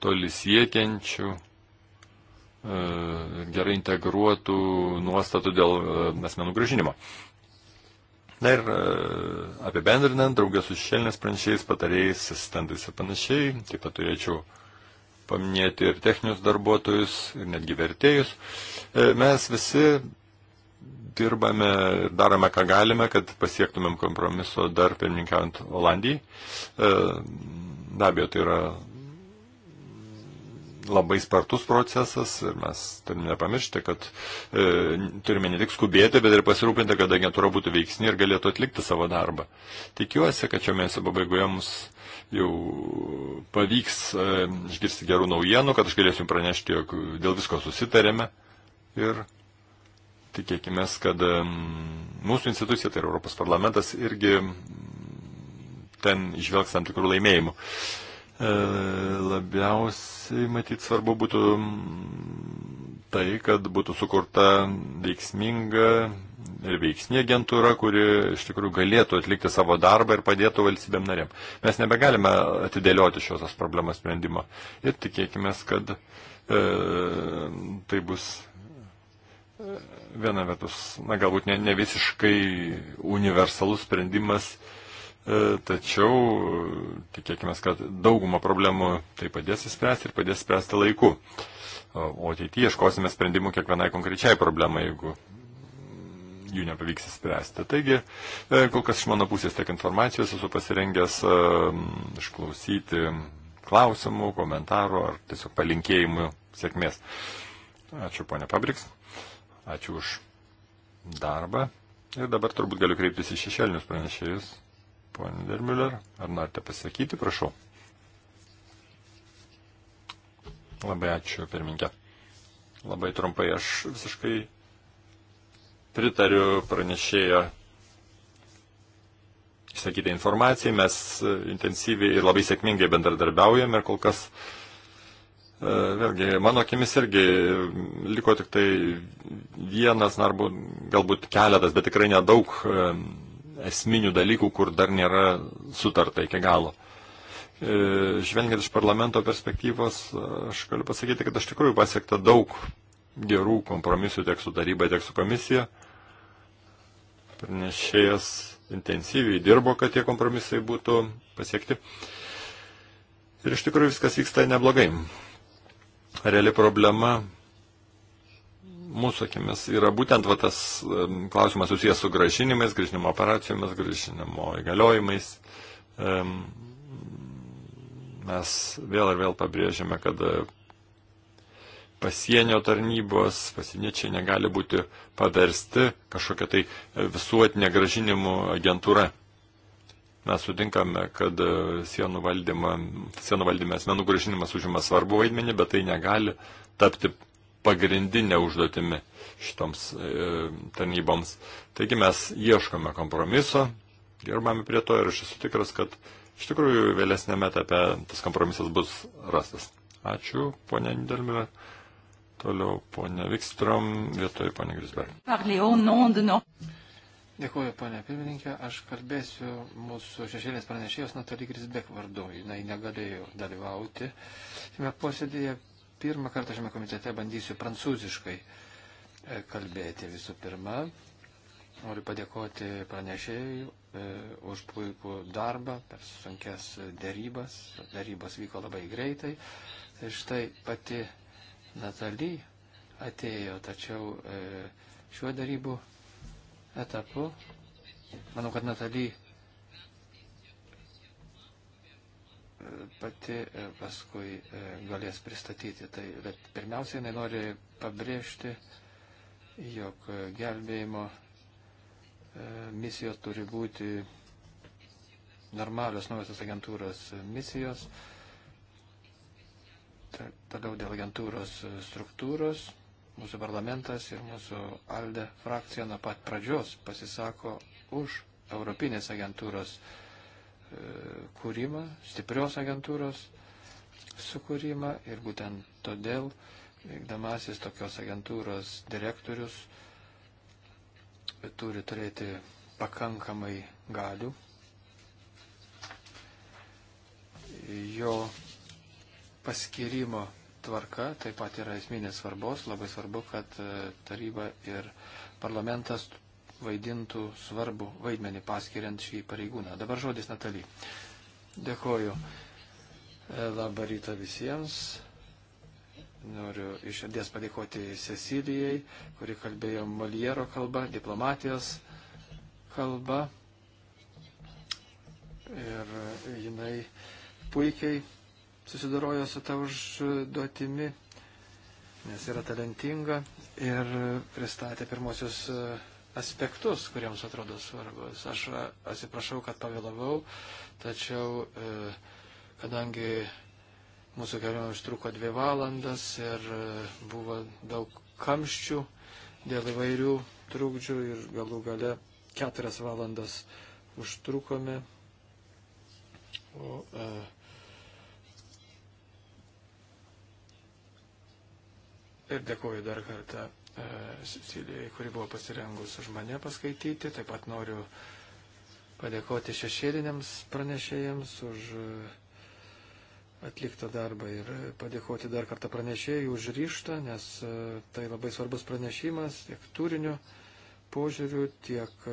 toli siekiančių e, gerai integruotų nuostatų dėl e, asmenų gražinimo. Na ir apibendrinant, draugės su šešėlinės pranešėjais, patarėjais, asistentais ir panašiai, taip pat turėčiau uh, paminėti ir techninius darbuotojus, ir netgi vertėjus. E, mes visi dirbame ir darome, ką galime, kad pasiektumėm kompromiso dar pirmininkaujant Olandijai. E, be abejo, tai yra labai spartus procesas ir mes turime nepamiršti, kad e, turime ne tik skubėti, bet ir pasirūpinti, kad agentūra būtų veiksni ir galėtų atlikti savo darbą. Tikiuosi, kad čia mėnesio pabaigoje mums e, jau pavyks e, išgirsti gerų naujienų, kad aš galėsiu pranešti, jog dėl visko susitarėme ir tikėkime, kad e, mūsų institucija, tai yra Europos parlamentas, irgi ten išvelgs tam tikrų laimėjimų. E, labiausiai matyt svarbu būtų tai, kad būtų sukurta veiksminga, ir veiksnė agentūra, kuri iš tikrųjų galėtų atlikti savo darbą ir padėtų valstybėm narėm. Mes nebegalime atidėlioti šios problemos sprendimo ir tikėkime, kad e, tai bus e, viena vertus, na galbūt ne, ne visiškai universalus sprendimas, e, tačiau tikėkime, kad daugumą problemų tai padės įspręsti ir padės spręsti laiku. O ateityje ieškosime sprendimų kiekvienai konkrečiai problemai, jeigu jų nepavyks įspręsti. Taigi, e, kol kas iš mano pusės tiek informacijos esu pasirengęs e, išklausyti klausimų, komentarų ar tiesiog palinkėjimų sėkmės. Ačiū, ponia Pabriks. Ačiū už darbą. Ir dabar turbūt galiu kreiptis į šešėlinius pranešėjus. Pone Dermüller, ar norite pasakyti, prašau. Labai ačiū, pirminkė. Labai trumpai aš visiškai pritariu pranešėjo išsakytą informaciją, mes e, intensyviai ir labai sėkmingai bendradarbiaujame ir kol kas, e, vėlgi, mano akimis irgi liko tik tai vienas, narbu, galbūt keletas, bet tikrai nedaug e, esminių dalykų, kur dar nėra sutarta iki galo. Žvelgiant iš parlamento perspektyvos, aš galiu pasakyti, kad aš tikrųjų pasiekta daug gerų kompromisų tiek su taryba, tiek su komisija pranešėjas intensyviai dirbo, kad tie kompromisai būtų pasiekti. Ir iš tikrųjų viskas vyksta neblogai. Reali problema mūsų akimis yra būtent va, tas klausimas susijęs su gražinimais, gražinimo operacijomis, gražinimo įgaliojimais. Mes vėl ir vėl pabrėžiame, kad pasienio tarnybos, pasieniečiai negali būti paversti kažkokia tai visuotinė gražinimų agentūra. Mes sutinkame, kad sienų, valdymą, sienų valdyme asmenų gražinimas užima svarbu vaidmenį, bet tai negali tapti pagrindinę užduotimi šitoms e, tarnyboms. Taigi mes ieškome kompromiso, dirbame prie to ir aš esu tikras, kad iš tikrųjų vėlesnėme etape tas kompromisas bus rastas. Ačiū, ponė Nidelmė. Toliau ponė Vikstrom, vietoj ponė Grisberg. Dėkuoju, ponė pirmininkė. Aš kalbėsiu mūsų šešėlės pranešėjos Natalį Grisbek vardu. Jis negalėjo dalyvauti. Šiame posėdėje pirmą kartą šiame komitete bandysiu prancūziškai e, kalbėti visų pirma. Noriu padėkoti pranešėjui e, už puikų darbą per sunkes dėrybas. Dėrybos vyko labai greitai. Tai štai pati Natali atėjo, tačiau e, šiuo darybų etapu, manau, kad Natali e, pati e, paskui galės pristatyti. Tai, bet pirmiausiai jinai nori pabrėžti, jog gelbėjimo misijos turi būti normalios naujosios agentūros misijos. Toliau dėl agentūros e, struktūros. Mūsų parlamentas ir mūsų ALDE frakcija nuo pat pradžios pasisako už Europinės agentūros e, kūrimą, stiprios agentūros sukūrimą ir būtent todėl veikdamasis tokios agentūros direktorius turi turėti pakankamai galių. Jo paskirimo tvarka taip pat yra esminės svarbos. Labai svarbu, kad e, taryba ir parlamentas vaidintų svarbu vaidmenį paskiriant šį pareigūną. Dabar žodis Natalijai. Dėkoju. E, labą rytą visiems. Noriu iš širdies padėkoti Cecilijai, kuri kalbėjo Moliero kalbą, diplomatijos kalbą. Ir jinai puikiai susidarojo su ta užduotimi, nes yra talentinga ir pristatė pirmosius e, aspektus, kuriems atrodo svarbus. Aš e, atsiprašau, kad pavėlavau, tačiau e, kadangi mūsų kelionė užtruko dvi valandas ir buvo daug kamščių dėl įvairių trukdžių ir galų gale keturias valandas užtrukome. O, e, Ir dėkuoju dar kartą e, Cecilijai, kuri buvo pasirengus už mane paskaityti. Taip pat noriu padėkoti šešėliniams pranešėjams už e, atliktą darbą ir padėkoti dar kartą pranešėjai už ryštą, nes e, tai labai svarbus pranešimas tiek turiniu požiūriu, tiek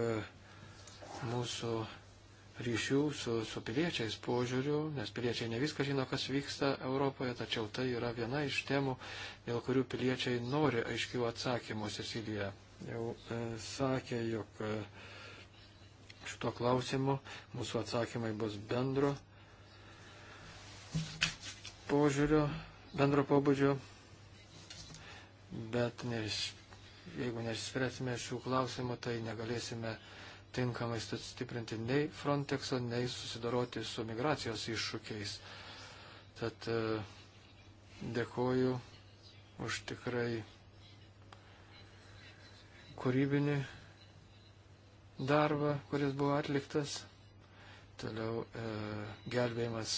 mūsų ryšių su, su piliečiais požiūriu, nes piliečiai ne viską žino, kas vyksta Europoje, tačiau tai yra viena iš temų, dėl kurių piliečiai nori aiškių atsakymų. Cecilija jau e, sakė, jog e, šito klausimu mūsų atsakymai bus bendro požiūrio, bendro pobūdžio, bet nes, jeigu nespręsime šių klausimų, tai negalėsime tinkamai stiprinti nei Frontexą, nei susidoroti su migracijos iššūkiais. Tad e, dėkoju už tikrai kūrybinį darbą, kuris buvo atliktas. Toliau e, gelbėjimas,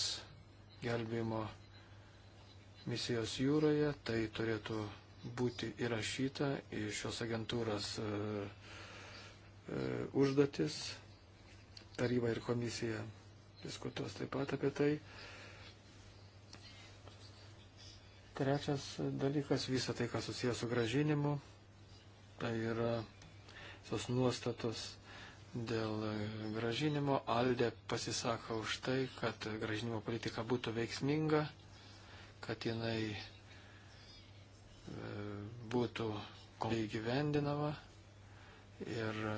gelbėjimo misijos jūroje, tai turėtų būti įrašyta į šios agentūros e, E, užduotis. Taryba ir komisija diskutuos taip pat apie tai. Trečias dalykas - visa tai, kas susijęs su gražinimu. Tai yra tos nuostatos dėl gražinimo. Aldė pasisako už tai, kad gražinimo politika būtų veiksminga, kad jinai e, būtų įgyvendinama ir e,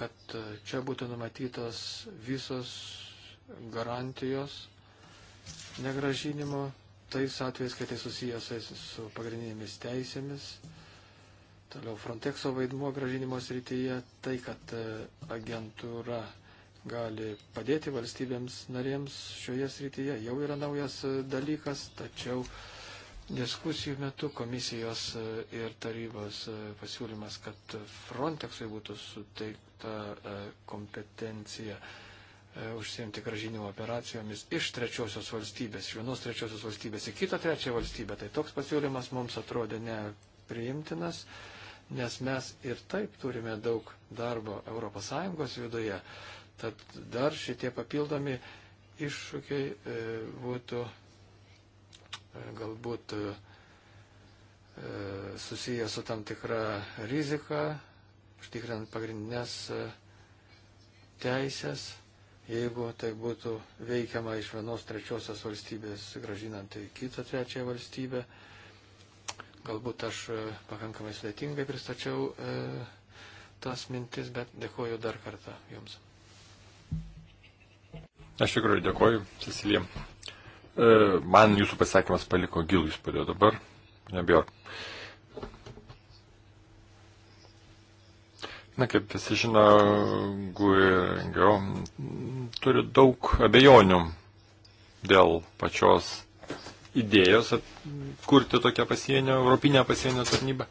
kad čia būtų numatytos visos garantijos negražinimo tais atvejais, kai tai susijęs su pagrindinėmis teisėmis. Toliau Frontexo vaidmuo gražinimo srityje, tai, kad e, agentūra gali padėti valstybėms narėms šioje srityje, jau yra naujas e, dalykas, tačiau uh, Diskusijų metu komisijos e, ir tarybos e, pasiūlymas, kad Frontexui būtų suteikta e, kompetencija užsiimti gražinimo operacijomis iš trečiosios valstybės, iš vienos trečiosios valstybės į kitą trečią valstybę. Tai toks pasiūlymas mums atrodė nepriimtinas, nes mes ir taip turime daug darbo ES viduje. Tad dar šitie papildomi iššūkiai būtų galbūt e, e, susijęs su tam tikra rizika, užtikrinant pagrindinės e, teisės, jeigu tai būtų veikiama iš vienos trečiosios valstybės, gražinant į kitą trečiąją valstybę. Galbūt aš pakankamai sudėtingai pristačiau e, tas mintis, bet dėkoju dar kartą Jums. Aš tikrai dėkoju, Cecilija. E, man jūsų pasakymas paliko gilų įspūdį dabar, nebijok. Na, kaip visi žino, Guiringiau turi daug abejonių dėl pačios idėjos kurti tokią pasienio, europinę pasienio tarnybą.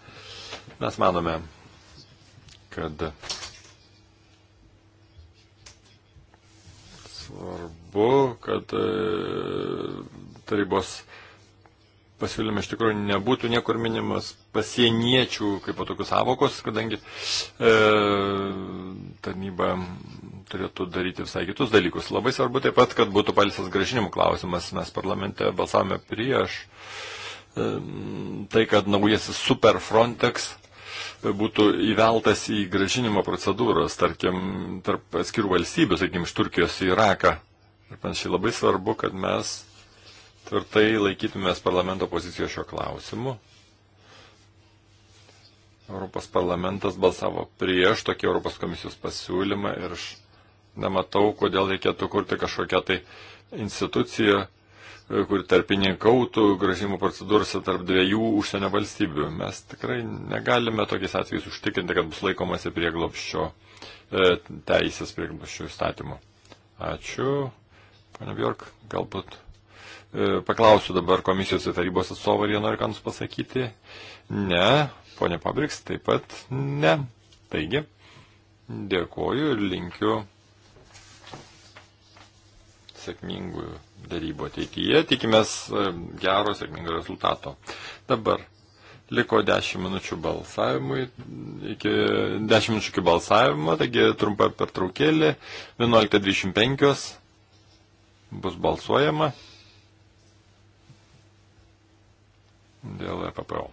Mes manome, kad svarbu svarbu, kad e, tarybos pasiūlyme iš tikrųjų nebūtų niekur minimas pasieniečių kaip patokius savokos, kadangi e, tarnyba turėtų daryti visai kitus dalykus. Labai svarbu taip pat, kad būtų palisas gražinimų klausimas. Mes parlamente balsavome prieš e, tai, kad naujasis Super Frontex būtų įveltas į gražinimo procedūras, tarkim, tarp atskirų valstybių, sakykim, iš Turkijos į Iraką ir panašiai. Labai svarbu, kad mes tvirtai laikytumės parlamento pozicijos šio klausimu. Europos parlamentas balsavo prieš tokį Europos komisijos pasiūlymą ir aš nematau, kodėl reikėtų kurti kažkokią tai instituciją, kuri tarpininkautų gražimų procedūrose tarp dviejų užsienio valstybių. Mes tikrai negalime tokiais atvejais užtikrinti, kad bus laikomasi prieglopščio e, teisės prieglopščio įstatymo. Ačiū. Pane Bjork, galbūt e, paklausiu dabar komisijos ir tarybos atstovą, ar jie nori ką nors pasakyti. Ne, ponė Pabriks, taip pat ne. Taigi, dėkoju ir linkiu sėkmingų darybų ateityje. Tikimės e, gero, sėkmingo rezultato. Dabar liko 10 minučių balsavimui, iki 10 minučių iki balsavimo, taigi trumpa pertraukėlė, 11.25 bus balsuojama dėl e PPO.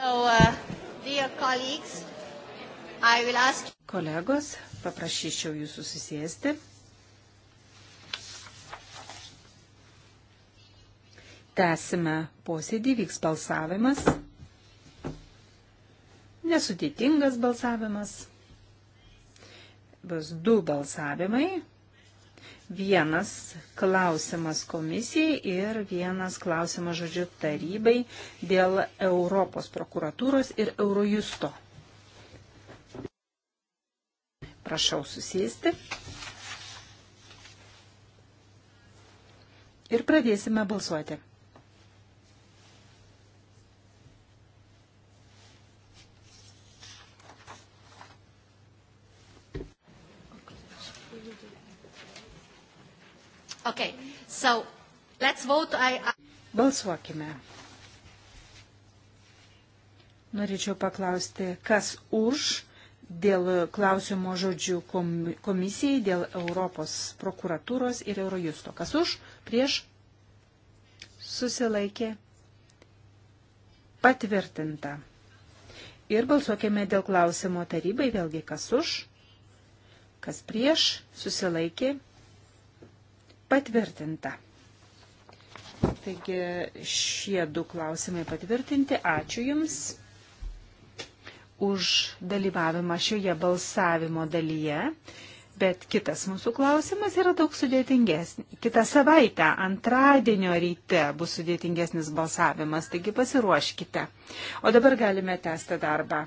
So, uh, ask... Kolegos, paprašyčiau jūsų susėsti. Tęsime posėdį, vyks balsavimas. Nesudėtingas balsavimas. Bus du balsavimai vienas klausimas komisijai ir vienas klausimas žodžiu tarybai dėl Europos prokuratūros ir Eurojusto. Prašau susėsti. Ir pradėsime balsuoti. So, let's vote. I... Balsuokime. Norėčiau paklausti, kas už dėl klausimo žodžių komisijai, dėl Europos prokuratūros ir Eurojusto. Kas už, prieš, susilaikė, patvirtinta. Ir balsuokime dėl klausimo tarybai, vėlgi kas už, kas prieš, susilaikė, patvirtinta Patvirtinta. Taigi šie du klausimai patvirtinti. Ačiū Jums už dalyvavimą šioje balsavimo dalyje. Bet kitas mūsų klausimas yra daug sudėtingesnis. Kita savaitė, antradienio ryte bus sudėtingesnis balsavimas, taigi pasiruoškite. O dabar galime tęsti darbą.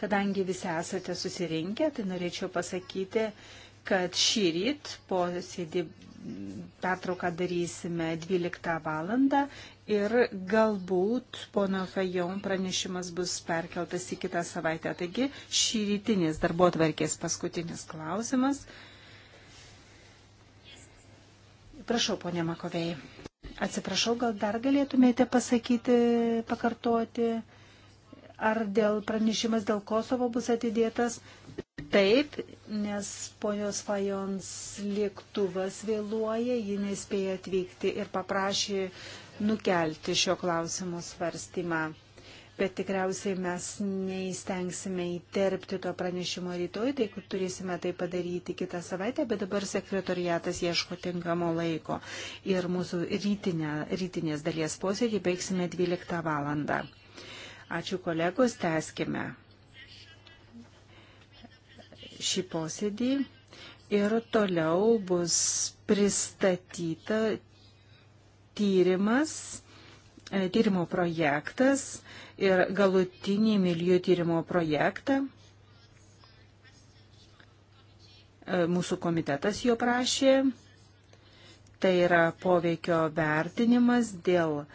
Kadangi visi esate susirinkę, tai norėčiau pasakyti, kad šį ryt posėdį pertrauką darysime 12 valandą ir galbūt pono Fajon pranešimas bus perkeltas į kitą savaitę. Taigi šį rytinis darbo atvarkės paskutinis klausimas. Prašau, ponė Makovėjai. Atsiprašau, gal dar galėtumėte pasakyti, pakartoti, ar dėl pranešimas dėl Kosovo bus atidėtas? Taip, nes ponios Fajons lėktuvas vėluoja, ji nespėja atvykti ir paprašė nukelti šio klausimo svarstymą. Bet tikriausiai mes neįstengsime įterpti to pranešimo rytoj, tai turėsime tai padaryti kitą savaitę, bet dabar sekretoriatas ieško tinkamo laiko. Ir mūsų rytinę, rytinės dalies posėdį baigsime 12 valandą. Ačiū kolegos, teskime šį posėdį ir toliau bus pristatyta tyrimas, e, tyrimo projektas ir galutinį milijų tyrimo projektą. E, mūsų komitetas jo prašė. Tai yra poveikio vertinimas dėl uh,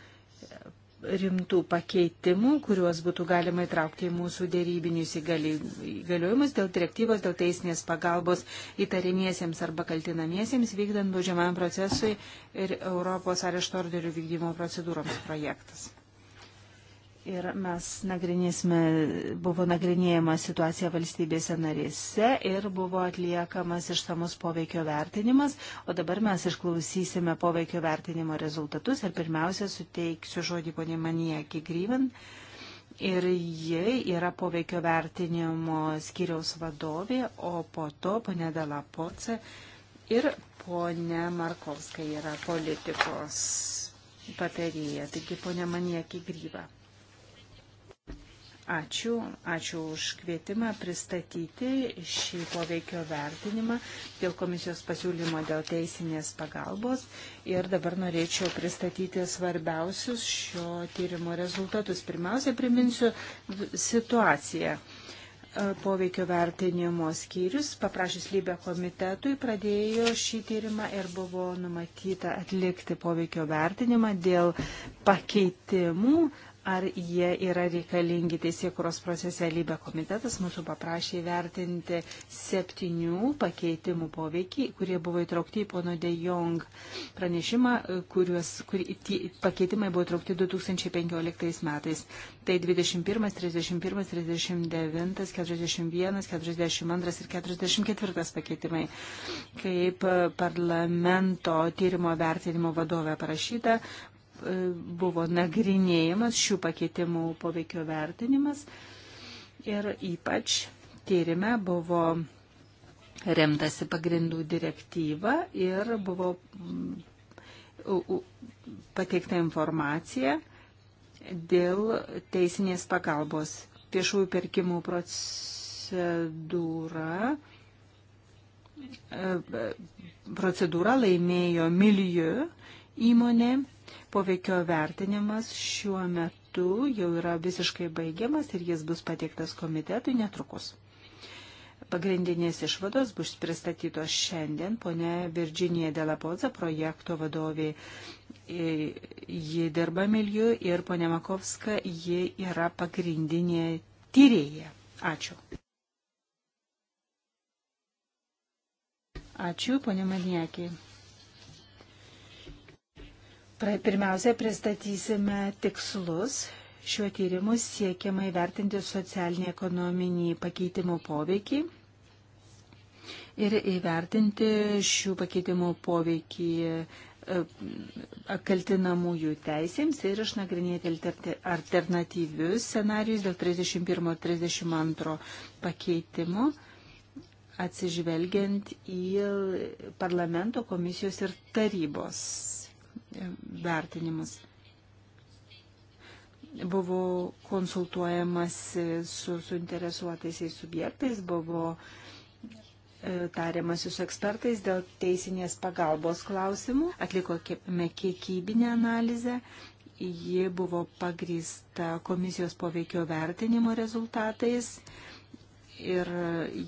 rimtų pakeitimų, kuriuos būtų galima įtraukti į mūsų dėrybinius įgaliojimus dėl direktyvos, dėl teisinės pagalbos įtarimiesiems arba kaltinamiesiems vykdant baudžiamajam procesui ir Europos arešto orderių vykdymo procedūroms projektas. Ir mes nagrinėsime, buvo nagrinėjama situacija valstybėse narėse ir buvo atliekamas išsamus poveikio vertinimas, o dabar mes išklausysime poveikio vertinimo rezultatus ir pirmiausia suteiksiu žodį ponė Manijaki Gryvin. Ir ji yra poveikio vertinimo skiriaus vadovė, o po to ponė Dalaporce ir ponė Markovska yra politikos patarėja, taigi ponė Manijaki Gryva. Ačiū, ačiū už kvietimą pristatyti šį poveikio vertinimą dėl komisijos pasiūlymo dėl teisinės pagalbos. Ir dabar norėčiau pristatyti svarbiausius šio tyrimo rezultatus. Pirmiausia, priminsiu situaciją. Poveikio vertinimo skyrius, paprašys lybę komitetui, pradėjo šį tyrimą ir buvo numatyta atlikti poveikio vertinimą dėl pakeitimų ar jie yra reikalingi teisėkuros procese. Lybė komitetas mūsų paprašė įvertinti septynių pakeitimų poveikį, kurie buvo įtraukti į pono De Jong pranešimą, kuriuos, kur, tie, pakeitimai buvo įtraukti 2015 metais. Tai 21, 31, 39, 41, 42 ir 44 pakeitimai. Kaip parlamento tyrimo vertinimo vadovė parašyta, E, buvo nagrinėjimas šių pakeitimų poveikio vertinimas ir ypač tyrime buvo remtasi pagrindų direktyva ir buvo pateikta informacija dėl teisinės pagalbos. Viešųjų pirkimų procedūra, e, procedūra laimėjo milijų įmonė Poveikio vertinimas šiuo metu jau yra visiškai baigiamas ir jis bus pateiktas komitetui netrukus. Pagrindinės išvados bus pristatytos šiandien. Pone Virginija Delapoza, projekto vadovė, ji dirba milijų ir pone Makovska, ji yra pagrindinė tyrėja. Ačiū. Ačiū, ponė Maniekė. Pirmiausia, pristatysime tikslus. Šiuo tyrimu siekiama įvertinti socialinį ekonominį pakeitimo poveikį ir įvertinti šių pakeitimų poveikį e, kaltinamųjų teisėms ir išnagrinėti alternatyvius scenarius dėl 31-32 pakeitimo, atsižvelgiant į parlamento komisijos ir tarybos vertinimus. Buvo konsultuojamas su suinteresuotaisiais subjektais, buvo e, tariamasi su ekspertais dėl teisinės pagalbos klausimų, atlikome kiekybinę analizę, ji buvo pagrįsta komisijos poveikio vertinimo rezultatais ir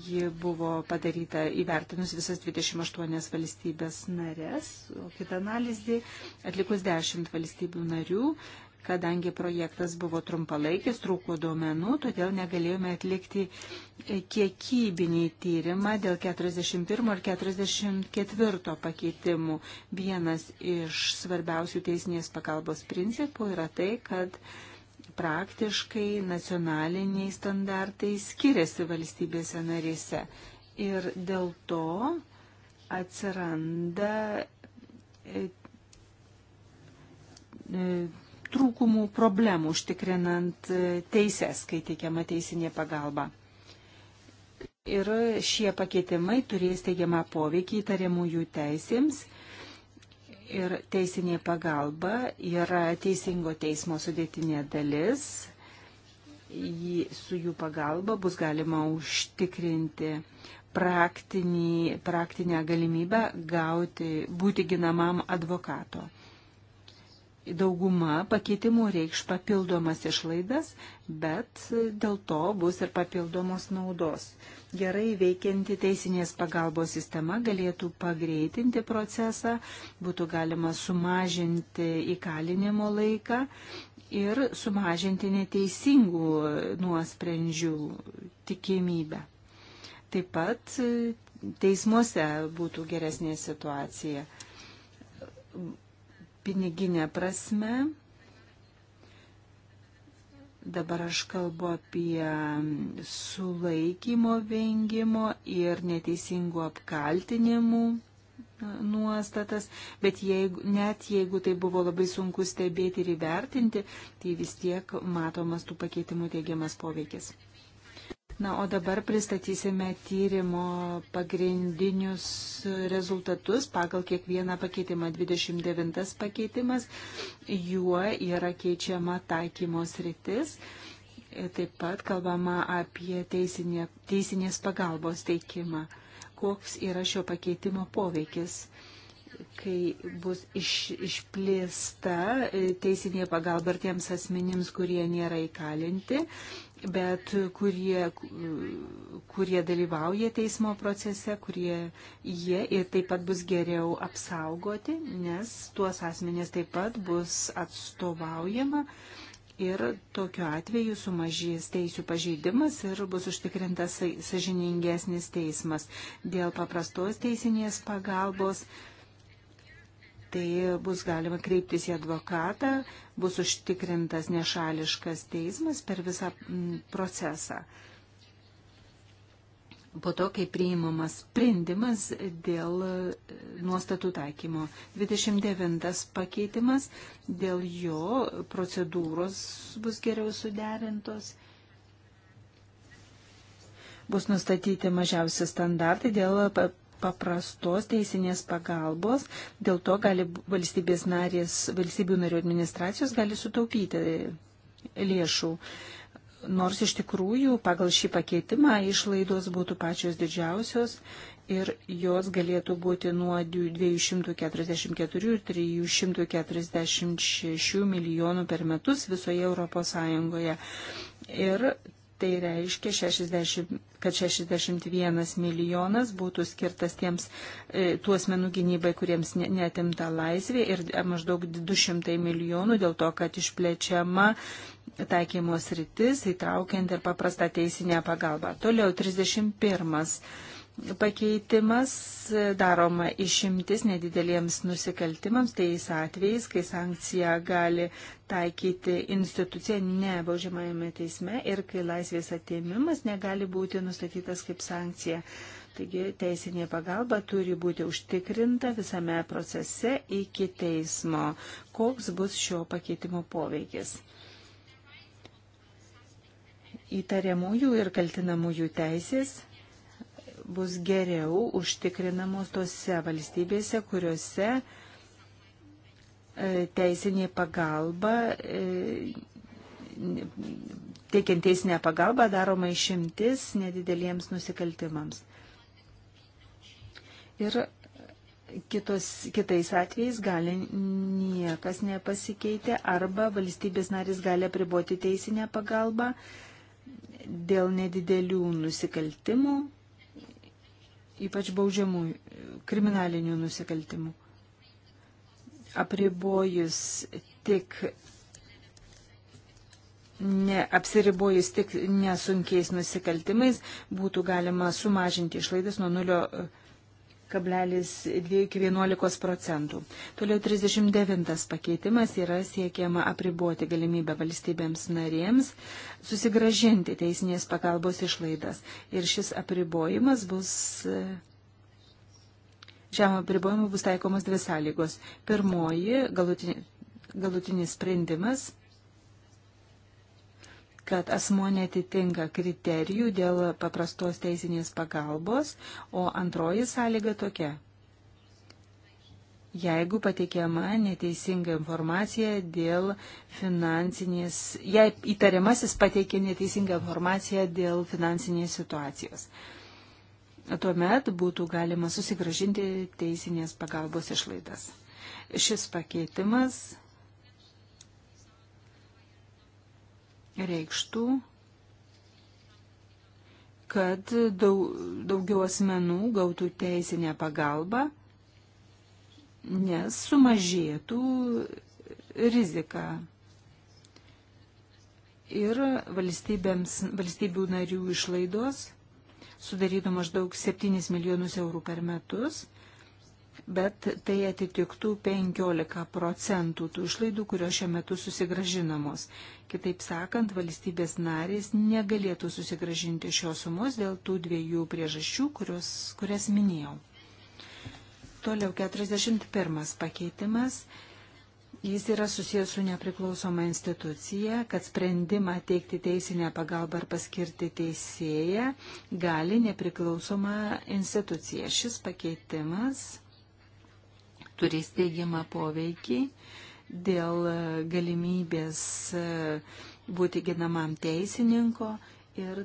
ji buvo padaryta įvertinus visas 28 valstybės narės, o kita analizė atlikus 10 valstybių narių, kadangi projektas buvo trumpalaikis, trūko duomenų, todėl negalėjome atlikti kiekybinį tyrimą dėl 41 ir 44 pakeitimų. Vienas iš svarbiausių teisinės pakalbos principų yra tai, kad praktiškai nacionaliniai standartai skiriasi valstybėse narėse. Ir dėl to atsiranda e, e, trūkumų problemų užtikrinant e, teises, kai teikiama teisinė pagalba. Ir šie pakeitimai turės teigiamą poveikį įtariamųjų teisėms ir teisinė pagalba yra teisingo teismo sudėtinė dalis. Jį, su jų pagalba bus galima užtikrinti praktinį, praktinę galimybę gauti, būti ginamam advokato dauguma pakeitimų reikš papildomas išlaidas, bet dėl to bus ir papildomos naudos. Gerai veikianti teisinės pagalbos sistema galėtų pagreitinti procesą, būtų galima sumažinti įkalinimo laiką ir sumažinti neteisingų nuosprendžių tikimybę. Taip pat teismuose būtų geresnė situacija piniginė prasme. Dabar aš kalbu apie sulaikymo vengimo ir neteisingų apkaltinimų e, nuostatas, bet jeigu, net jeigu tai buvo labai sunku stebėti ir įvertinti, tai vis tiek matomas tų pakeitimų teigiamas poveikis. Na, o dabar pristatysime tyrimo pagrindinius rezultatus pagal kiekvieną pakeitimą. 29 pakeitimas, juo yra keičiama taikymos rytis. Taip pat kalbama apie teisinė, teisinės pagalbos teikimą. Koks yra šio pakeitimo poveikis? kai bus iš, išplėsta e, teisinė pagalba ir tiems asmenims, kurie nėra įkalinti, bet kurie, kurie dalyvauja teismo procese, kurie jie ir taip pat bus geriau apsaugoti, nes tuos asmenės taip pat bus atstovaujama ir tokiu atveju sumažys teisų pažeidimas ir bus užtikrintas sažiningesnis teismas. Dėl paprastos teisinės pagalbos tai bus galima kreiptis į advokatą, bus užtikrintas nešališkas teismas per visą procesą. Po to, kai priimamas sprendimas dėl e, nuostatų taikymo. 29 pakeitimas, dėl jo procedūros bus geriau suderintos bus nustatyti mažiausi standartai dėl paprastos teisinės pagalbos, dėl to gali valstybės narės, valstybių narių administracijos gali sutaupyti lėšų. Nors iš tikrųjų pagal šį pakeitimą išlaidos būtų pačios didžiausios ir jos galėtų būti nuo 244 ir 346 milijonų per metus visoje Europos Sąjungoje. Ir Tai reiškia, 60, kad 61 milijonas būtų skirtas tiems e, tų asmenų gynybai, kuriems netimta laisvė ir e, maždaug 200 milijonų dėl to, kad išplečiama taikymos rytis, įtraukiant ir paprastą teisinę pagalbą. Toliau 31 pakeitimas daroma išimtis nedideliems nusikaltimams, tais atvejais, kai sankciją gali taikyti institucija nebaudžiamajame teisme ir kai laisvės atėmimas negali būti nustatytas kaip sankcija. Taigi teisinė pagalba turi būti užtikrinta visame procese iki teismo. Koks bus šio pakeitimo poveikis? Įtariamųjų ir kaltinamųjų teisės bus geriau užtikrinamos tose valstybėse, kuriuose e, teisinė pagalba, e, teikiant teisinę pagalbą daroma išimtis nedideliems nusikaltimams. Ir kitos, kitais atvejais gali niekas nepasikeitė arba valstybės narys gali apriboti teisinę pagalbą dėl nedidelių nusikaltimų ypač baudžiamų kriminalinių nusikaltimų. Apribojus tik neapsiribojus tik nesunkiais nusikaltimais, būtų galima sumažinti išlaidas nuo 0 0,2 iki 11 procentų. Toliau 39 pakeitimas yra siekiama apriboti galimybę valstybėms narėms susigražinti teisinės pagalbos išlaidas. Ir šis apribojimas bus. Šiam apribojimui bus taikomas dvi sąlygos. Pirmoji, galutinė galutinis sprendimas kad asmo netitinka kriterijų dėl paprastos teisinės pagalbos, o antroji sąlyga tokia. Jeigu pateikiama neteisinga informacija dėl finansinės, jei įtariamasis pateikė neteisingą informaciją dėl finansinės situacijos, tuomet būtų galima susigražinti teisinės pagalbos išlaidas. Šis pakeitimas reikštų, kad daug, daugiau asmenų gautų teisinę pagalbą, nes sumažėtų rizika. Ir valstybių narių išlaidos sudarytų maždaug 7 milijonus eurų per metus – bet tai atitiktų 15 procentų tų išlaidų, kurios šiuo metu susigražinamos. Kitaip sakant, valstybės narės negalėtų susigražinti šios sumos dėl tų dviejų priežasčių, kurios, kurias minėjau. Toliau 41 pakeitimas. Jis yra susijęs su nepriklausoma institucija, kad sprendimą teikti teisinę pagalbą ar paskirti teisėją gali nepriklausoma institucija. Šis pakeitimas turės teigiamą poveikį dėl galimybės e, būti ginamam teisininko ir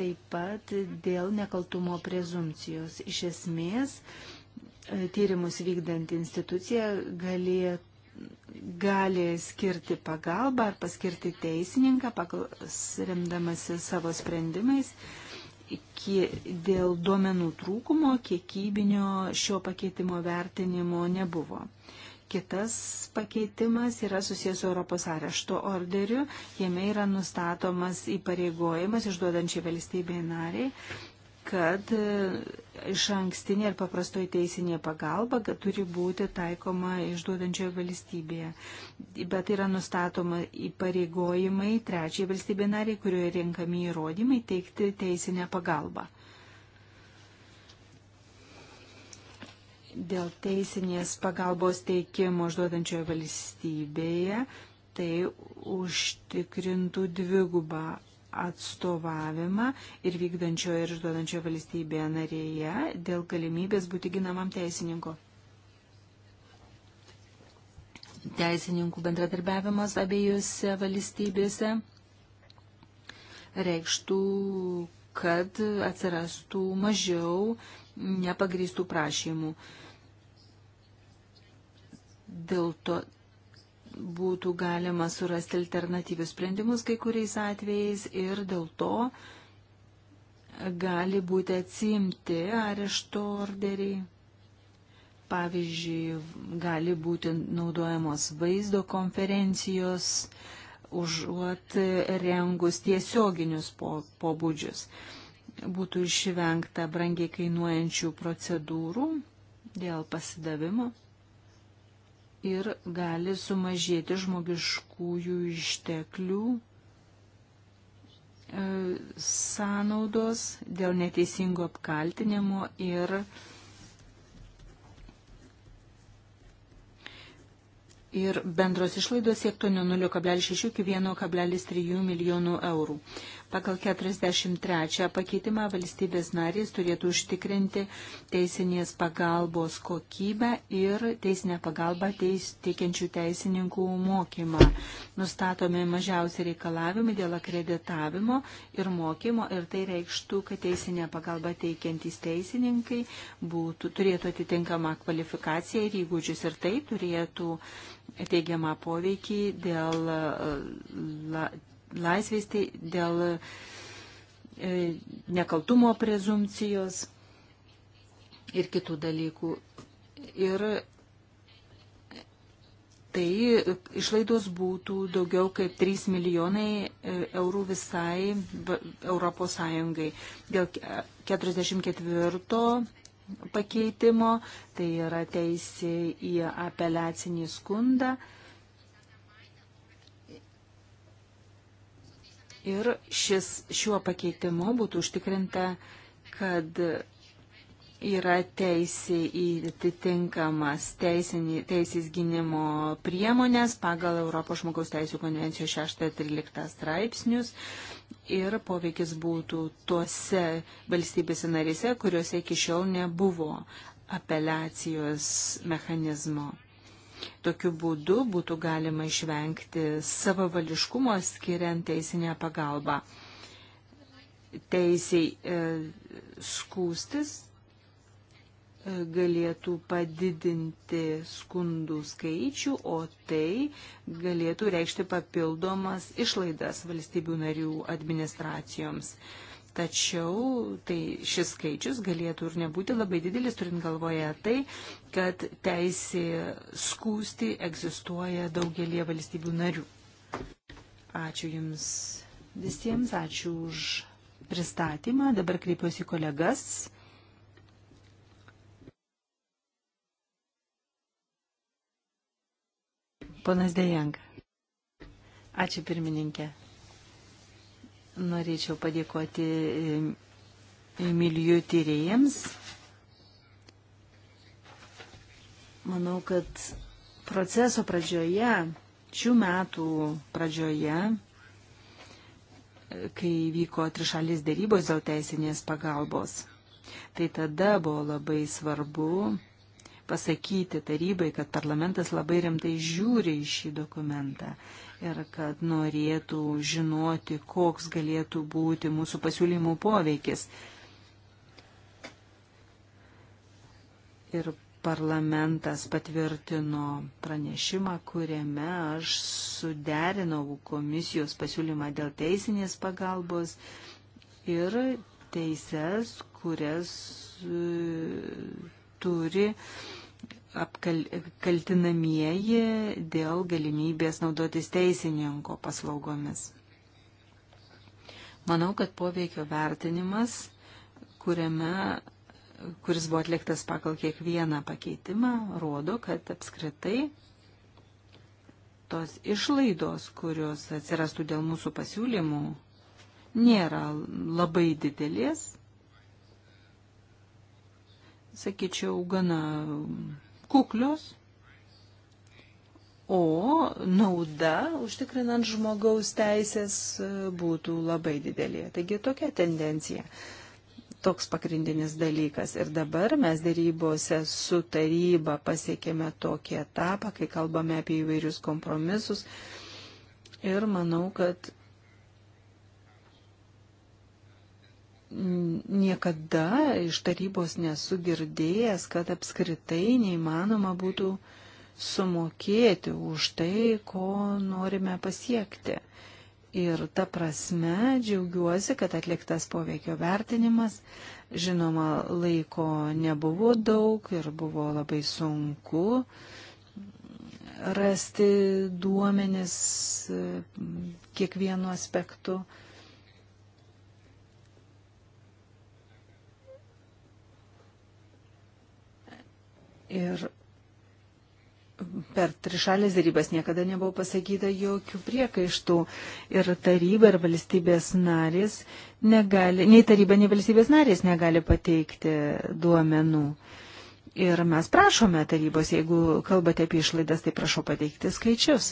taip pat dėl nekaltumo prezumcijos. Iš esmės, e, tyrimus vykdant institucija galėtų gali skirti pagalbą ar paskirti teisininką, remdamasi savo sprendimais dėl duomenų trūkumo kiekybinio šio pakeitimo vertinimo nebuvo. Kitas pakeitimas yra susijęs su Europos arešto orderiu. Jame yra nustatomas įpareigojimas išduodančiai valstybei nariai kad e, iš ankstinė ir paprastoji teisinė pagalba turi būti taikoma išduodančioje valstybėje. Bet yra nustatoma įpareigojimai trečiai valstybė nariai, kurioje renkami įrodymai teikti teisinę pagalbą. Dėl teisinės pagalbos teikimo užduodančioje valstybėje tai užtikrintų dvigubą atstovavimą ir vykdančioje ir išduodančioje valstybėje narėje dėl galimybės būti ginamam teisininko. Teisininkų bendradarbiavimas abiejose valstybėse reikštų, kad atsirastų mažiau nepagrįstų prašymų. Dėl to būtų galima surasti alternatyvius sprendimus kai kuriais atvejais ir dėl to gali būti atsimti arešto orderiai. Pavyzdžiui, gali būti naudojamos vaizdo konferencijos, užuot rengus tiesioginius po, pobūdžius. Būtų išvengta brangiai kainuojančių procedūrų dėl pasidavimo ir gali sumažėti žmogiškųjų išteklių e, sąnaudos dėl neteisingo apkaltinimo ir ir bendros išlaidos siektų nuo 0,6 iki 1,3 milijonų eurų. Pagal 43 pakeitimą valstybės narys turėtų užtikrinti teisinės pagalbos kokybę ir teisinę pagalbą teis, teikiančių teisininkų mokymą. Nustatomi mažiausi reikalavimai dėl akreditavimo ir mokymo ir tai reikštų, kad teisinė pagalba teikiantys teisininkai būtų, turėtų atitinkamą kvalifikaciją ir įgūdžius ir tai turėtų teigiamą poveikį dėl la, laisvės, tai dėl e, nekaltumo prezumcijos ir kitų dalykų. Ir tai išlaidos būtų daugiau kaip 3 milijonai e, eurų visai Europos Sąjungai. Dėl 44 pakeitimo, tai yra teisė į apeliacinį skundą. Ir šis, šiuo pakeitimu būtų užtikrinta, kad yra teisė į atitinkamas teisės gynimo priemonės pagal Europos žmogaus teisų konvencijos 6-13 straipsnius ir poveikis būtų tuose valstybėse narise, kuriuose iki šiol nebuvo apeliacijos mechanizmo. Tokiu būdu būtų galima išvengti savavališkumo skiriant teisinę pagalbą. Teisiai e, skūstis e, galėtų padidinti skundų skaičių, o tai galėtų reikšti papildomas išlaidas valstybių narių administracijoms. Tačiau tai šis skaičius galėtų ir nebūti labai didelis, turint galvoje tai, kad teisė skūsti egzistuoja daugelie valstybių narių. Ačiū Jums visiems, ačiū už pristatymą. Dabar kreipiuosi kolegas. Ponas Dejanka. Ačiū pirmininkė. Norėčiau padėkoti e, Emilijų tyrėjams. Manau, kad proceso pradžioje, šių metų pradžioje, kai vyko trišalis dėrybos dėl teisinės pagalbos, tai tada buvo labai svarbu pasakyti tarybai, kad parlamentas labai rimtai žiūri į šį dokumentą ir kad norėtų žinoti, koks galėtų būti mūsų pasiūlymų poveikis. Ir parlamentas patvirtino pranešimą, kuriame aš suderinau komisijos pasiūlymą dėl teisinės pagalbos ir teises, kurias e, turi uh, apkaltinamieji apkal, dėl galimybės naudotis teisininko paslaugomis. Manau, kad poveikio vertinimas, kuriame, kuris buvo atliktas pagal kiekvieną pakeitimą, rodo, kad apskritai tos išlaidos, kurios atsirastų dėl mūsų pasiūlymų, nėra labai didelės, sakyčiau, gana kuklios, o nauda užtikrinant žmogaus teisės e, būtų labai didelė. Taigi tokia tendencija. Toks pagrindinis dalykas. Ir dabar mes darybose su taryba pasiekėme tokį etapą, kai kalbame apie įvairius kompromisus. Ir manau, kad niekada iš tarybos nesu girdėjęs, kad apskritai neįmanoma būtų sumokėti už tai, ko norime pasiekti. Ir ta prasme džiaugiuosi, kad atliktas poveikio vertinimas. Žinoma, laiko nebuvo daug ir buvo labai sunku rasti duomenis e, kiekvienu aspektu. Uh, Ir per trišalės darybas niekada nebuvo pasakyta jokių priekaištų. Ir taryba ir valstybės narės negali, nei taryba, nei valstybės narės negali pateikti duomenų. Ir mes prašome tarybos, jeigu kalbate apie išlaidas, tai prašau pateikti skaičius.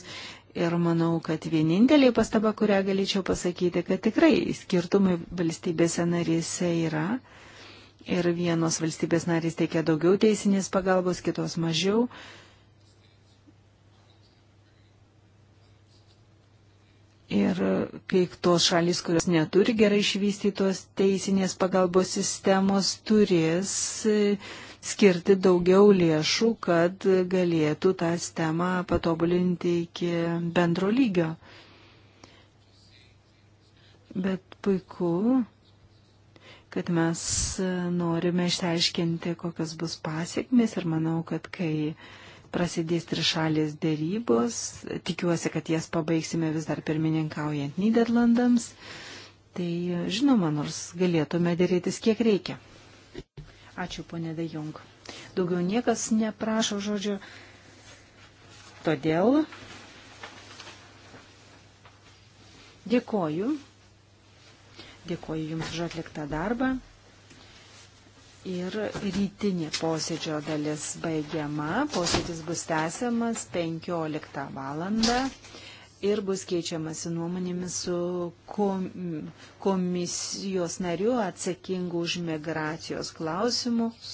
Ir manau, kad vienintelė pastaba, kurią galėčiau pasakyti, kad tikrai skirtumai valstybėse narėse yra ir vienos valstybės narys teikia daugiau teisinės pagalbos, kitos mažiau. Ir kai tos šalis, kurios neturi gerai išvystytos teisinės pagalbos sistemos, turės e, skirti daugiau lėšų, kad galėtų tą sistemą patobulinti iki bendro lygio. Bet puiku, kad mes e, norime išteiškinti, kokios bus pasiekmes ir manau, kad kai prasidės trišalės dėrybos, tikiuosi, kad jas pabaigsime vis dar pirmininkaujant Niderlandams, tai žinoma, nors galėtume dėrėtis kiek reikia. Ačiū, ponė Dejung. Daugiau niekas neprašo žodžio. Todėl dėkoju Dėkuoju Jums už atliktą darbą. Ir rytinė posėdžio dalis baigiama. Posėdis bus tęsiamas 15 valandą ir bus keičiamasi nuomonėmis su komisijos nariu atsakingu už migracijos klausimus,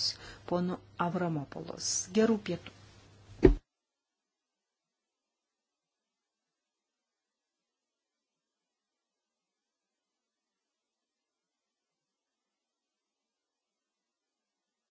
ponu Avramopolos. Gerų pietų.